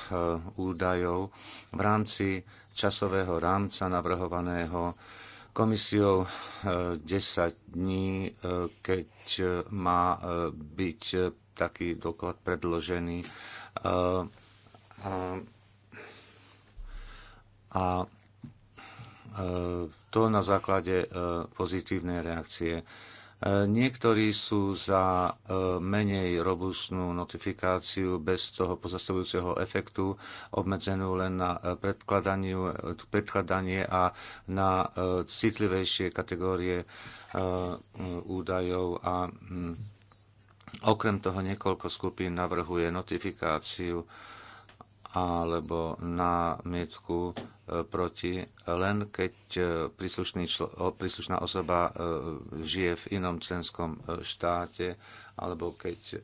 údajov v rámci časového rámca navrhovaného komisiou 10 eh, dní, eh, keď eh, má byť taký doklad predložený. A, a, a to na základe pozitívnej reakcie Niektorí sú za e, menej robustnú notifikáciu bez toho pozastavujúceho efektu, obmedzenú len na e, e, predkladanie a na citlivejšie kategórie údajov a okrem toho niekoľko skupín navrhuje notifikáciu alebo námietku e, proti, len keď e, príslušný člo, príslušná osoba e, žije v inom členskom štáte alebo keď,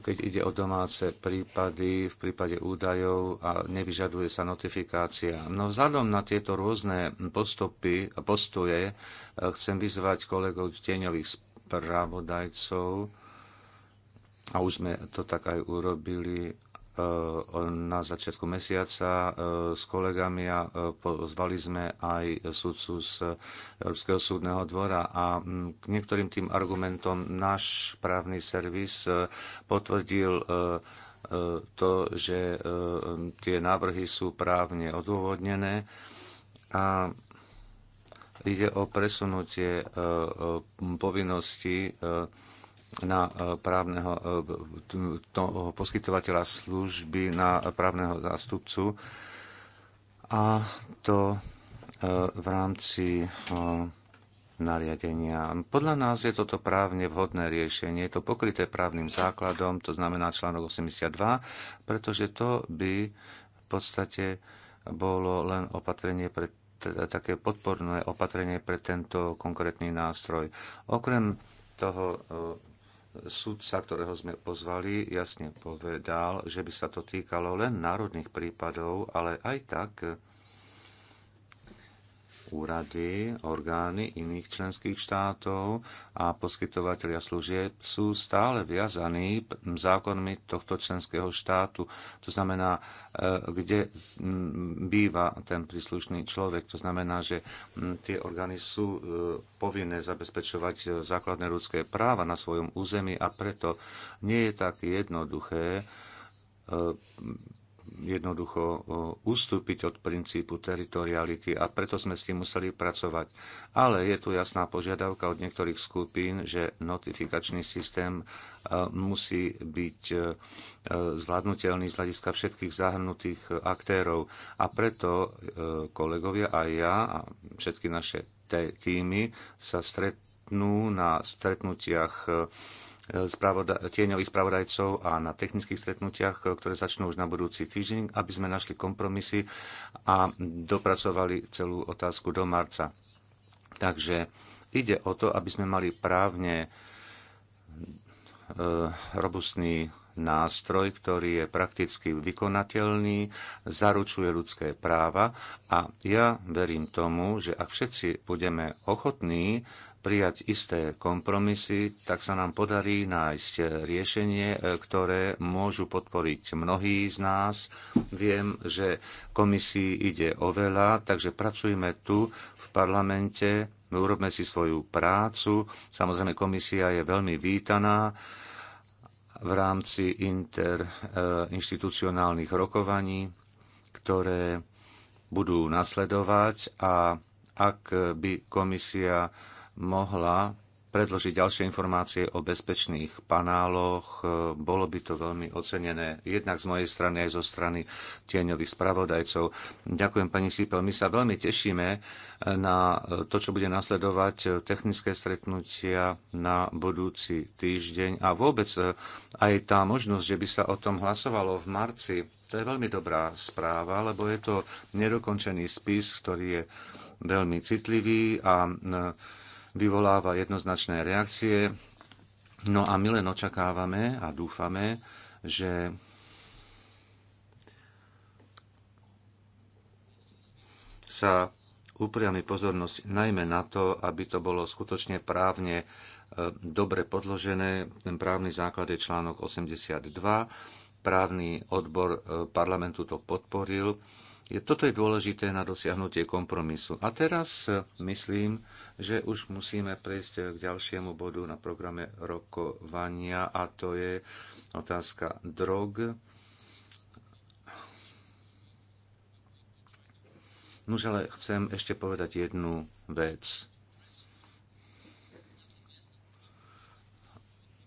keď ide o domáce prípady v prípade údajov a nevyžaduje sa notifikácia. No vzhľadom na tieto rôzne postupy a postoje chcem vyzvať kolegov tieňových spravodajcov, a už sme to tak aj urobili, na začiatku mesiaca e, s kolegami a e, pozvali sme aj sudcu z Európskeho súdneho dvora a k niektorým tým argumentom náš právny servis e, potvrdil to, že tie návrhy sú právne odôvodnené a ide o presunutie povinnosti na e, právneho e, toho poskytovateľa služby, na právneho zástupcu a to e, v rámci nariadenia. Podľa nás je toto právne vhodné riešenie. Je to pokryté právnym základom, to znamená článok 82, pretože to by v podstate bolo len opatrenie pre také podporné opatrenie pre tento konkrétny nástroj. Okrem toho Sudca, ktorého sme pozvali, jasne povedal, že by sa to týkalo len národných prípadov, ale aj tak úrady, orgány iných členských štátov a poskytovateľia služieb sú stále viazaní zákonmi tohto členského štátu. To znamená, e, kde býva ten príslušný človek. To znamená, že tie orgány sú e, povinné zabezpečovať základné ľudské práva na svojom území a preto nie je tak jednoduché e, jednoducho ustúpiť od princípu teritoriality a preto sme s tým museli pracovať. Ale je tu jasná požiadavka od niektorých skupín, že notifikačný systém e, musí byť e, zvládnutelný z hľadiska všetkých zahrnutých e, aktérov. A preto kolegovia a ja a všetky naše týmy sa stretnú na stretnutiach tieňových spravodajcov a na technických stretnutiach, ktoré začnú už na budúci týždeň, aby sme našli kompromisy a dopracovali celú otázku do marca. Takže ide o to, aby sme mali právne e, robustný nástroj, ktorý je prakticky vykonateľný, zaručuje ľudské práva a ja verím tomu, že ak všetci budeme ochotní prijať isté kompromisy, tak sa nám podarí nájsť riešenie, e, ktoré môžu podporiť mnohí z nás. Viem, že komisii ide o veľa, takže pracujme tu v parlamente, urobme si svoju prácu. Samozrejme, komisia je veľmi vítaná v rámci interinstitucionálnych e, rokovaní, ktoré budú nasledovať a ak by komisia mohla predložiť ďalšie informácie o bezpečných panáloch. Bolo by to veľmi ocenené, jednak z mojej strany, aj zo strany tieňových spravodajcov. Ďakujem, pani Sipel. My sa veľmi tešíme na to, čo bude nasledovať technické stretnutia na budúci týždeň a vôbec aj tá možnosť, že by sa o tom hlasovalo v marci. To je veľmi dobrá správa, lebo je to nedokončený spis, ktorý je veľmi citlivý a vyvoláva jednoznačné reakcie. No a my len očakávame a dúfame, že sa upriami pozornosť najmä na to, aby to bolo skutočne právne e, dobre podložené. Ten právny základ je článok 82. Právny odbor e, parlamentu to podporil. Toto je dôležité na dosiahnutie kompromisu. A teraz, e, myslím, že už musíme prejsť k ďalšiemu bodu na programe rokovania a to je otázka drog. No, ale chcem ešte povedať jednu vec.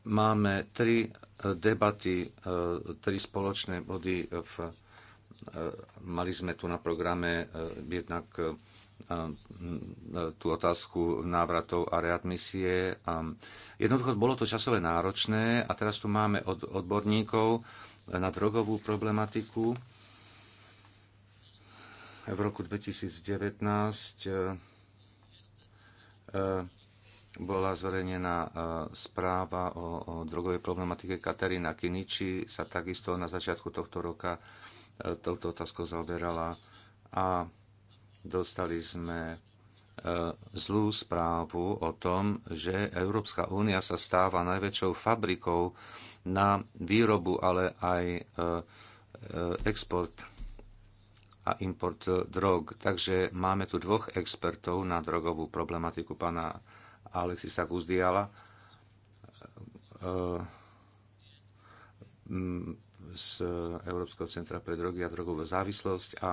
Máme tri debaty, e, tri spoločné body v E, mali sme tu na programe e, jednak e, tú otázku návratov a readmisie. Jednoducho bolo to časové náročné a teraz tu máme od odborníkov na drogovú problematiku. V roku 2019 bola zverejnená správa o, drogovej problematike. Katarína Kiniči sa takisto na začiatku tohto roka touto otázkou zaoberala a dostali sme e, zlú správu o tom, že Európska únia sa stáva najväčšou fabrikou na výrobu, ale aj e, e, export a import drog. Takže máme tu dvoch expertov na drogovú problematiku, pána Alexisa Guzdiala, z Európskeho centra pre drogy a drogovú závislosť a,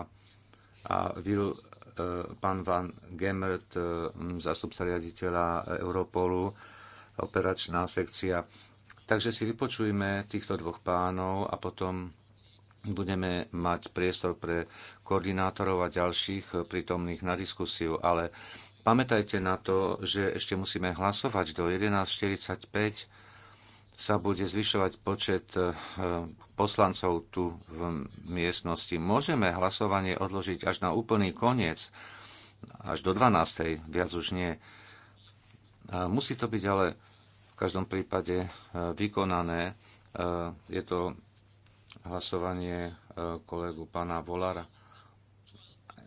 a Will, e, pán Van Gemert, e, zástupca riaditeľa Europolu, operačná sekcia. Takže si vypočujme týchto dvoch pánov a potom budeme mať priestor pre koordinátorov a ďalších prítomných na diskusiu, ale pamätajte na to, že ešte musíme hlasovať do 11.45 sa bude zvyšovať počet e, poslancov tu v miestnosti. Môžeme hlasovanie odložiť až na úplný koniec, až do 12. viac už nie. Musí to byť ale v každom prípade e, vykonané. E, je to hlasovanie kolegu pána Volara.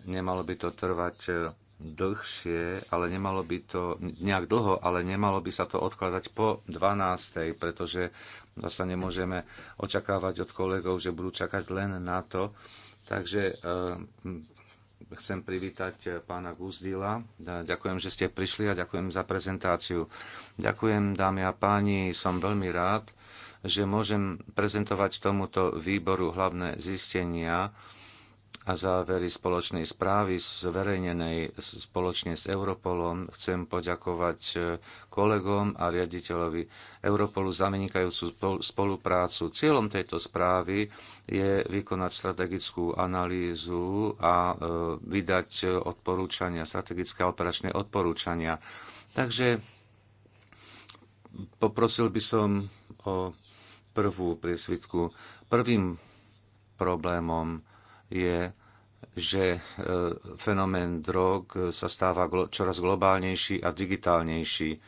Nemalo by to trvať dlhšie, ale nemalo by to, nejak dlho, ale nemalo by sa to odkladať po 12. pretože zase nemôžeme očakávať od kolegov, že budú čakať len na to. Takže eh, chcem privítať eh, pána Guzdila. Ďakujem, že ste prišli a ďakujem za prezentáciu. Ďakujem, dámy a páni, som veľmi rád, že môžem prezentovať tomuto výboru hlavné zistenia a závery spoločnej správy zverejnenej spoločne s Europolom. Chcem poďakovať e, kolegom a riaditeľovi Europolu za vynikajúcu spoluprácu. Cieľom tejto správy je vykonať strategickú analýzu a e, vydať odporúčania, strategické a operačné odporúčania. Takže poprosil by som o prvú priesvitku. Prvým problémom je, že e, fenomén drog sa stáva čoraz globálnejší a digitálnejší. E,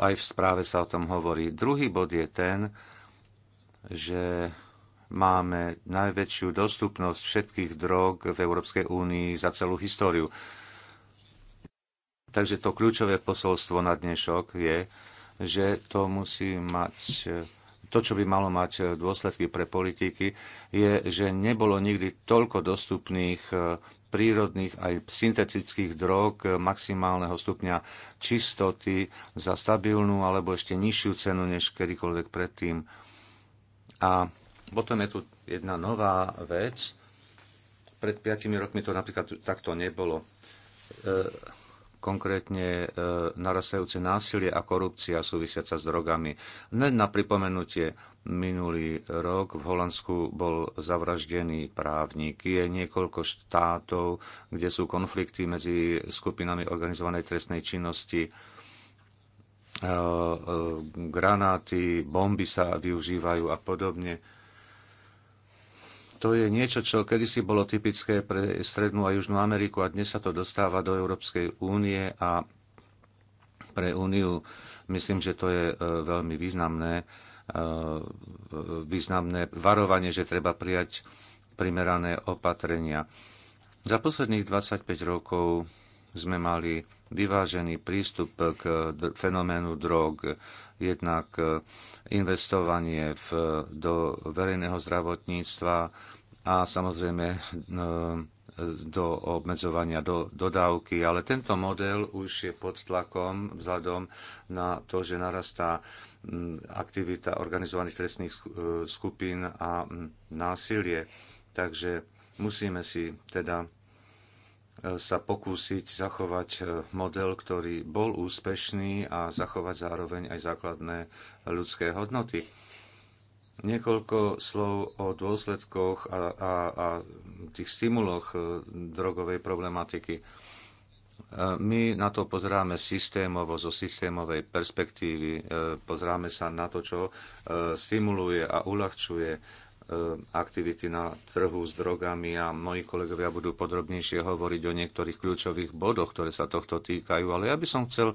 aj v správe sa o tom hovorí. Druhý bod je ten, že máme najväčšiu dostupnosť všetkých drog v Európskej únii za celú históriu. Takže to kľúčové posolstvo na dnešok je, že to musí mať to, čo by malo mať e, dôsledky pre politiky, je, že nebolo nikdy toľko dostupných e, prírodných aj syntetických drog e, maximálneho stupňa čistoty za stabilnú alebo ešte nižšiu cenu než kedykoľvek predtým. A potom je tu jedna nová vec. Pred piatimi rokmi to napríklad takto nebolo konkrétne e, narastajúce násilie a korupcia súvisiaca s drogami. Len na pripomenutie, minulý rok v Holandsku bol zavraždený právnik. Je niekoľko štátov, kde sú konflikty medzi skupinami organizovanej trestnej činnosti. E, e, granáty, bomby sa využívajú a podobne to je niečo, čo kedysi bolo typické pre Strednú a Južnú Ameriku a dnes sa to dostáva do Európskej únie a pre úniu myslím, že to je e, veľmi významné, e, významné varovanie, že treba prijať primerané opatrenia. Za posledných 25 rokov sme mali vyvážený prístup k fenoménu drog jednak e, investovanie v, do verejného zdravotníctva a samozrejme e, do obmedzovania do dodávky. Ale tento model už je pod tlakom vzhľadom na to, že narastá aktivita organizovaných trestných e, skupín a násilie. Takže musíme si teda sa pokúsiť zachovať e, model, ktorý bol úspešný a zachovať zároveň aj základné ľudské hodnoty. Niekoľko slov o dôsledkoch a, a, a tých stimuloch e, drogovej problematiky. E, my na to pozeráme systémovo, zo systémovej perspektívy. Pozeráme sa na to, čo stimuluje a uľahčuje E, aktivity na trhu s drogami a moji kolegovia budú podrobnejšie hovoriť o niektorých kľúčových bodoch, ktoré sa tohto týkajú. Ale ja by som chcel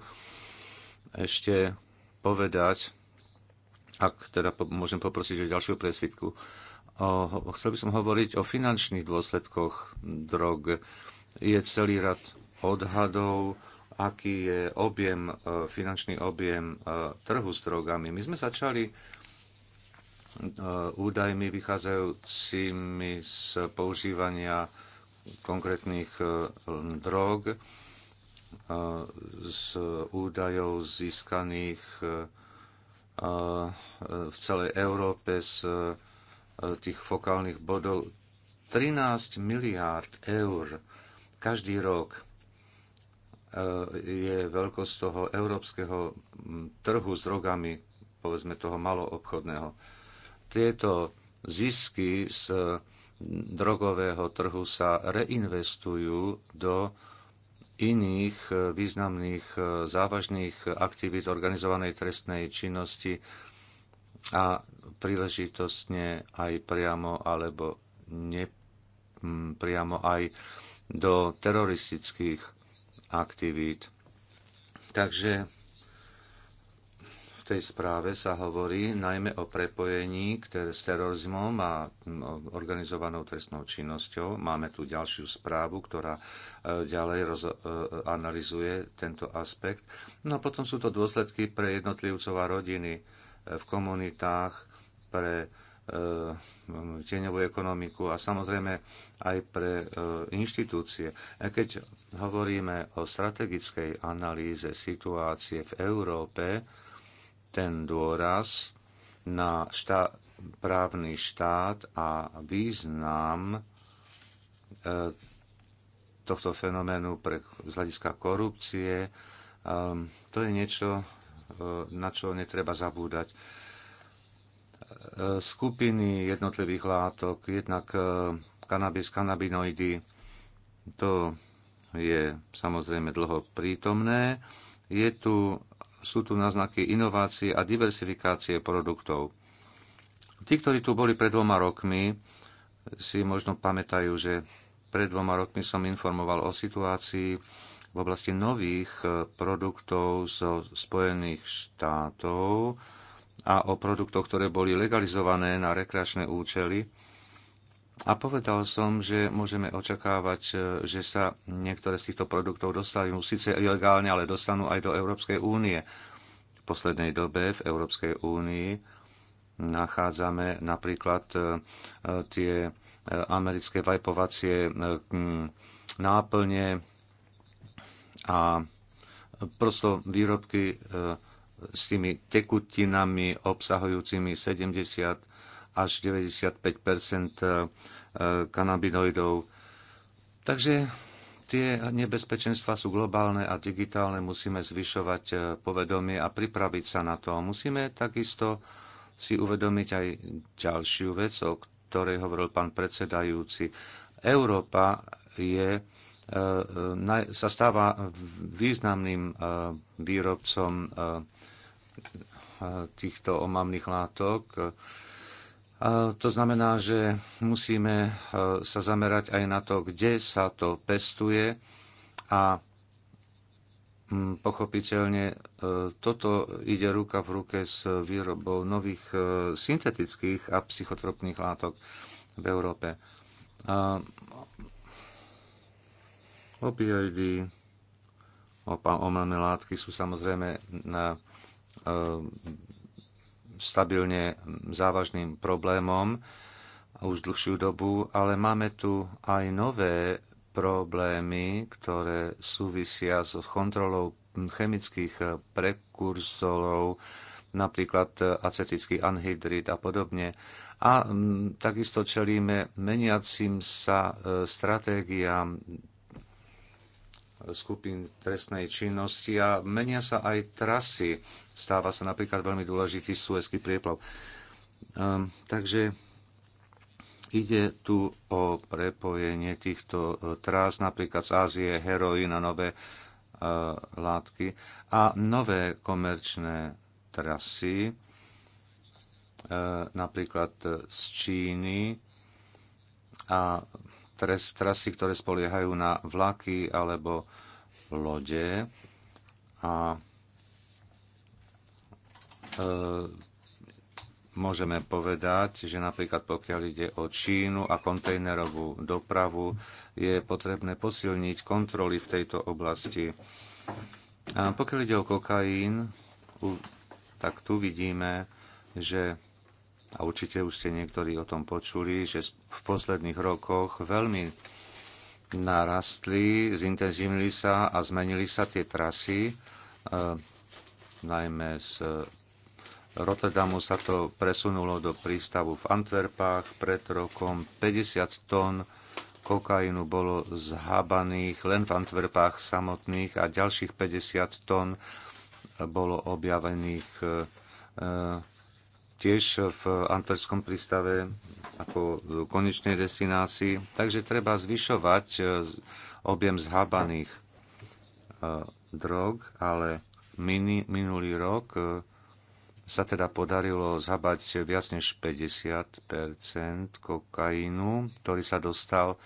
ešte povedať, ak teda môžem poprosiť o ďalšiu presvitku, chcel by som hovoriť o finančných dôsledkoch drog. Je celý rad odhadov, aký je objem, e, finančný objem e, trhu s drogami. My sme začali Eh, údajmi vychádzajúcimi z používania konkrétnych eh, drog, eh, z údajov získaných v celej Európe z tých fokálnych bodov 13 miliárd eur každý rok je veľkosť toho európskeho mm, trhu s drogami, povedzme toho maloobchodného tieto zisky z drogového trhu sa reinvestujú do iných významných závažných aktivít organizovanej trestnej činnosti a príležitostne aj priamo alebo nepriamo mm, aj do teroristických aktivít. Takže v tej správe sa hovorí najmä o prepojení s terorizmom a organizovanou trestnou činnosťou. Máme tu ďalšiu správu, ktorá e, ďalej roz- e, e, analizuje tento aspekt. No a potom sú to dôsledky pre jednotlivcov a rodiny v komunitách, pre tieňovú ekonomiku a samozrejme aj pre inštitúcie. A keď hovoríme o strategickej analýze situácie v Európe, ten dôraz na štá, právny štát a význam e, tohto fenoménu pre, z hľadiska korupcie. E, to je niečo, e, na čo netreba zabúdať. E, skupiny jednotlivých látok, jednak e, kanabis, kanabinoidy, to je samozrejme dlho prítomné. Je tu sú tu náznaky inovácie a diversifikácie produktov. Tí, ktorí tu boli pred dvoma rokmi, si možno pamätajú, že pred dvoma rokmi som informoval o situácii v oblasti nových e, produktov zo Spojených štátov a o produktoch, ktoré boli legalizované na rekreačné účely a povedal som, že môžeme očakávať, e, že sa niektoré z týchto produktov dostanú síce ilegálne, ale dostanú aj do Európskej únie. V poslednej dobe v Európskej únii nachádzame napríklad e, e, tie americké vajpovacie náplne a prosto výrobky s tými tekutinami obsahujúcimi 70 až 95 e, e, kanabinoidov. Takže tie nebezpečenstva sú globálne a digitálne. Musíme zvyšovať e, povedomie a pripraviť sa na to. Musíme takisto si uvedomiť aj ďalšiu vec, o ktorej hovoril pán predsedajúci. Európa je, sa stáva významným výrobcom týchto omamných látok to znamená, že musíme e, sa zamerať aj na to, kde sa to pestuje a mm, pochopiteľne e, toto ide ruka v ruke s výrobou nových e, syntetických a psychotropných látok v Európe. Opioidy, omamné látky sú samozrejme na stabilne závažným problémom už dlhšiu dobu, ale máme tu aj nové problémy, ktoré súvisia s kontrolou chemických prekurzorov, napríklad acetický anhydrid a podobne. A mm, takisto čelíme meniacim sa e, stratégiám skupín trestnej činnosti a menia sa aj trasy Stáva sa napríklad veľmi dôležitý suezký prieplav. Um, takže ide tu o prepojenie týchto e, trás napríklad z Ázie, heroín a nové uh, látky a nové komerčné trasy uh, napríklad z Číny a tres, trasy, ktoré spoliehajú na vlaky alebo lode a E, môžeme povedať, že napríklad pokiaľ ide o Čínu a kontejnerovú dopravu, je potrebné posilniť kontroly v tejto oblasti. A pokiaľ ide o kokain, tak tu vidíme, že a určite už ste niektorí o tom počuli, že v posledných rokoch veľmi narastli, zintenzívnili sa a zmenili sa tie trasy, e, najmä z Rotterdamu sa to presunulo do prístavu v Antwerpách. Pred rokom 50 tón kokainu bolo zhabaných len v Antwerpách samotných a ďalších 50 tón bolo objavených e, e, tiež v Antwerpskom prístave ako v konečnej destinácii. Takže treba zvyšovať e, objem zhabaných drog, ale mini, minulý rok sa teda podarilo zabať viac než 50 kokainu, ktorý sa dostal e,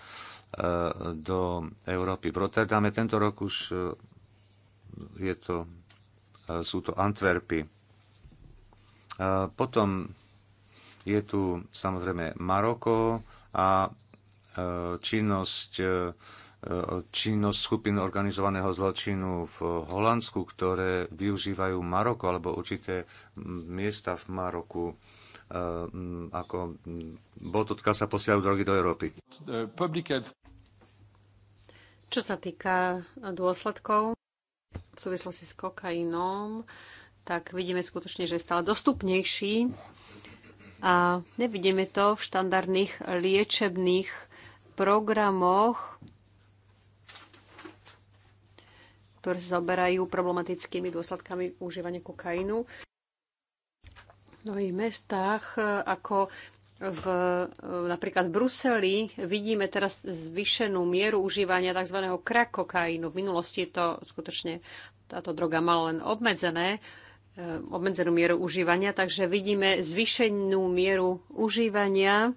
do Európy. V Rotterdame tento rok už e, je to, e, sú to Antwerpy. Potom je tu samozrejme Maroko a činnosť činnosť skupín organizovaného zločinu v Holandsku, ktoré využívajú Maroko alebo určité miesta v Maroku e, ako bod, odkaz sa posielajú drogy do Európy. Čo sa týka dôsledkov v súvislosti s kokainom, tak vidíme skutočne, že je stále dostupnejší a nevidíme to v štandardných liečebných programoch ktoré sa zaoberajú problematickými dôsledkami užívania kokainu. V mnohých mestách, e, ako v, e, napríklad v Bruseli, vidíme teraz zvýšenú mieru užívania tzv. crack kokainu. V minulosti to skutočne táto droga mala len obmedzené e, obmedzenú mieru užívania, takže vidíme zvýšenú mieru užívania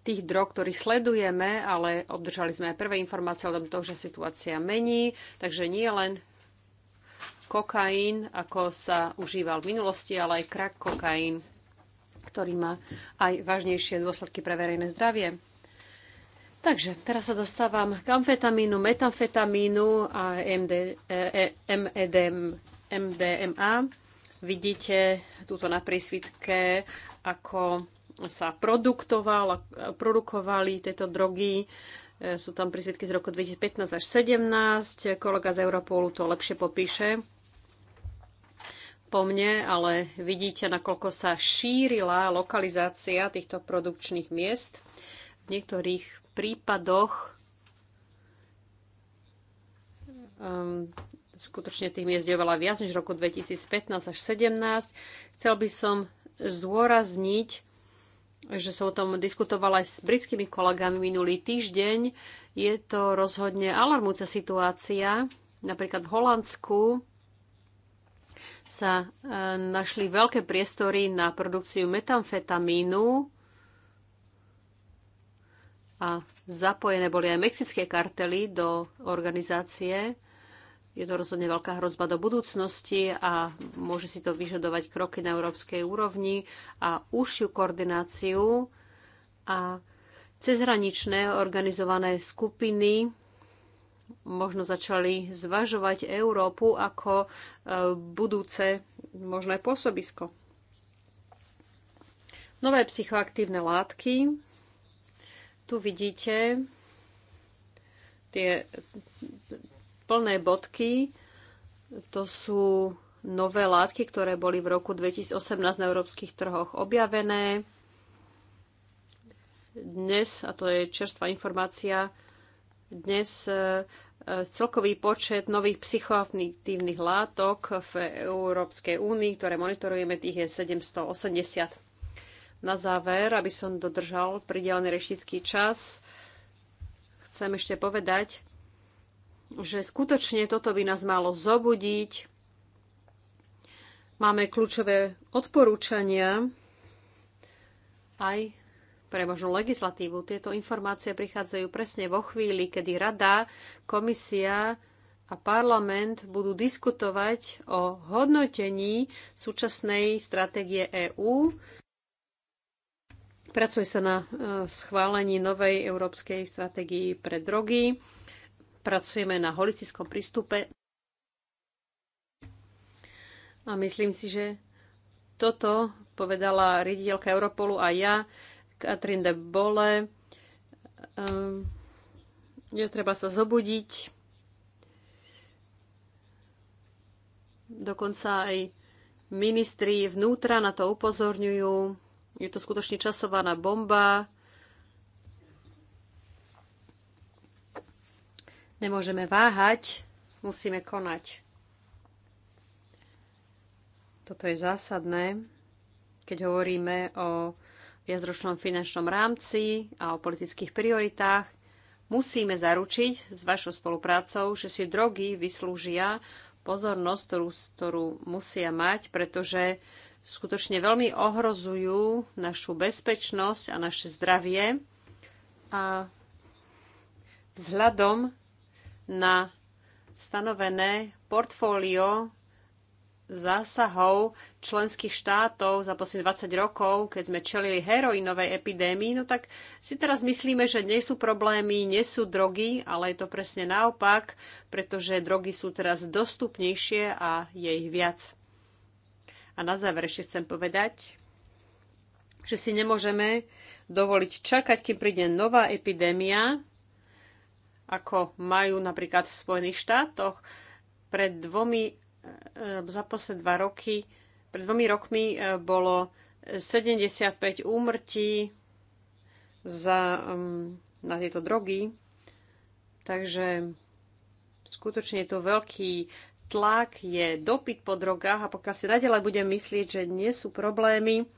tých drog, ktorých sledujeme, ale obdržali sme aj prvé informácie o tom, že situácia mení, takže nie len kokain, ako sa užíval v minulosti, ale aj krak kokain, ktorý má aj vážnejšie dôsledky pre verejné zdravie. Takže teraz sa dostávam k amfetamínu, metamfetamínu a MD, e, e MEDM, MDMA. Vidíte túto na prísvitke, ako sa produktoval produkovali tieto drogy. E, sú tam prísvedky z roku 2015 až 2017. Kolega z Europolu to lepšie popíše po mne, ale vidíte, nakoľko sa šírila lokalizácia týchto produkčných miest. V niektorých prípadoch um, skutočne tých miest je oveľa viac než v roku 2015 až 2017. Chcel by som zdôrazniť že som o tom diskutovala aj s britskými kolegami minulý týždeň. Je to rozhodne alarmúca situácia. Napríklad v Holandsku sa e, našli veľké priestory na produkciu metamfetamínu a zapojené boli aj mexické kartely do organizácie je to rozhodne veľká hrozba do budúcnosti a môže si to vyžadovať kroky na európskej úrovni a užšiu koordináciu a cezhraničné organizované skupiny možno začali zvažovať Európu ako e, budúce možné pôsobisko. Nové psychoaktívne látky. Tu vidíte tie plné bodky. To sú nové látky, ktoré boli v roku 2018 na európskych trhoch objavené. Dnes, a to je čerstvá informácia, dnes e, celkový počet nových psychoaktívnych látok v Európskej únii, ktoré monitorujeme, tých je 780. Na záver, aby som dodržal pridelený reštický čas, chcem ešte povedať, že skutočne toto by nás malo zobudiť. Máme kľúčové odporúčania aj pre možnú legislatívu. Tieto informácie prichádzajú presne vo chvíli, kedy rada, komisia a parlament budú diskutovať o hodnotení súčasnej stratégie EÚ. Pracuje sa na e, schválení novej európskej stratégii pre drogy pracujeme na holistickom prístupe a myslím si, že toto povedala riaditeľka Europolu a ja, Katrin de Bole. Ehm, je treba sa zobudiť. Dokonca aj ministri vnútra na to upozorňujú. Je to skutočne časovaná bomba. Nemôžeme váhať, musíme konať. Toto je zásadné, keď hovoríme o viacročnom finančnom rámci a o politických prioritách. Musíme zaručiť s vašou spoluprácou, že si drogy vyslúžia pozornosť, ktorú, ktorú musia mať, pretože skutočne veľmi ohrozujú našu bezpečnosť a naše zdravie. A vzhľadom na stanovené portfólio zásahov členských štátov za posledných 20 rokov, keď sme čelili heroinovej epidémii, no tak si teraz myslíme, že nie sú problémy, nie sú drogy, ale je to presne naopak, pretože drogy sú teraz dostupnejšie a je ich viac. A na záver ešte chcem povedať, že si nemôžeme dovoliť čakať, kým príde nová epidémia, ako majú napríklad v Spojených štátoch. Pred dvomi, e, za posledné dva roky, pred dvomi rokmi e, bolo 75 úmrtí za, na tieto drogy. Takže skutočne je to veľký tlak, je dopyt po drogách a pokiaľ si nadalej budem myslieť, že nie sú problémy,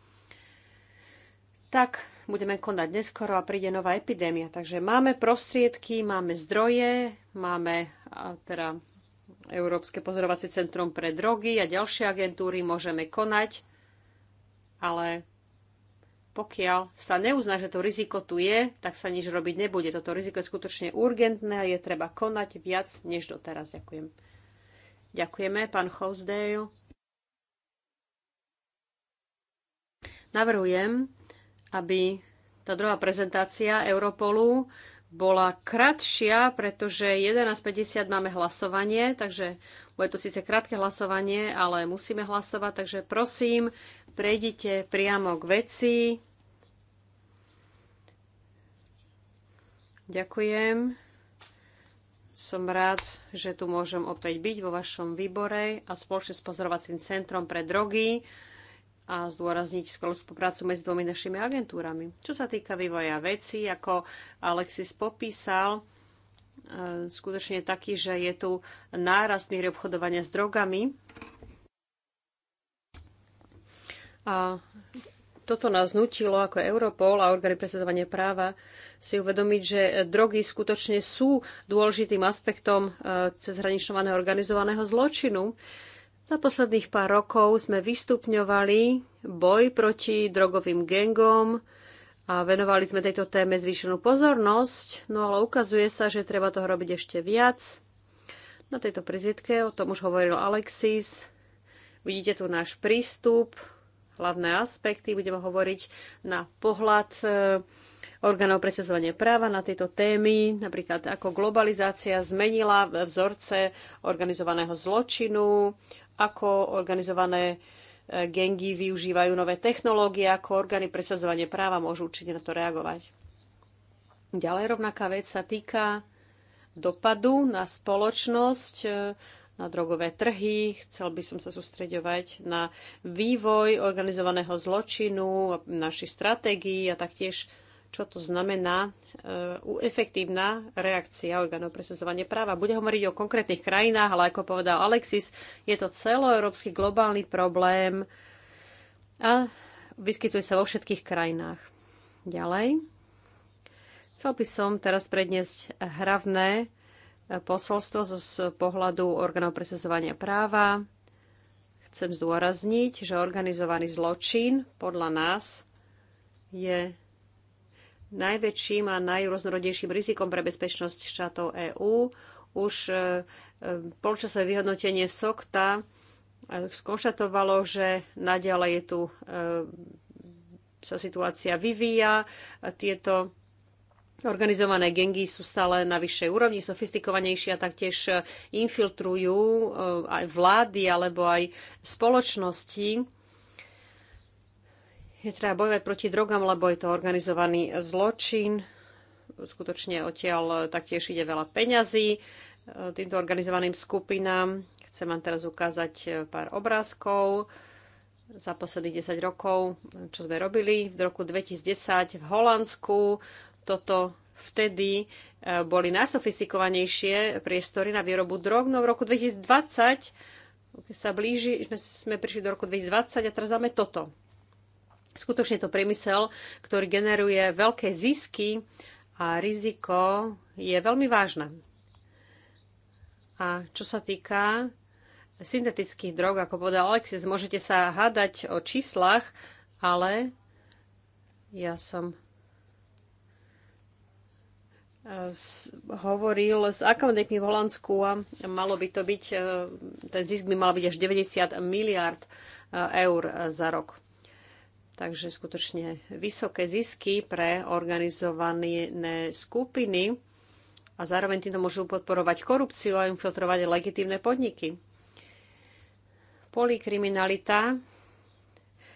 tak budeme konať neskoro a príde nová epidémia. Takže máme prostriedky, máme zdroje, máme teda Európske pozorovacie centrum pre drogy a ďalšie agentúry, môžeme konať, ale pokiaľ sa neuzná, že to riziko tu je, tak sa nič robiť nebude. Toto riziko je skutočne urgentné a je treba konať viac než doteraz. Ďakujem. Ďakujeme, pán Housdale. Navrhujem, aby tá druhá prezentácia Europolu bola kratšia, pretože 11.50 máme hlasovanie, takže bude to síce krátke hlasovanie, ale musíme hlasovať, takže prosím, prejdite priamo k veci. Ďakujem. Som rád, že tu môžem opäť byť vo vašom výbore a spoločne s pozorovacím centrom pre drogy a zdôrazniť skvelú spoluprácu medzi dvomi našimi agentúrami. Čo sa týka vývoja veci, ako Alexis popísal, e, skutočne taký, že je tu nárast miery obchodovania s drogami. A toto nás nutilo ako Europol a orgány presadzovania práva si uvedomiť, že drogy skutočne sú dôležitým aspektom e, cezhraničného organizovaného zločinu. Za posledných pár rokov sme vystupňovali boj proti drogovým gengom a venovali sme tejto téme zvýšenú pozornosť, no ale ukazuje sa, že treba toho robiť ešte viac. Na tejto prizitke, o tom už hovoril Alexis, vidíte tu náš prístup, hlavné aspekty, budeme hovoriť na pohľad e, orgánov presadzovania práva na tieto témy, napríklad ako globalizácia zmenila vzorce organizovaného zločinu, ako organizované e, gengy využívajú nové technológie, ako orgány presadzovania práva môžu určite na to reagovať. Ďalej rovnaká vec sa týka dopadu na spoločnosť, e, na drogové trhy. Chcel by som sa sústredovať na vývoj organizovaného zločinu, našich stratégií a taktiež čo to znamená e, efektívna reakcia orgánov presadzovania práva. Bude hovoriť o konkrétnych krajinách, ale ako povedal Alexis, je to celoeurópsky globálny problém a vyskytuje sa vo všetkých krajinách. Ďalej. Chcel by som teraz predniesť hravné e, posolstvo z pohľadu orgánov presadzovania práva. Chcem zdôrazniť, že organizovaný zločin podľa nás je najväčším a najrôznorodejším rizikom pre bezpečnosť štátov EÚ. Už e, e, polčasové vyhodnotenie SOCTA e, skonštatovalo, že naďalej je tu, sa situácia vyvíja. Tieto Organizované gengy sú stále na vyššej úrovni, sofistikovanejšie a taktiež infiltrujú aj vlády alebo aj spoločnosti je treba bojovať proti drogám, lebo je to organizovaný zločin. Skutočne odtiaľ taktiež ide veľa peňazí e, týmto organizovaným skupinám. Chcem vám teraz ukázať e, pár obrázkov za posledných 10 rokov, čo sme robili. V roku 2010 v Holandsku toto vtedy e, boli najsofistikovanejšie priestory na výrobu drog. No v roku 2020, keď sa blíži, sme, sme prišli do roku 2020 a teraz máme toto skutočne to priemysel, ktorý generuje veľké zisky a riziko je veľmi vážne. A čo sa týka syntetických drog, ako povedal Alexis, môžete sa hádať o číslach, ale ja som e, hovoril s akademikmi v Holandsku a malo by to byť, e, ten zisk by mal byť až 90 miliard e, eur za rok. Takže skutočne vysoké zisky pre organizované skupiny a zároveň týmto môžu podporovať korupciu a infiltrovať legitívne podniky. Polikriminalita,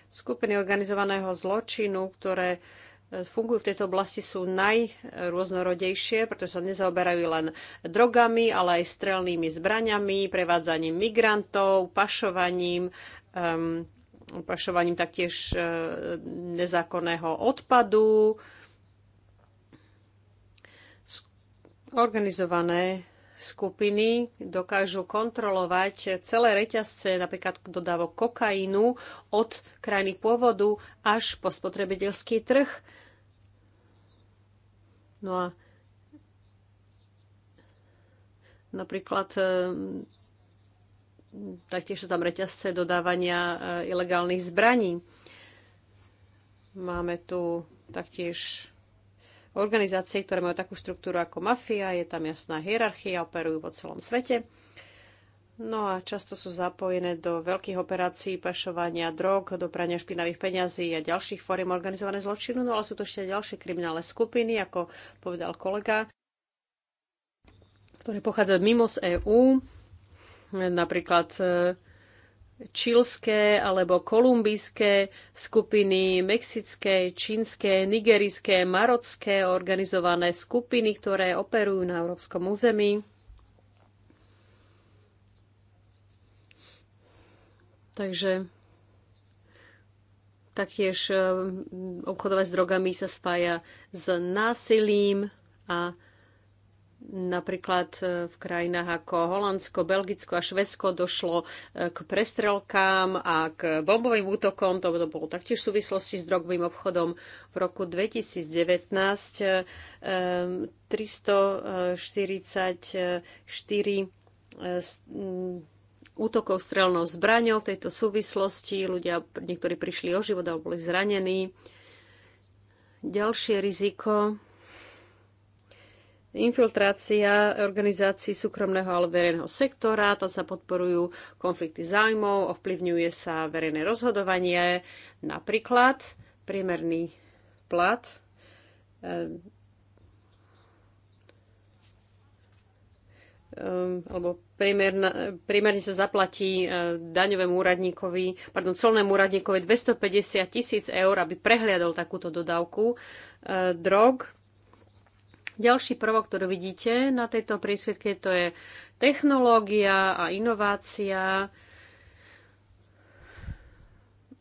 skupiny organizovaného zločinu, ktoré e, fungujú v tejto oblasti, sú najrôznorodejšie, pretože sa nezaoberajú len drogami, ale aj strelnými zbraňami, prevádzaním migrantov, pašovaním, um, pašovaním taktiež e, nezákonného odpadu, organizované skupiny dokážu kontrolovať celé reťazce, napríklad dodávok kokainu od krajiny pôvodu až po spotrebiteľský trh. No a napríklad e, taktiež sú tam reťazce dodávania e, ilegálnych zbraní. Máme tu taktiež organizácie, ktoré majú takú štruktúru ako mafia, je tam jasná hierarchia, operujú po celom svete. No a často sú zapojené do veľkých operácií pašovania drog, do prania špinavých peňazí a ďalších fóriem organizované zločinu, no ale sú to ešte ďalšie kriminálne skupiny, ako povedal kolega, ktoré pochádzajú mimo z EÚ napríklad e, čilské alebo kolumbijské skupiny, mexické, čínske, nigerijské, marocké organizované skupiny, ktoré operujú na európskom území. Takže taktiež e, obchodovať s drogami sa spája s násilím a Napríklad e, v krajinách ako Holandsko, Belgicko a Švedsko došlo e, k prestrelkám a k bombovým útokom. To, bolo taktiež v súvislosti s drogovým obchodom. V roku 2019 344 e, mm, útokov strelnou zbraňou v tejto súvislosti. Ľudia, niektorí prišli o život alebo boli zranení. Ďalšie riziko infiltrácia organizácií súkromného alebo verejného sektora, tam sa podporujú konflikty záujmov, ovplyvňuje sa verejné rozhodovanie, napríklad priemerný plat ehm, alebo priemerne sa zaplatí eh, daňovému úradníkovi, pardon, colnému úradníkovi 250 tisíc eur, aby prehliadol takúto dodávku eh, drog. Ďalší prvok, ktorý vidíte na tejto prísvitke, to je technológia a inovácia,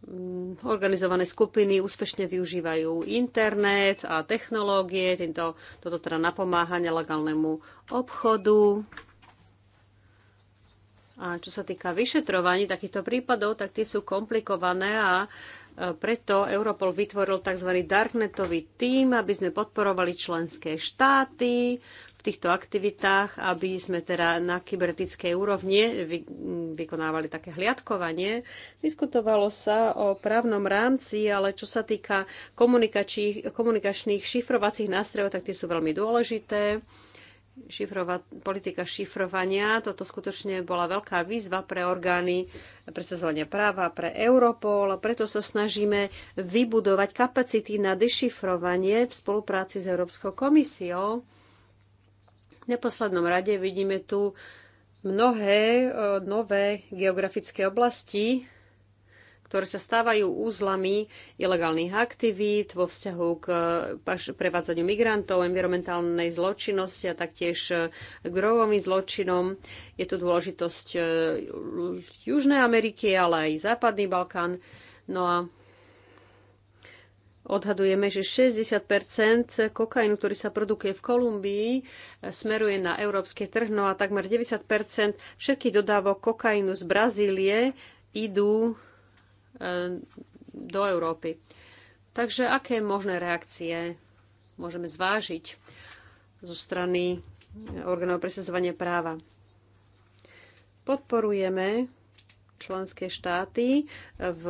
mm, organizované skupiny úspešne využívajú internet a technológie. týmto, toto teda napomáha nelegálnemu obchodu. A čo sa týka vyšetrovaní takýchto prípadov, tak tie sú komplikované a preto Europol vytvoril tzv. darknetový tím, aby sme podporovali členské štáty v týchto aktivitách, aby sme teda na kybernetickej úrovni vykonávali také hliadkovanie. Diskutovalo sa o právnom rámci, ale čo sa týka komunikačných šifrovacích nástrojov, tak tie sú veľmi dôležité šifrova, politika šifrovania. Toto skutočne bola veľká výzva pre orgány presadzovania práva, pre Europol. Preto sa snažíme vybudovať kapacity na dešifrovanie v spolupráci s Európskou komisiou. V neposlednom rade vidíme tu mnohé e, nové geografické oblasti, ktoré sa stávajú úzlami ilegálnych aktivít vo vzťahu k prevádzaniu migrantov, environmentálnej zločinnosti a taktiež e, k drogovým zločinom. Je tu dôležitosť e, Južnej Ameriky, ale aj Západný Balkán. No a Odhadujeme, že 60 kokainu, ktorý sa produkuje v Kolumbii, e, smeruje na európske trh, no a takmer 90 všetkých dodávok kokainu z Brazílie idú E, do Európy. Takže aké možné reakcie môžeme zvážiť zo strany orgánov presadzovania práva? Podporujeme členské štáty v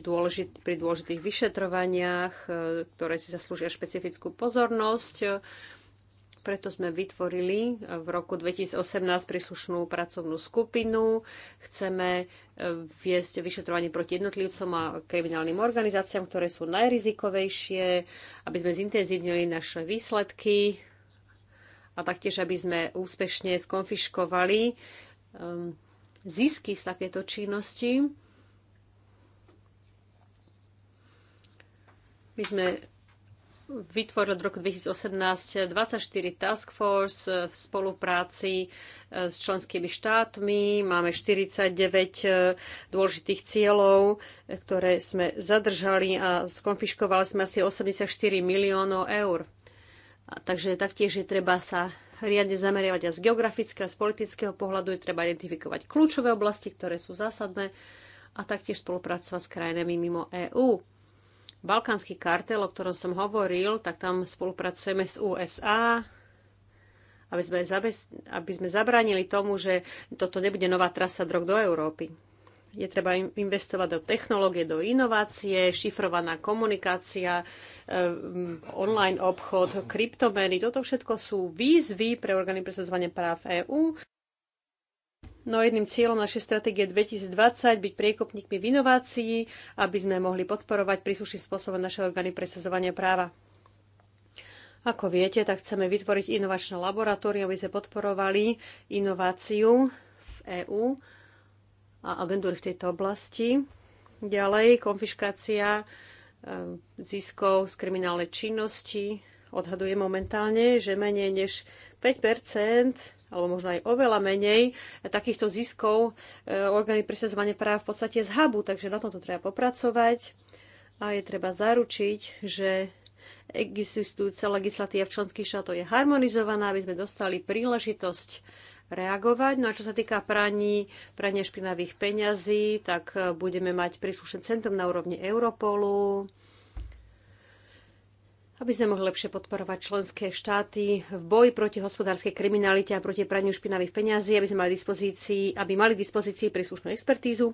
dôležit- pri dôležitých vyšetrovaniach, e, ktoré si zaslúžia špecifickú pozornosť preto sme vytvorili eh, v roku 2018 príslušnú pracovnú skupinu. Chceme eh, viesť vyšetrovanie proti jednotlivcom a kriminálnym organizáciám, ktoré sú najrizikovejšie, aby sme zintenzívnili naše výsledky a taktiež, aby sme úspešne skonfiškovali ehm, zisky z takéto činnosti. My sme vytvoril od roku 2018 24 task force eh, v spolupráci eh, s členskými štátmi. Máme 49 eh, dôležitých cieľov, ktoré sme zadržali a skonfiškovali sme asi 84 miliónov eur. A takže taktiež je treba sa riadne zameriavať a z geografického a z politického pohľadu je treba identifikovať kľúčové oblasti, ktoré sú zásadné a taktiež spolupracovať s krajinami mimo EÚ. Balkánsky kartel, o ktorom som hovoril, tak tam spolupracujeme s USA, aby sme, zabez, aby sme zabránili tomu, že toto nebude nová trasa drog do Európy. Je treba investovať do technológie, do inovácie, šifrovaná komunikácia, e, online obchod, kryptomeny. Toto všetko sú výzvy pre orgány presadzovania práv EÚ No a jedným cieľom našej stratégie 2020 byť priekopníkmi v inovácii, aby sme mohli podporovať príslušným spôsobom naše orgány presadzovania práva. Ako viete, tak chceme vytvoriť inovačné laboratórium, aby sme podporovali inováciu v EÚ a agentúry v tejto oblasti. Ďalej, konfiškácia e, ziskov z kriminálnej činnosti odhaduje momentálne, že menej než 5 alebo možno aj oveľa menej e, takýchto ziskov e, orgány presadzovania práv v podstate zhabu, takže na tomto treba popracovať a je treba zaručiť, že existujúca legislatíva v členských štátoch je harmonizovaná, aby sme dostali príležitosť reagovať. No a čo sa týka praní, prania špinavých peňazí, tak e, budeme mať príslušné centrum na úrovni Europolu, aby sme mohli lepšie podporovať členské štáty v boji proti hospodárskej kriminalite a proti praniu špinavých peňazí, aby sme mali dispozícii, aby mali k dispozícii príslušnú expertízu.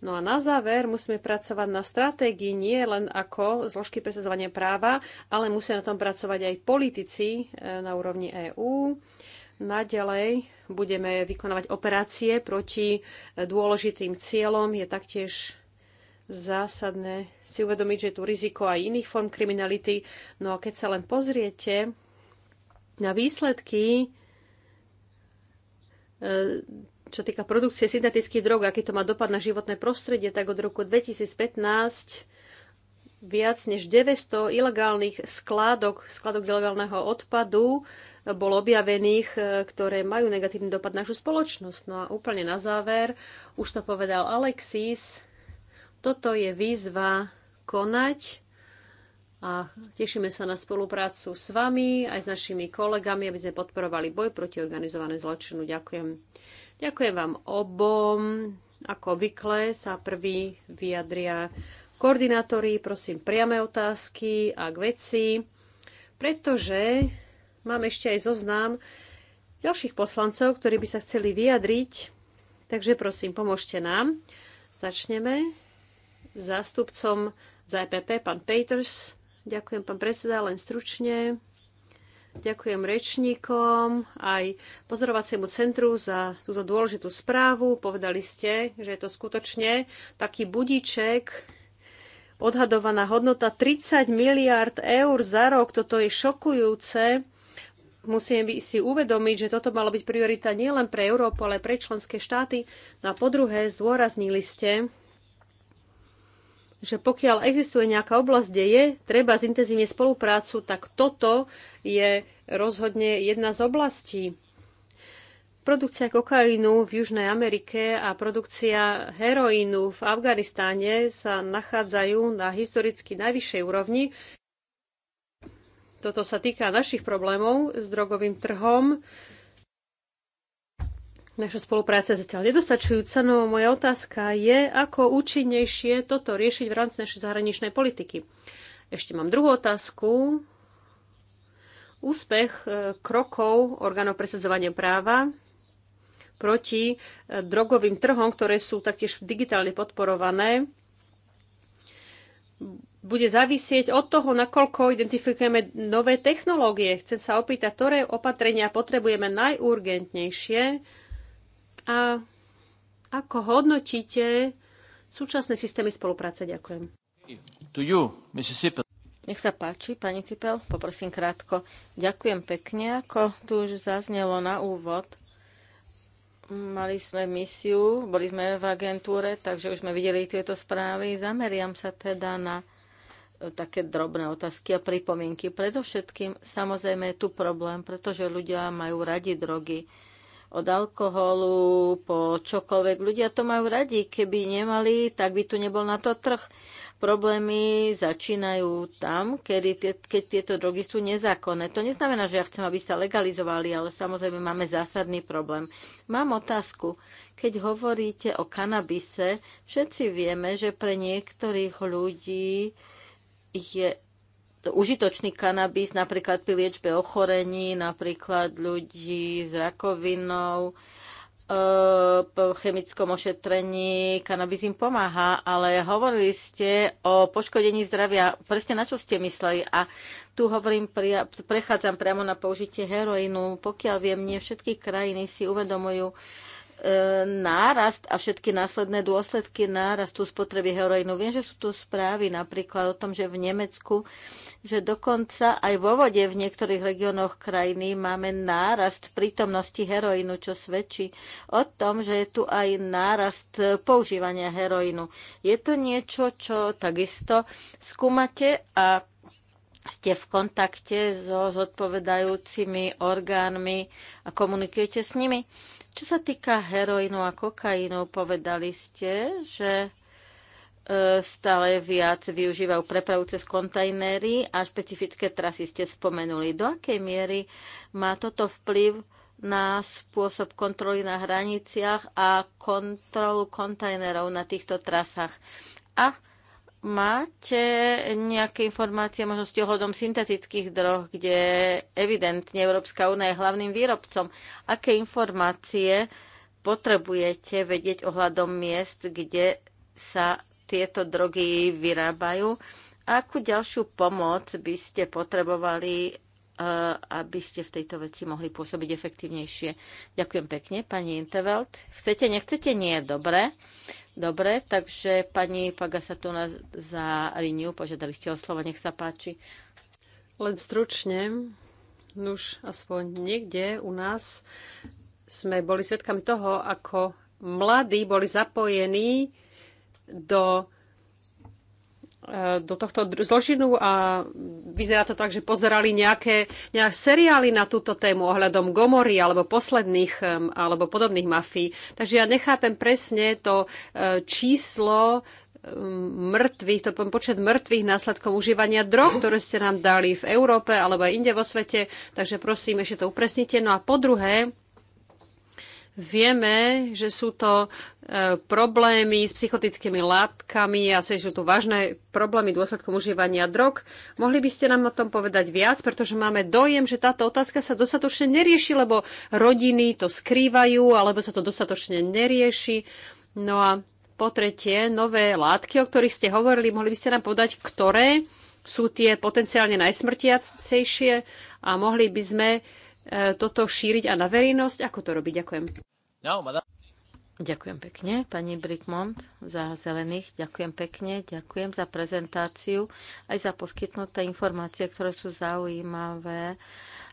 No a na záver musíme pracovať na stratégii nie len ako zložky presadzovania práva, ale musia na tom pracovať aj politici e, na úrovni EÚ. Naďalej budeme vykonávať operácie proti e, dôležitým cieľom. Je taktiež zásadné si uvedomiť, že je tu riziko aj iných form kriminality. No a keď sa len pozriete na výsledky, e, čo týka produkcie syntetických drog, aký to má dopad na životné prostredie, tak od roku 2015 viac než 900 ilegálnych skládok, skladok ilegálneho odpadu e, bolo objavených, e, ktoré majú negatívny dopad na našu spoločnosť. No a úplne na záver, už to povedal Alexis, toto je výzva konať a tešíme sa na spoluprácu s vami aj s našimi kolegami, aby sme podporovali boj proti organizované zločinu. Ďakujem. Ďakujem vám obom. Ako obvykle sa prvý vyjadria koordinátori, prosím, priame otázky a k veci, pretože mám ešte aj zoznam ďalších poslancov, ktorí by sa chceli vyjadriť, takže prosím, pomôžte nám. Začneme zástupcom za EPP, pán Peters. Ďakujem, pán predseda, len stručne. Ďakujem rečníkom, aj pozorovaciemu centru za túto dôležitú správu. Povedali ste, že je to skutočne taký budíček, odhadovaná hodnota 30 miliard eur za rok. Toto je šokujúce. Musíme si uvedomiť, že toto malo byť priorita nielen pre Európu, ale pre členské štáty. No a po druhé, zdôraznili ste, že pokiaľ existuje nejaká oblasť, kde je treba zintenzívne spoluprácu, tak toto je rozhodne jedna z oblastí. Produkcia kokainu v Južnej Amerike a produkcia heroínu v Afganistáne sa nachádzajú na historicky najvyššej úrovni. Toto sa týka našich problémov s drogovým trhom naša spolupráca zatiaľ nedostačujúca, no moja otázka je, ako účinnejšie toto riešiť v rámci našej zahraničnej politiky. Ešte mám druhú otázku. Úspech e, krokov orgánov presadzovania práva proti e, drogovým trhom, ktoré sú taktiež digitálne podporované, bude závisieť od toho, nakoľko identifikujeme nové technológie. Chcem sa opýtať, ktoré opatrenia potrebujeme najurgentnejšie, a ako hodnotíte súčasné systémy spolupráce? Ďakujem. To you, Mrs. Nech sa páči, pani Cipel, poprosím krátko. Ďakujem pekne, ako tu už zaznelo na úvod. Mali sme misiu, boli sme v agentúre, takže už sme videli tieto správy. Zameriam sa teda na e, také drobné otázky a pripomienky. Predovšetkým, samozrejme, je tu problém, pretože ľudia majú radi drogy od alkoholu po čokoľvek. Ľudia to majú radi. Keby nemali, tak by tu nebol na to trh. Problémy začínajú tam, kedy tie, keď tieto drogy sú nezákonné. To neznamená, že ja chcem, aby sa legalizovali, ale samozrejme máme zásadný problém. Mám otázku. Keď hovoríte o kanabise, všetci vieme, že pre niektorých ľudí je užitočný kanabis napríklad pri liečbe ochorení, napríklad ľudí s rakovinou, e, po chemickom ošetrení kanabis im pomáha, ale hovorili ste o poškodení zdravia. Presne na čo ste mysleli? A tu hovorím, prechádzam priamo na použitie heroínu. Pokiaľ viem, nie všetky krajiny si uvedomujú, E, nárast a všetky následné dôsledky nárastu spotreby heroínu. Viem, že sú tu správy napríklad o tom, že v Nemecku, že dokonca aj vo vode v niektorých regiónoch krajiny máme nárast prítomnosti heroínu, čo svedčí o tom, že je tu aj nárast používania heroínu. Je to niečo, čo takisto skúmate a ste v kontakte so zodpovedajúcimi orgánmi a komunikujete s nimi? Čo sa týka heroínu a kokainu, povedali ste, že e, stále viac využívajú prepravu cez kontajnery a špecifické trasy ste spomenuli. Do akej miery má toto vplyv na spôsob kontroly na hraniciach a kontrolu kontajnerov na týchto trasách? A Máte nejaké informácie možnosti ohľadom syntetických droh, kde evidentne Európska únia je hlavným výrobcom? Aké informácie potrebujete vedieť ohľadom miest, kde sa tieto drogy vyrábajú? A akú ďalšiu pomoc by ste potrebovali, eh, aby ste v tejto veci mohli pôsobiť efektívnejšie? Ďakujem pekne, pani Intervelt. Chcete, nechcete? Nie, dobre. Dobre, takže pani Pagasatuna za Riniu, požiadali ste o slovo, nech sa páči. Len stručne, už aspoň niekde u nás sme boli svedkami toho, ako mladí boli zapojení do E, do tohto zložinu a vyzerá to tak, že pozerali nejaké, nejaké seriály na túto tému ohľadom Gomory alebo posledných alebo podobných mafií. Takže ja nechápem presne to e, číslo mŕtvych, to počet mŕtvych následkom užívania drog, ktoré ste nám dali v Európe alebo aj inde vo svete. Takže prosím, ešte to upresnite. No a po druhé, Vieme, že sú to e, problémy s psychotickými látkami a sú tu vážne problémy dôsledkom užívania drog. Mohli by ste nám o tom povedať viac, pretože máme dojem, že táto otázka sa dostatočne nerieši, lebo rodiny to skrývajú, alebo sa to dostatočne nerieši. No a po tretie, nové látky, o ktorých ste hovorili, mohli by ste nám povedať, ktoré sú tie potenciálne najsmrtiacejšie a mohli by sme E, toto šíriť a na verejnosť? Ako to robiť? Ďakujem. No, Ďakujem pekne, pani Brickmont, za zelených. Ďakujem pekne, ďakujem za prezentáciu, aj za poskytnuté informácie, ktoré sú zaujímavé. Uh,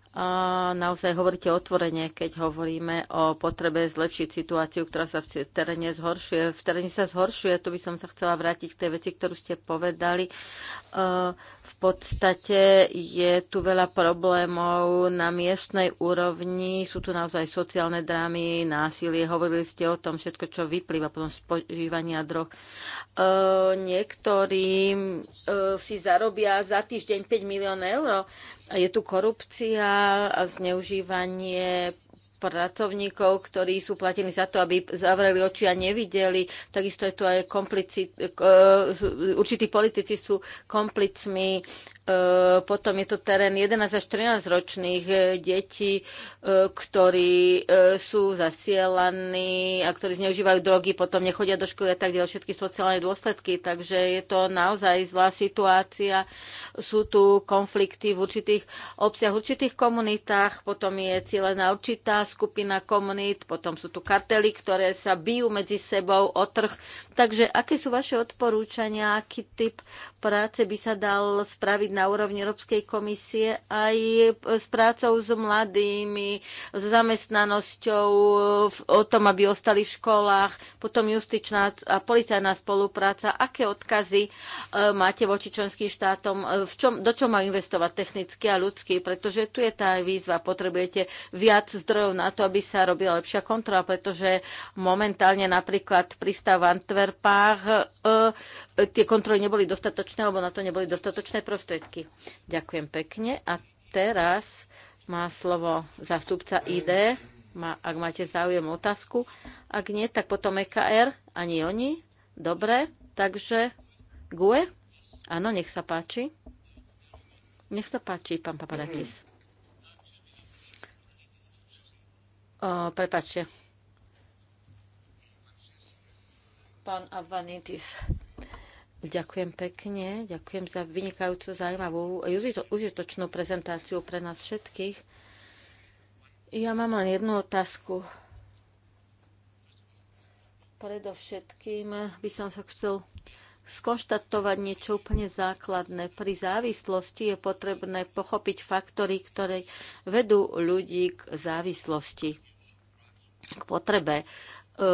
naozaj hovoríte otvorene, keď hovoríme o potrebe zlepšiť situáciu, ktorá sa v teréne zhoršuje. V teréne sa zhoršuje, tu by som sa chcela vrátiť k tej veci, ktorú ste povedali. E, v podstate je tu veľa problémov na miestnej úrovni, sú tu naozaj sociálne drámy, násilie, hovorili ste o tom všetko, čo vyplýva potom z požívania droh. E, Niektorí e, si zarobia za týždeň 5 milión eur, je tu korupcia a zneužívanie pracovníkov, ktorí sú platení za to, aby zavreli oči a nevideli. Takisto je tu aj komplici, e, určití politici sú komplicmi E, potom je to terén 11 až 13 ročných e, detí, e, ktorí sú zasielaní a ktorí zneužívajú drogy, potom nechodia do školy a tak ďalej, všetky sociálne dôsledky. Takže je to naozaj zlá situácia. Sú tu konflikty v určitých obciach, v určitých komunitách, potom je cieľená určitá skupina komunít, potom sú tu kartely, ktoré sa bijú medzi sebou o trh. Takže aké sú vaše odporúčania, aký typ práce by sa dal spraviť na úrovni Európskej komisie aj s prácou s mladými, s zamestnanosťou, o tom, aby ostali v školách, potom justičná a policajná spolupráca. Aké odkazy e, máte voči členským štátom, e, v čom, do čo majú investovať technicky a ľudsky, pretože tu je tá výzva, potrebujete viac zdrojov na to, aby sa robila lepšia kontrola, pretože momentálne napríklad pristáv v Antwerpách e, tie kontroly neboli dostatočné, alebo na to neboli dostatočné prostriedky. Ďakujem pekne. A teraz má slovo zástupca ID, má, ak máte záujem otázku. Ak nie, tak potom EKR, ani oni. Dobre, takže GUE? Áno, nech sa páči. Nech sa páči, pán Papadakis. Mm-hmm. Prepačte. Pán Avanitis. Ďakujem pekne, ďakujem za vynikajúcu zaujímavú a užitočnú prezentáciu pre nás všetkých. Ja mám len jednu otázku. Predovšetkým by som sa chcel skonštatovať niečo úplne základné. Pri závislosti je potrebné pochopiť faktory, ktoré vedú ľudí k závislosti, k potrebe E,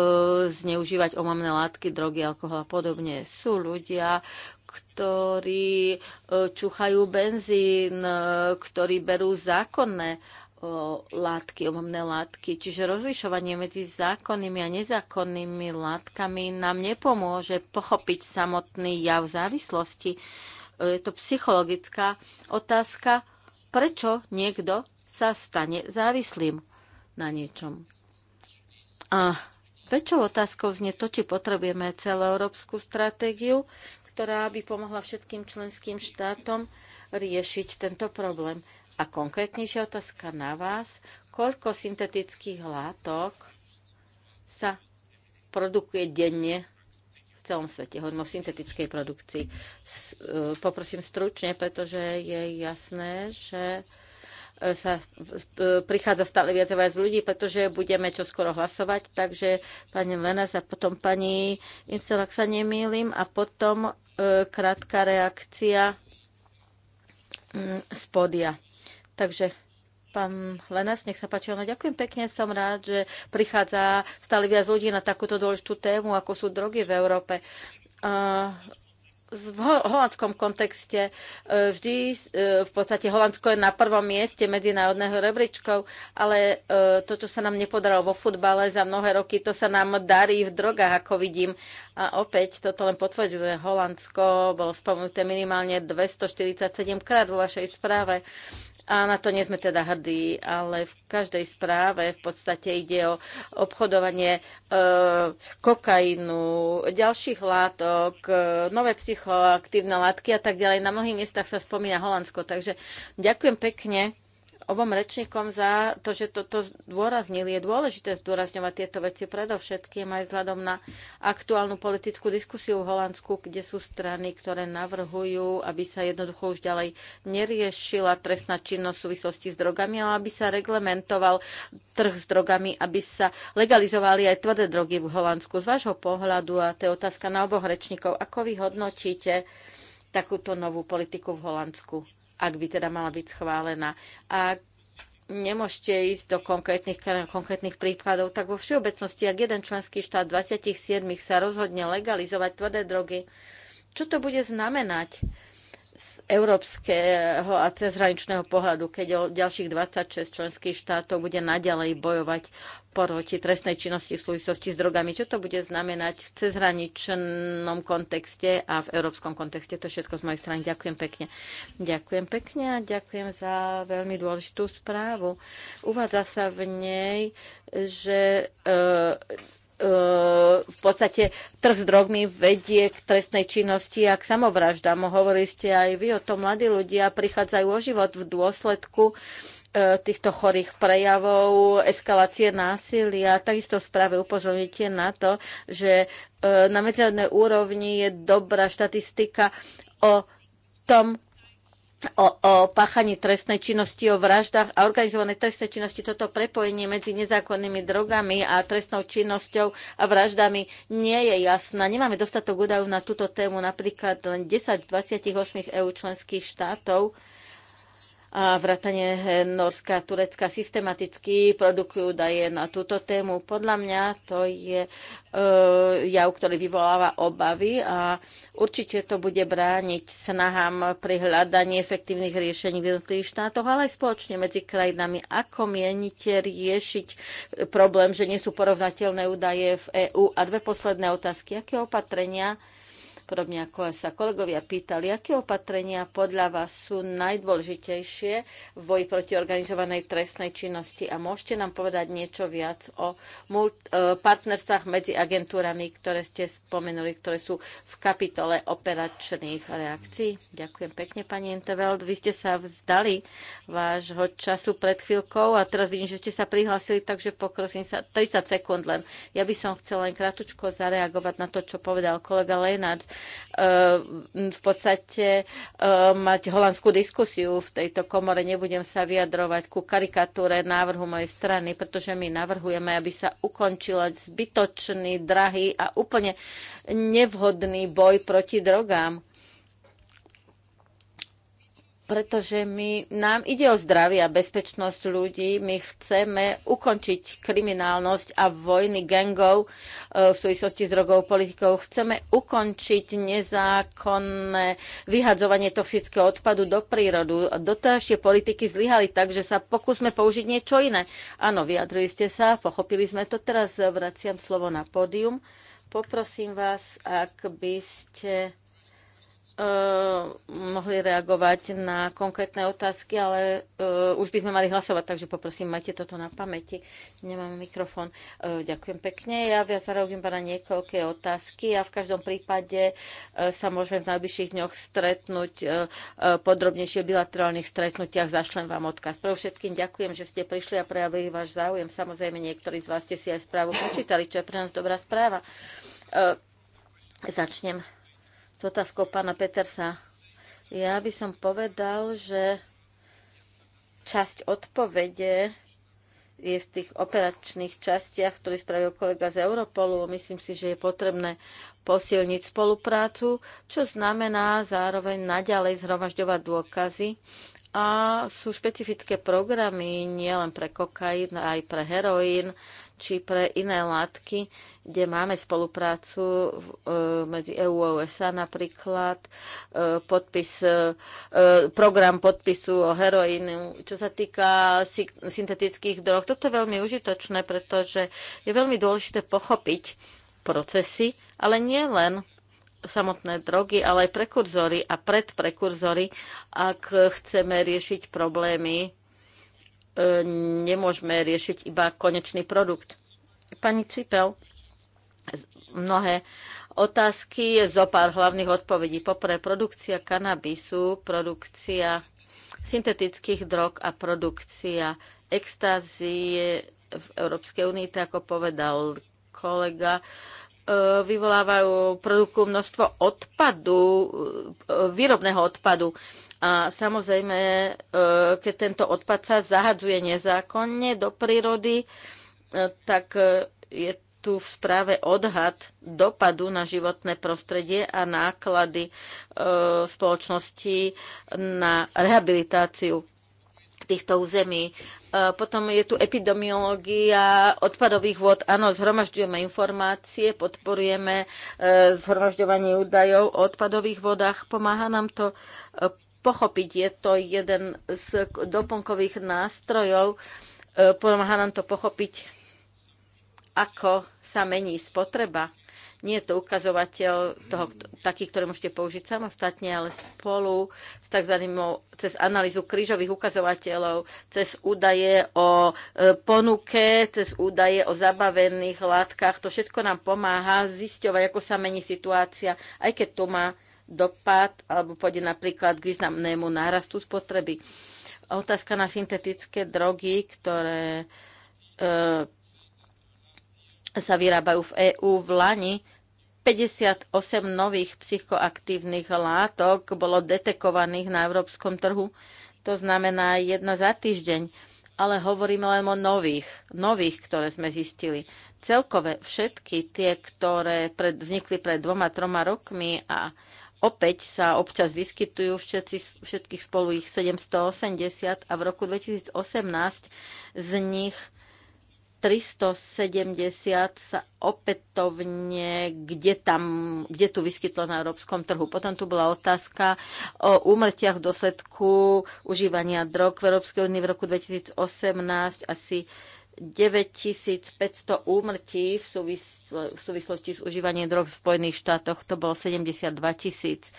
zneužívať omamné látky, drogy, alkohol a podobne. Sú ľudia, ktorí e, čuchajú benzín, e, ktorí berú zákonné látky, omamné látky. Čiže rozlišovanie medzi zákonnými a nezákonnými látkami nám nepomôže pochopiť samotný jav závislosti. Je to psychologická otázka, prečo niekto sa stane závislým na niečom. A Väčšou otázkou znie to, či potrebujeme celoeurópsku stratégiu, ktorá by pomohla všetkým členským štátom riešiť tento problém. A konkrétnejšia otázka na vás, koľko syntetických látok sa produkuje denne v celom svete, hovorím o syntetickej produkcii. E, poprosím stručne, pretože je jasné, že E, sa e, prichádza stále viac a viac ľudí, pretože budeme čo skoro hlasovať. Takže pani Venas a potom pani Incel, ak sa nemýlim, a potom e, krátka reakcia mm, z spodia. Takže Pán Lenas, nech sa páči. No, ďakujem pekne, som rád, že prichádza stále viac ľudí na takúto dôležitú tému, ako sú drogy v Európe. Uh, v holandskom kontexte e, vždy e, v podstate Holandsko je na prvom mieste medzinárodného rebríčkov, ale e, to, čo sa nám nepodarilo vo futbale za mnohé roky, to sa nám darí v drogách, ako vidím. A opäť toto len potvrdzuje. Holandsko bolo spomenuté minimálne 247 krát vo vašej správe a na to nie sme teda hrdí, ale v každej správe v podstate ide o obchodovanie e, kokainu, ďalších látok, e, nové psychoaktívne látky a tak ďalej. Na mnohých miestach sa spomína Holandsko, takže ďakujem pekne obom rečníkom za to, že toto zdôraznili. Je dôležité zdôrazňovať tieto veci predovšetkým aj vzhľadom na aktuálnu politickú diskusiu v Holandsku, kde sú strany, ktoré navrhujú, aby sa jednoducho už ďalej neriešila trestná činnosť v súvislosti s drogami, ale aby sa reglementoval trh s drogami, aby sa legalizovali aj tvrdé drogy v Holandsku. Z vášho pohľadu, a to je otázka na oboch rečníkov, ako vy hodnotíte takúto novú politiku v Holandsku? ak by teda mala byť schválená. Ak nemôžete ísť do konkrétnych, konkrétnych príkladov, tak vo všeobecnosti, ak jeden členský štát 27 sa rozhodne legalizovať tvrdé drogy, čo to bude znamenať z európskeho a cezhraničného pohľadu, keď o ďalších 26 členských štátov bude naďalej bojovať proti trestnej činnosti v súvislosti s drogami. Čo to bude znamenať v cezhraničnom kontexte a v európskom kontexte? To je všetko z mojej strany. Ďakujem pekne. Ďakujem pekne a ďakujem za veľmi dôležitú správu. Uvádza sa v nej, že e, v podstate trh s drogmi vedie k trestnej činnosti a k samovraždám. Hovorili ste aj vy o tom, mladí ľudia prichádzajú o život v dôsledku e, týchto chorých prejavov, eskalácie násilia. Takisto v správe upozorníte na to, že e, na medzinárodnej úrovni je dobrá štatistika o tom, o, o páchaní trestnej činnosti, o vraždách a organizovanej trestnej činnosti. Toto prepojenie medzi nezákonnými drogami a trestnou činnosťou a vraždami nie je jasná. Nemáme dostatok údajov na túto tému. Napríklad len 10 z 28 EU členských štátov a vrátane Norska a Turecka systematicky produkujú daje na túto tému. Podľa mňa to je e, jav, ktorý vyvoláva obavy a určite to bude brániť snahám pri hľadaní efektívnych riešení v jednotlivých štátoch, ale aj spoločne medzi krajinami. Ako mienite riešiť problém, že nie sú porovnateľné údaje v EÚ? A dve posledné otázky. Aké opatrenia Podobne ako sa kolegovia pýtali, aké opatrenia podľa vás sú najdôležitejšie v boji proti organizovanej trestnej činnosti a môžete nám povedať niečo viac o e, partnerstvách medzi agentúrami, ktoré ste spomenuli, ktoré sú v kapitole operačných reakcií. Ďakujem pekne, pani Enteveld. Vy ste sa vzdali vášho času pred chvíľkou a teraz vidím, že ste sa prihlásili, takže pokrosím sa 30 sekúnd len. Ja by som chcela len krátko zareagovať na to, čo povedal kolega Lenard. Eh, v podstate eh, mať holandskú diskusiu v tejto komore. Nebudem sa vyjadrovať ku karikatúre návrhu mojej strany, pretože my navrhujeme, aby sa ukončila zbytočný, drahý a úplne nevhodný boj proti drogám pretože my, nám ide o zdravie a bezpečnosť ľudí. My chceme ukončiť kriminálnosť a vojny gangov e, v súvislosti s drogou politikou. Chceme ukončiť nezákonné vyhadzovanie toxického odpadu do prírodu. Doterajšie politiky zlyhali tak, že sa pokúsme použiť niečo iné. Áno, vyjadrili ste sa, pochopili sme to. Teraz vraciam slovo na pódium. Poprosím vás, ak by ste Eh, mohli reagovať na konkrétne otázky, ale uh, už by sme mali hlasovať, takže poprosím, majte toto na pamäti. Nemám mikrofón. Uh, ďakujem pekne. Ja viac zareagujem na niekoľké otázky a v každom prípade uh, sa môžeme v najbližších dňoch stretnúť uh, podrobnejšie v bilaterálnych stretnutiach. Zašlem vám odkaz. Pre všetkým ďakujem, že ste prišli a prejavili váš záujem. Samozrejme, niektorí z vás ste si aj správu počítali, čo je pre nás dobrá správa. Uh, začnem s otázkou tota pána Petersa. Ja by som povedal, že časť odpovede je v tých operačných častiach, ktorý spravil kolega z Europolu. Myslím si, že je potrebné posilniť spoluprácu, čo znamená zároveň naďalej zhromažďovať dôkazy. A sú špecifické programy nielen pre kokain, aj pre heroín, či pre iné látky, kde máme spoluprácu e, medzi EU a USA napríklad, e, podpis, e, program podpisu o heroínu, čo sa týka syntetických drog. Toto je veľmi užitočné, pretože je veľmi dôležité pochopiť procesy, ale nie len samotné drogy, ale aj prekurzory a predprekurzory, ak chceme riešiť problémy E, nemôžeme riešiť iba konečný produkt. Pani Cipel, mnohé otázky, je zo pár hlavných odpovedí. Poprvé, produkcia kanabisu, produkcia syntetických drog a produkcia extázie v Európskej únii, tak ako povedal kolega, E, vyvolávajú, produkujú množstvo odpadu, e, výrobného odpadu. A samozrejme, e, keď tento odpad sa zahadzuje nezákonne do prírody, tak je tu v správe odhad dopadu na životné prostredie a náklady spoločnosti na rehabilitáciu týchto území. E, potom je tu epidemiológia odpadových vod. Áno, zhromažďujeme informácie, podporujeme e, zhromažďovanie údajov o odpadových vodách. Pomáha nám to e, pochopiť. Je to jeden z doplnkových nástrojov. Pomáha nám to pochopiť, ako sa mení spotreba nie je to ukazovateľ toho, taký, ktorý môžete použiť samostatne, ale spolu s tzv. cez analýzu krížových ukazovateľov, cez údaje o e, ponuke, cez údaje o zabavených látkach. To všetko nám pomáha zisťovať, ako sa mení situácia, aj keď to má dopad alebo pôjde napríklad k významnému nárastu spotreby. Otázka na syntetické drogy, ktoré e, sa vyrábajú v EÚ v Lani. 58 nových psychoaktívnych látok bolo detekovaných na európskom trhu, to znamená jedna za týždeň, ale hovoríme len o nových, nových, ktoré sme zistili. Celkové všetky tie, ktoré pred, vznikli pred dvoma, troma rokmi a opäť sa občas vyskytujú všetci, všetkých spolu ich 780 a v roku 2018 z nich 370 sa opätovne, kde, tam, kde tu vyskytlo na európskom trhu. Potom tu bola otázka o úmrtiach v dôsledku užívania drog v Európskej únii v roku 2018 asi 9500 úmrtí v, súvisl- v súvislosti s užívaním drog v Spojených štátoch, to bolo 72 tisíc.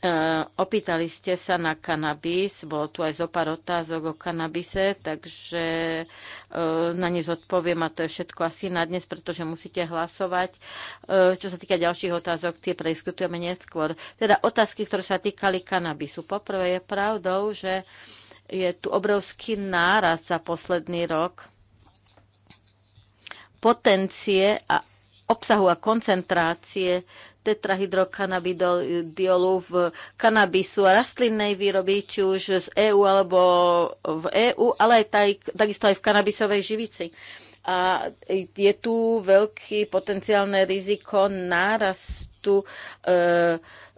Eh, opýtali ste sa na kanabis, bolo tu aj zo pár otázok o kanabise, takže eh, na ne zodpoviem a to je všetko asi na dnes, pretože musíte hlasovať. Eh, čo sa týka ďalších otázok, tie preiskutujeme neskôr. Teda otázky, ktoré sa týkali kanabisu. Poprvé je pravdou, že je tu obrovský náraz za posledný rok potencie a obsahu a koncentrácie tetrahydrokanabidiolu v kanabisu a rastlinnej výroby, či už z EU alebo v EU, ale aj taj, takisto aj v kanabisovej živici. A je tu veľký potenciálne riziko nárastu e,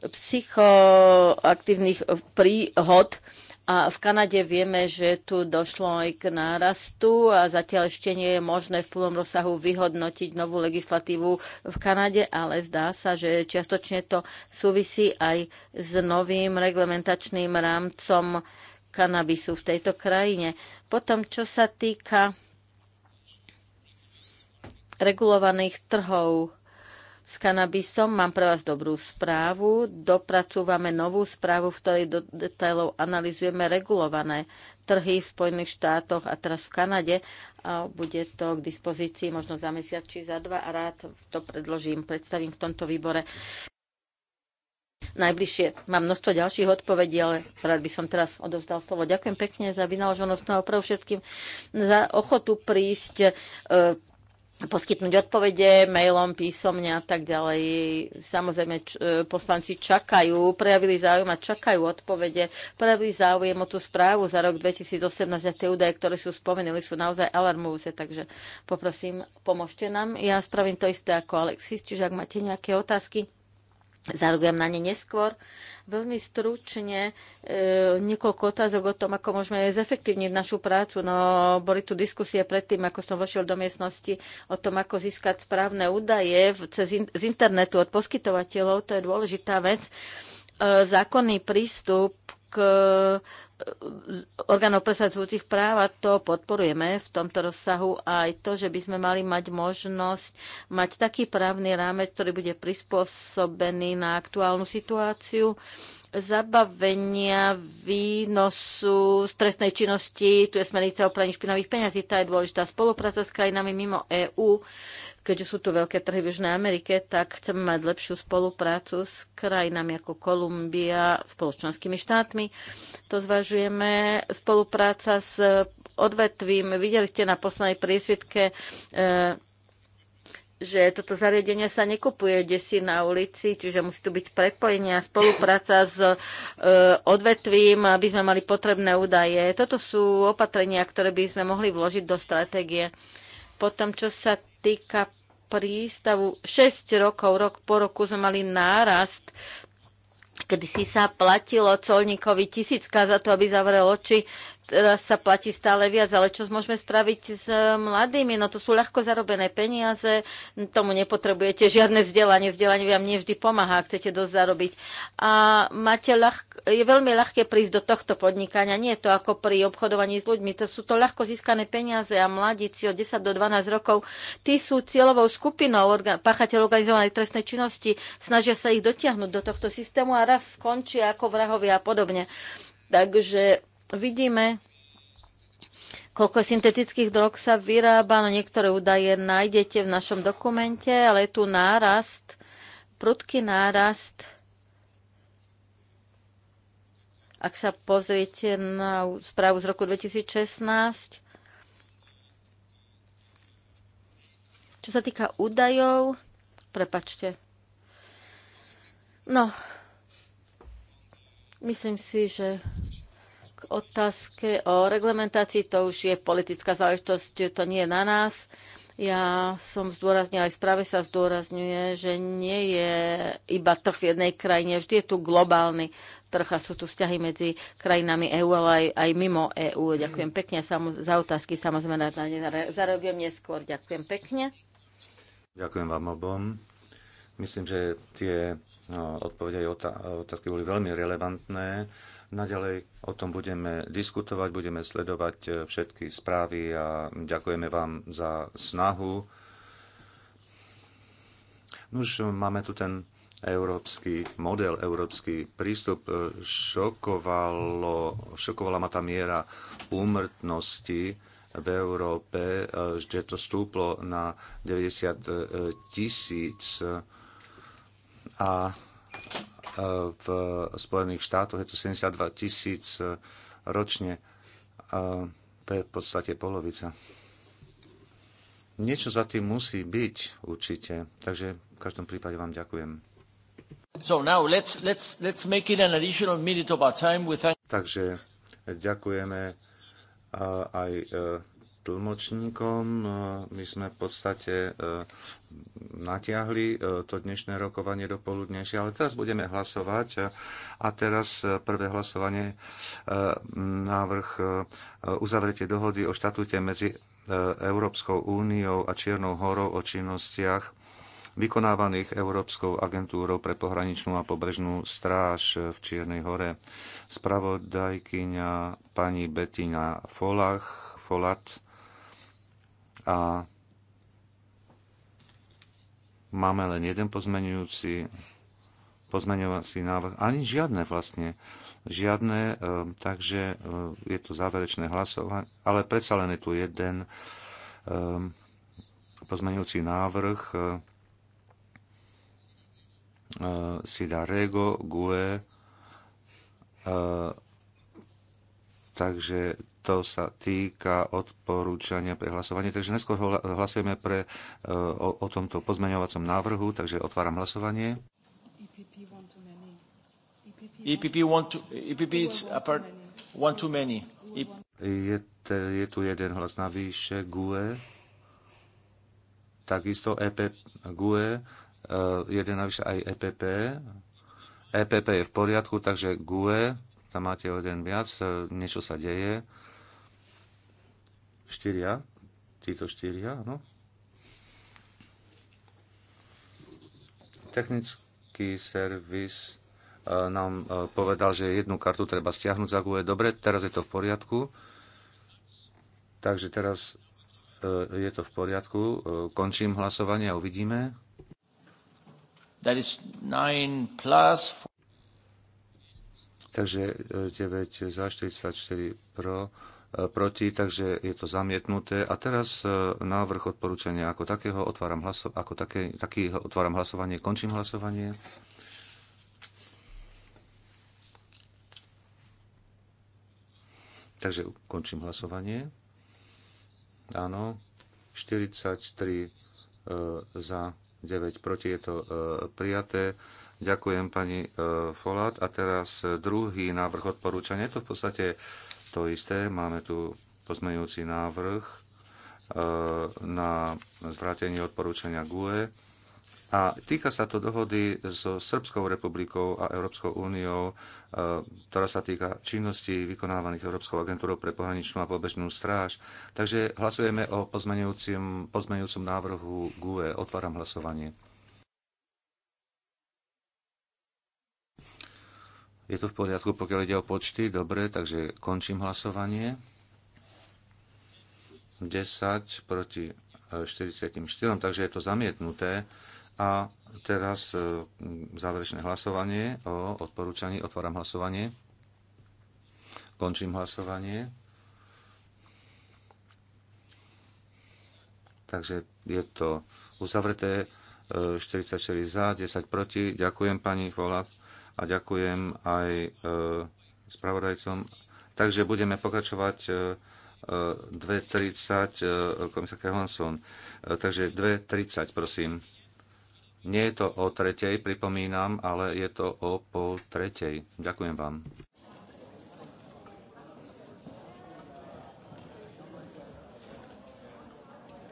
psychoaktívnych príhod, a v Kanade vieme, že tu došlo aj k nárastu a zatiaľ ešte nie je možné v plnom rozsahu vyhodnotiť novú legislatívu v Kanade, ale zdá sa, že čiastočne to súvisí aj s novým reglementačným rámcom kanabisu v tejto krajine. Potom, čo sa týka regulovaných trhov, s kanabisom. Mám pre vás dobrú správu. Dopracúvame novú správu, v ktorej do detailov analizujeme regulované trhy v Spojených štátoch a teraz v Kanade. A bude to k dispozícii možno za mesiac či za dva a rád to predložím, predstavím v tomto výbore. Najbližšie mám množstvo ďalších odpovedí, ale rád by som teraz odovzdal slovo. Ďakujem pekne za vynaloženosť na opravu všetkým, za ochotu prísť. E, poskytnúť odpovede mailom, písomne a tak ďalej. Samozrejme, č- e, poslanci čakajú, prejavili záujem a čakajú odpovede. Prejavili záujem o tú správu za rok 2018 a tie údaje, ktoré sú spomenuli, sú naozaj alarmujúce, takže poprosím, pomôžte nám. Ja spravím to isté ako Alexis, čiže ak máte nejaké otázky, Zareagujem na ne neskôr. Veľmi stručne e, niekoľko otázok o tom, ako môžeme zefektívniť našu prácu. No, boli tu diskusie predtým, ako som vošiel do miestnosti, o tom, ako získať správne údaje v, cez in, z internetu od poskytovateľov. To je dôležitá vec. E, zákonný prístup E, orgánov presadzujúcich práva to podporujeme v tomto rozsahu a aj to, že by sme mali mať možnosť mať taký právny rámec, ktorý bude prispôsobený na aktuálnu situáciu zabavenia výnosu z trestnej činnosti. Tu je smernica o praní špinavých peňazí. Tá je dôležitá spolupráca s krajinami mimo EÚ keďže sú tu veľké trhy v Južnej Amerike, tak chceme mať lepšiu spoluprácu s krajinami ako Kolumbia, spoločenskými štátmi. To zvažujeme. Spolupráca s odvetvím. Videli ste na poslednej priesvitke eh, že toto zariadenie sa nekupuje desi na ulici, čiže musí tu byť prepojenie a spolupráca s eh, odvetvím, aby sme mali potrebné údaje. Toto sú opatrenia, ktoré by sme mohli vložiť do stratégie. Potom, čo sa týka prístavu 6 rokov, rok po roku sme mali nárast kedy si sa platilo colníkovi tisícka za to, aby zavrel oči teraz sa platí stále viac, ale čo môžeme spraviť s eh, mladými? No to sú ľahko zarobené peniaze, tomu nepotrebujete žiadne vzdelanie, vzdelanie vám nevždy pomáha, ak chcete dosť zarobiť. A máte ľah, je veľmi ľahké prísť do tohto podnikania, nie je to ako pri obchodovaní s ľuďmi, to sú to ľahko získané peniaze a mladíci od 10 do 12 rokov, tí sú cieľovou skupinou orga, páchateľov organizovanej trestnej činnosti, snažia sa ich dotiahnuť do tohto systému a raz skončia ako vrahovia a podobne. Takže vidíme, koľko syntetických drog sa vyrába. No niektoré údaje nájdete v našom dokumente, ale je tu nárast, prudký nárast. Ak sa pozriete na správu z roku 2016, čo sa týka údajov, prepačte. No, myslím si, že otázke o reglementácii, to už je politická záležitosť, to nie je na nás. Ja som zdôraznila, aj v správe sa zdôrazňuje, že nie je iba trh v jednej krajine, vždy je tu globálny trh a sú tu vzťahy medzi krajinami EÚ, ale aj, aj mimo EÚ. Ďakujem pekne za otázky, samozrejme na ne zareagujem neskôr. Ďakujem pekne. Ďakujem vám obom. Myslím, že tie no, odpovede aj otázky boli veľmi relevantné Naďalej o tom budeme diskutovať, budeme sledovať e, všetky správy a ďakujeme vám za snahu. Už máme tu ten európsky model, európsky prístup. E, šokovalo, šokovala ma tá miera úmrtnosti v Európe, e, že to stúplo na 90 tisíc a v Spojených štátoch je to 72 tisíc e, ročne. to je v podstate polovica. Niečo za tým musí byť určite, takže v každom prípade vám ďakujem. So now let's, let's, let's make it an additional minute of our time with... Takže ďakujeme aj e, tlmočníkom. No, my sme v podstate e, natiahli e, to dnešné rokovanie do poludnejšia, ale teraz budeme hlasovať. E, a teraz prvé hlasovanie návrh uzavretie dohody o štatúte medzi Európskou úniou a Čiernou horou o činnostiach vykonávaných Európskou agentúrou pre pohraničnú a pobrežnú stráž v Čiernej hore. Spravodajkyňa pani Betina Folach, Folat a máme len jeden pozmenujúci pozmeňovací návrh, ani žiadne vlastne, žiadne, e, takže e, je to záverečné hlasovanie, ale predsa len je tu jeden e, pozmeňujúci návrh Sida Rego, GUE, Takže to sa týka odporúčania pre hlasovanie. Takže neskôr hlasujeme pre, e, o, o tomto pozmeňovacom návrhu, takže otváram hlasovanie. EPP, want to, EPP one too many. Je, te, je tu jeden hlas navýše GUE. Takisto EP, GUE, e, jeden navýše aj EPP. EPP je v poriadku, takže GUE tam máte o jeden viac, e, niečo sa deje. Štyria, títo štyria, áno. Technický servis e, nám e, povedal, že jednu kartu treba stiahnuť za GUE. Dobre, teraz je to v poriadku. Takže teraz je to v poriadku. Končím hlasovanie a uvidíme. That is nine plus Takže 9 e, za 44 pro, e, proti, takže je to zamietnuté. A teraz e, návrh odporúčania ako takého, otváram, hlaso- ako také, taký, otváram hlasovanie, končím hlasovanie. Takže končím hlasovanie. Áno, 43 e, za, 9 proti je to e, prijaté. Ďakujem pani e, Folát. A teraz e, druhý návrh odporúčania. Je to v podstate to isté. Máme tu pozmeňujúci návrh e, na zvrátenie odporúčania GUE. A týka sa to dohody so Srbskou republikou a Európskou úniou, ktorá sa týka činností vykonávaných Európskou agentúrou pre pohraničnú a pobežnú stráž. Takže hlasujeme o pozmeňujúcom návrhu GUE. Otváram hlasovanie. Je to v poriadku, pokiaľ ide o počty? Dobre, takže končím hlasovanie. 10 proti 44, e, takže je to zamietnuté. A teraz e, záverečné hlasovanie o odporúčaní. Otváram hlasovanie. Končím hlasovanie. Takže je to uzavreté 44 e, za, 10 proti. Ďakujem pani Volat a ďakujem aj e, spravodajcom. Takže budeme pokračovať 2.30, e, e, komisárka Johansson. Takže 2.30, prosím. Nie je to o tretej, pripomínam, ale je to o pol tretej. Ďakujem vám.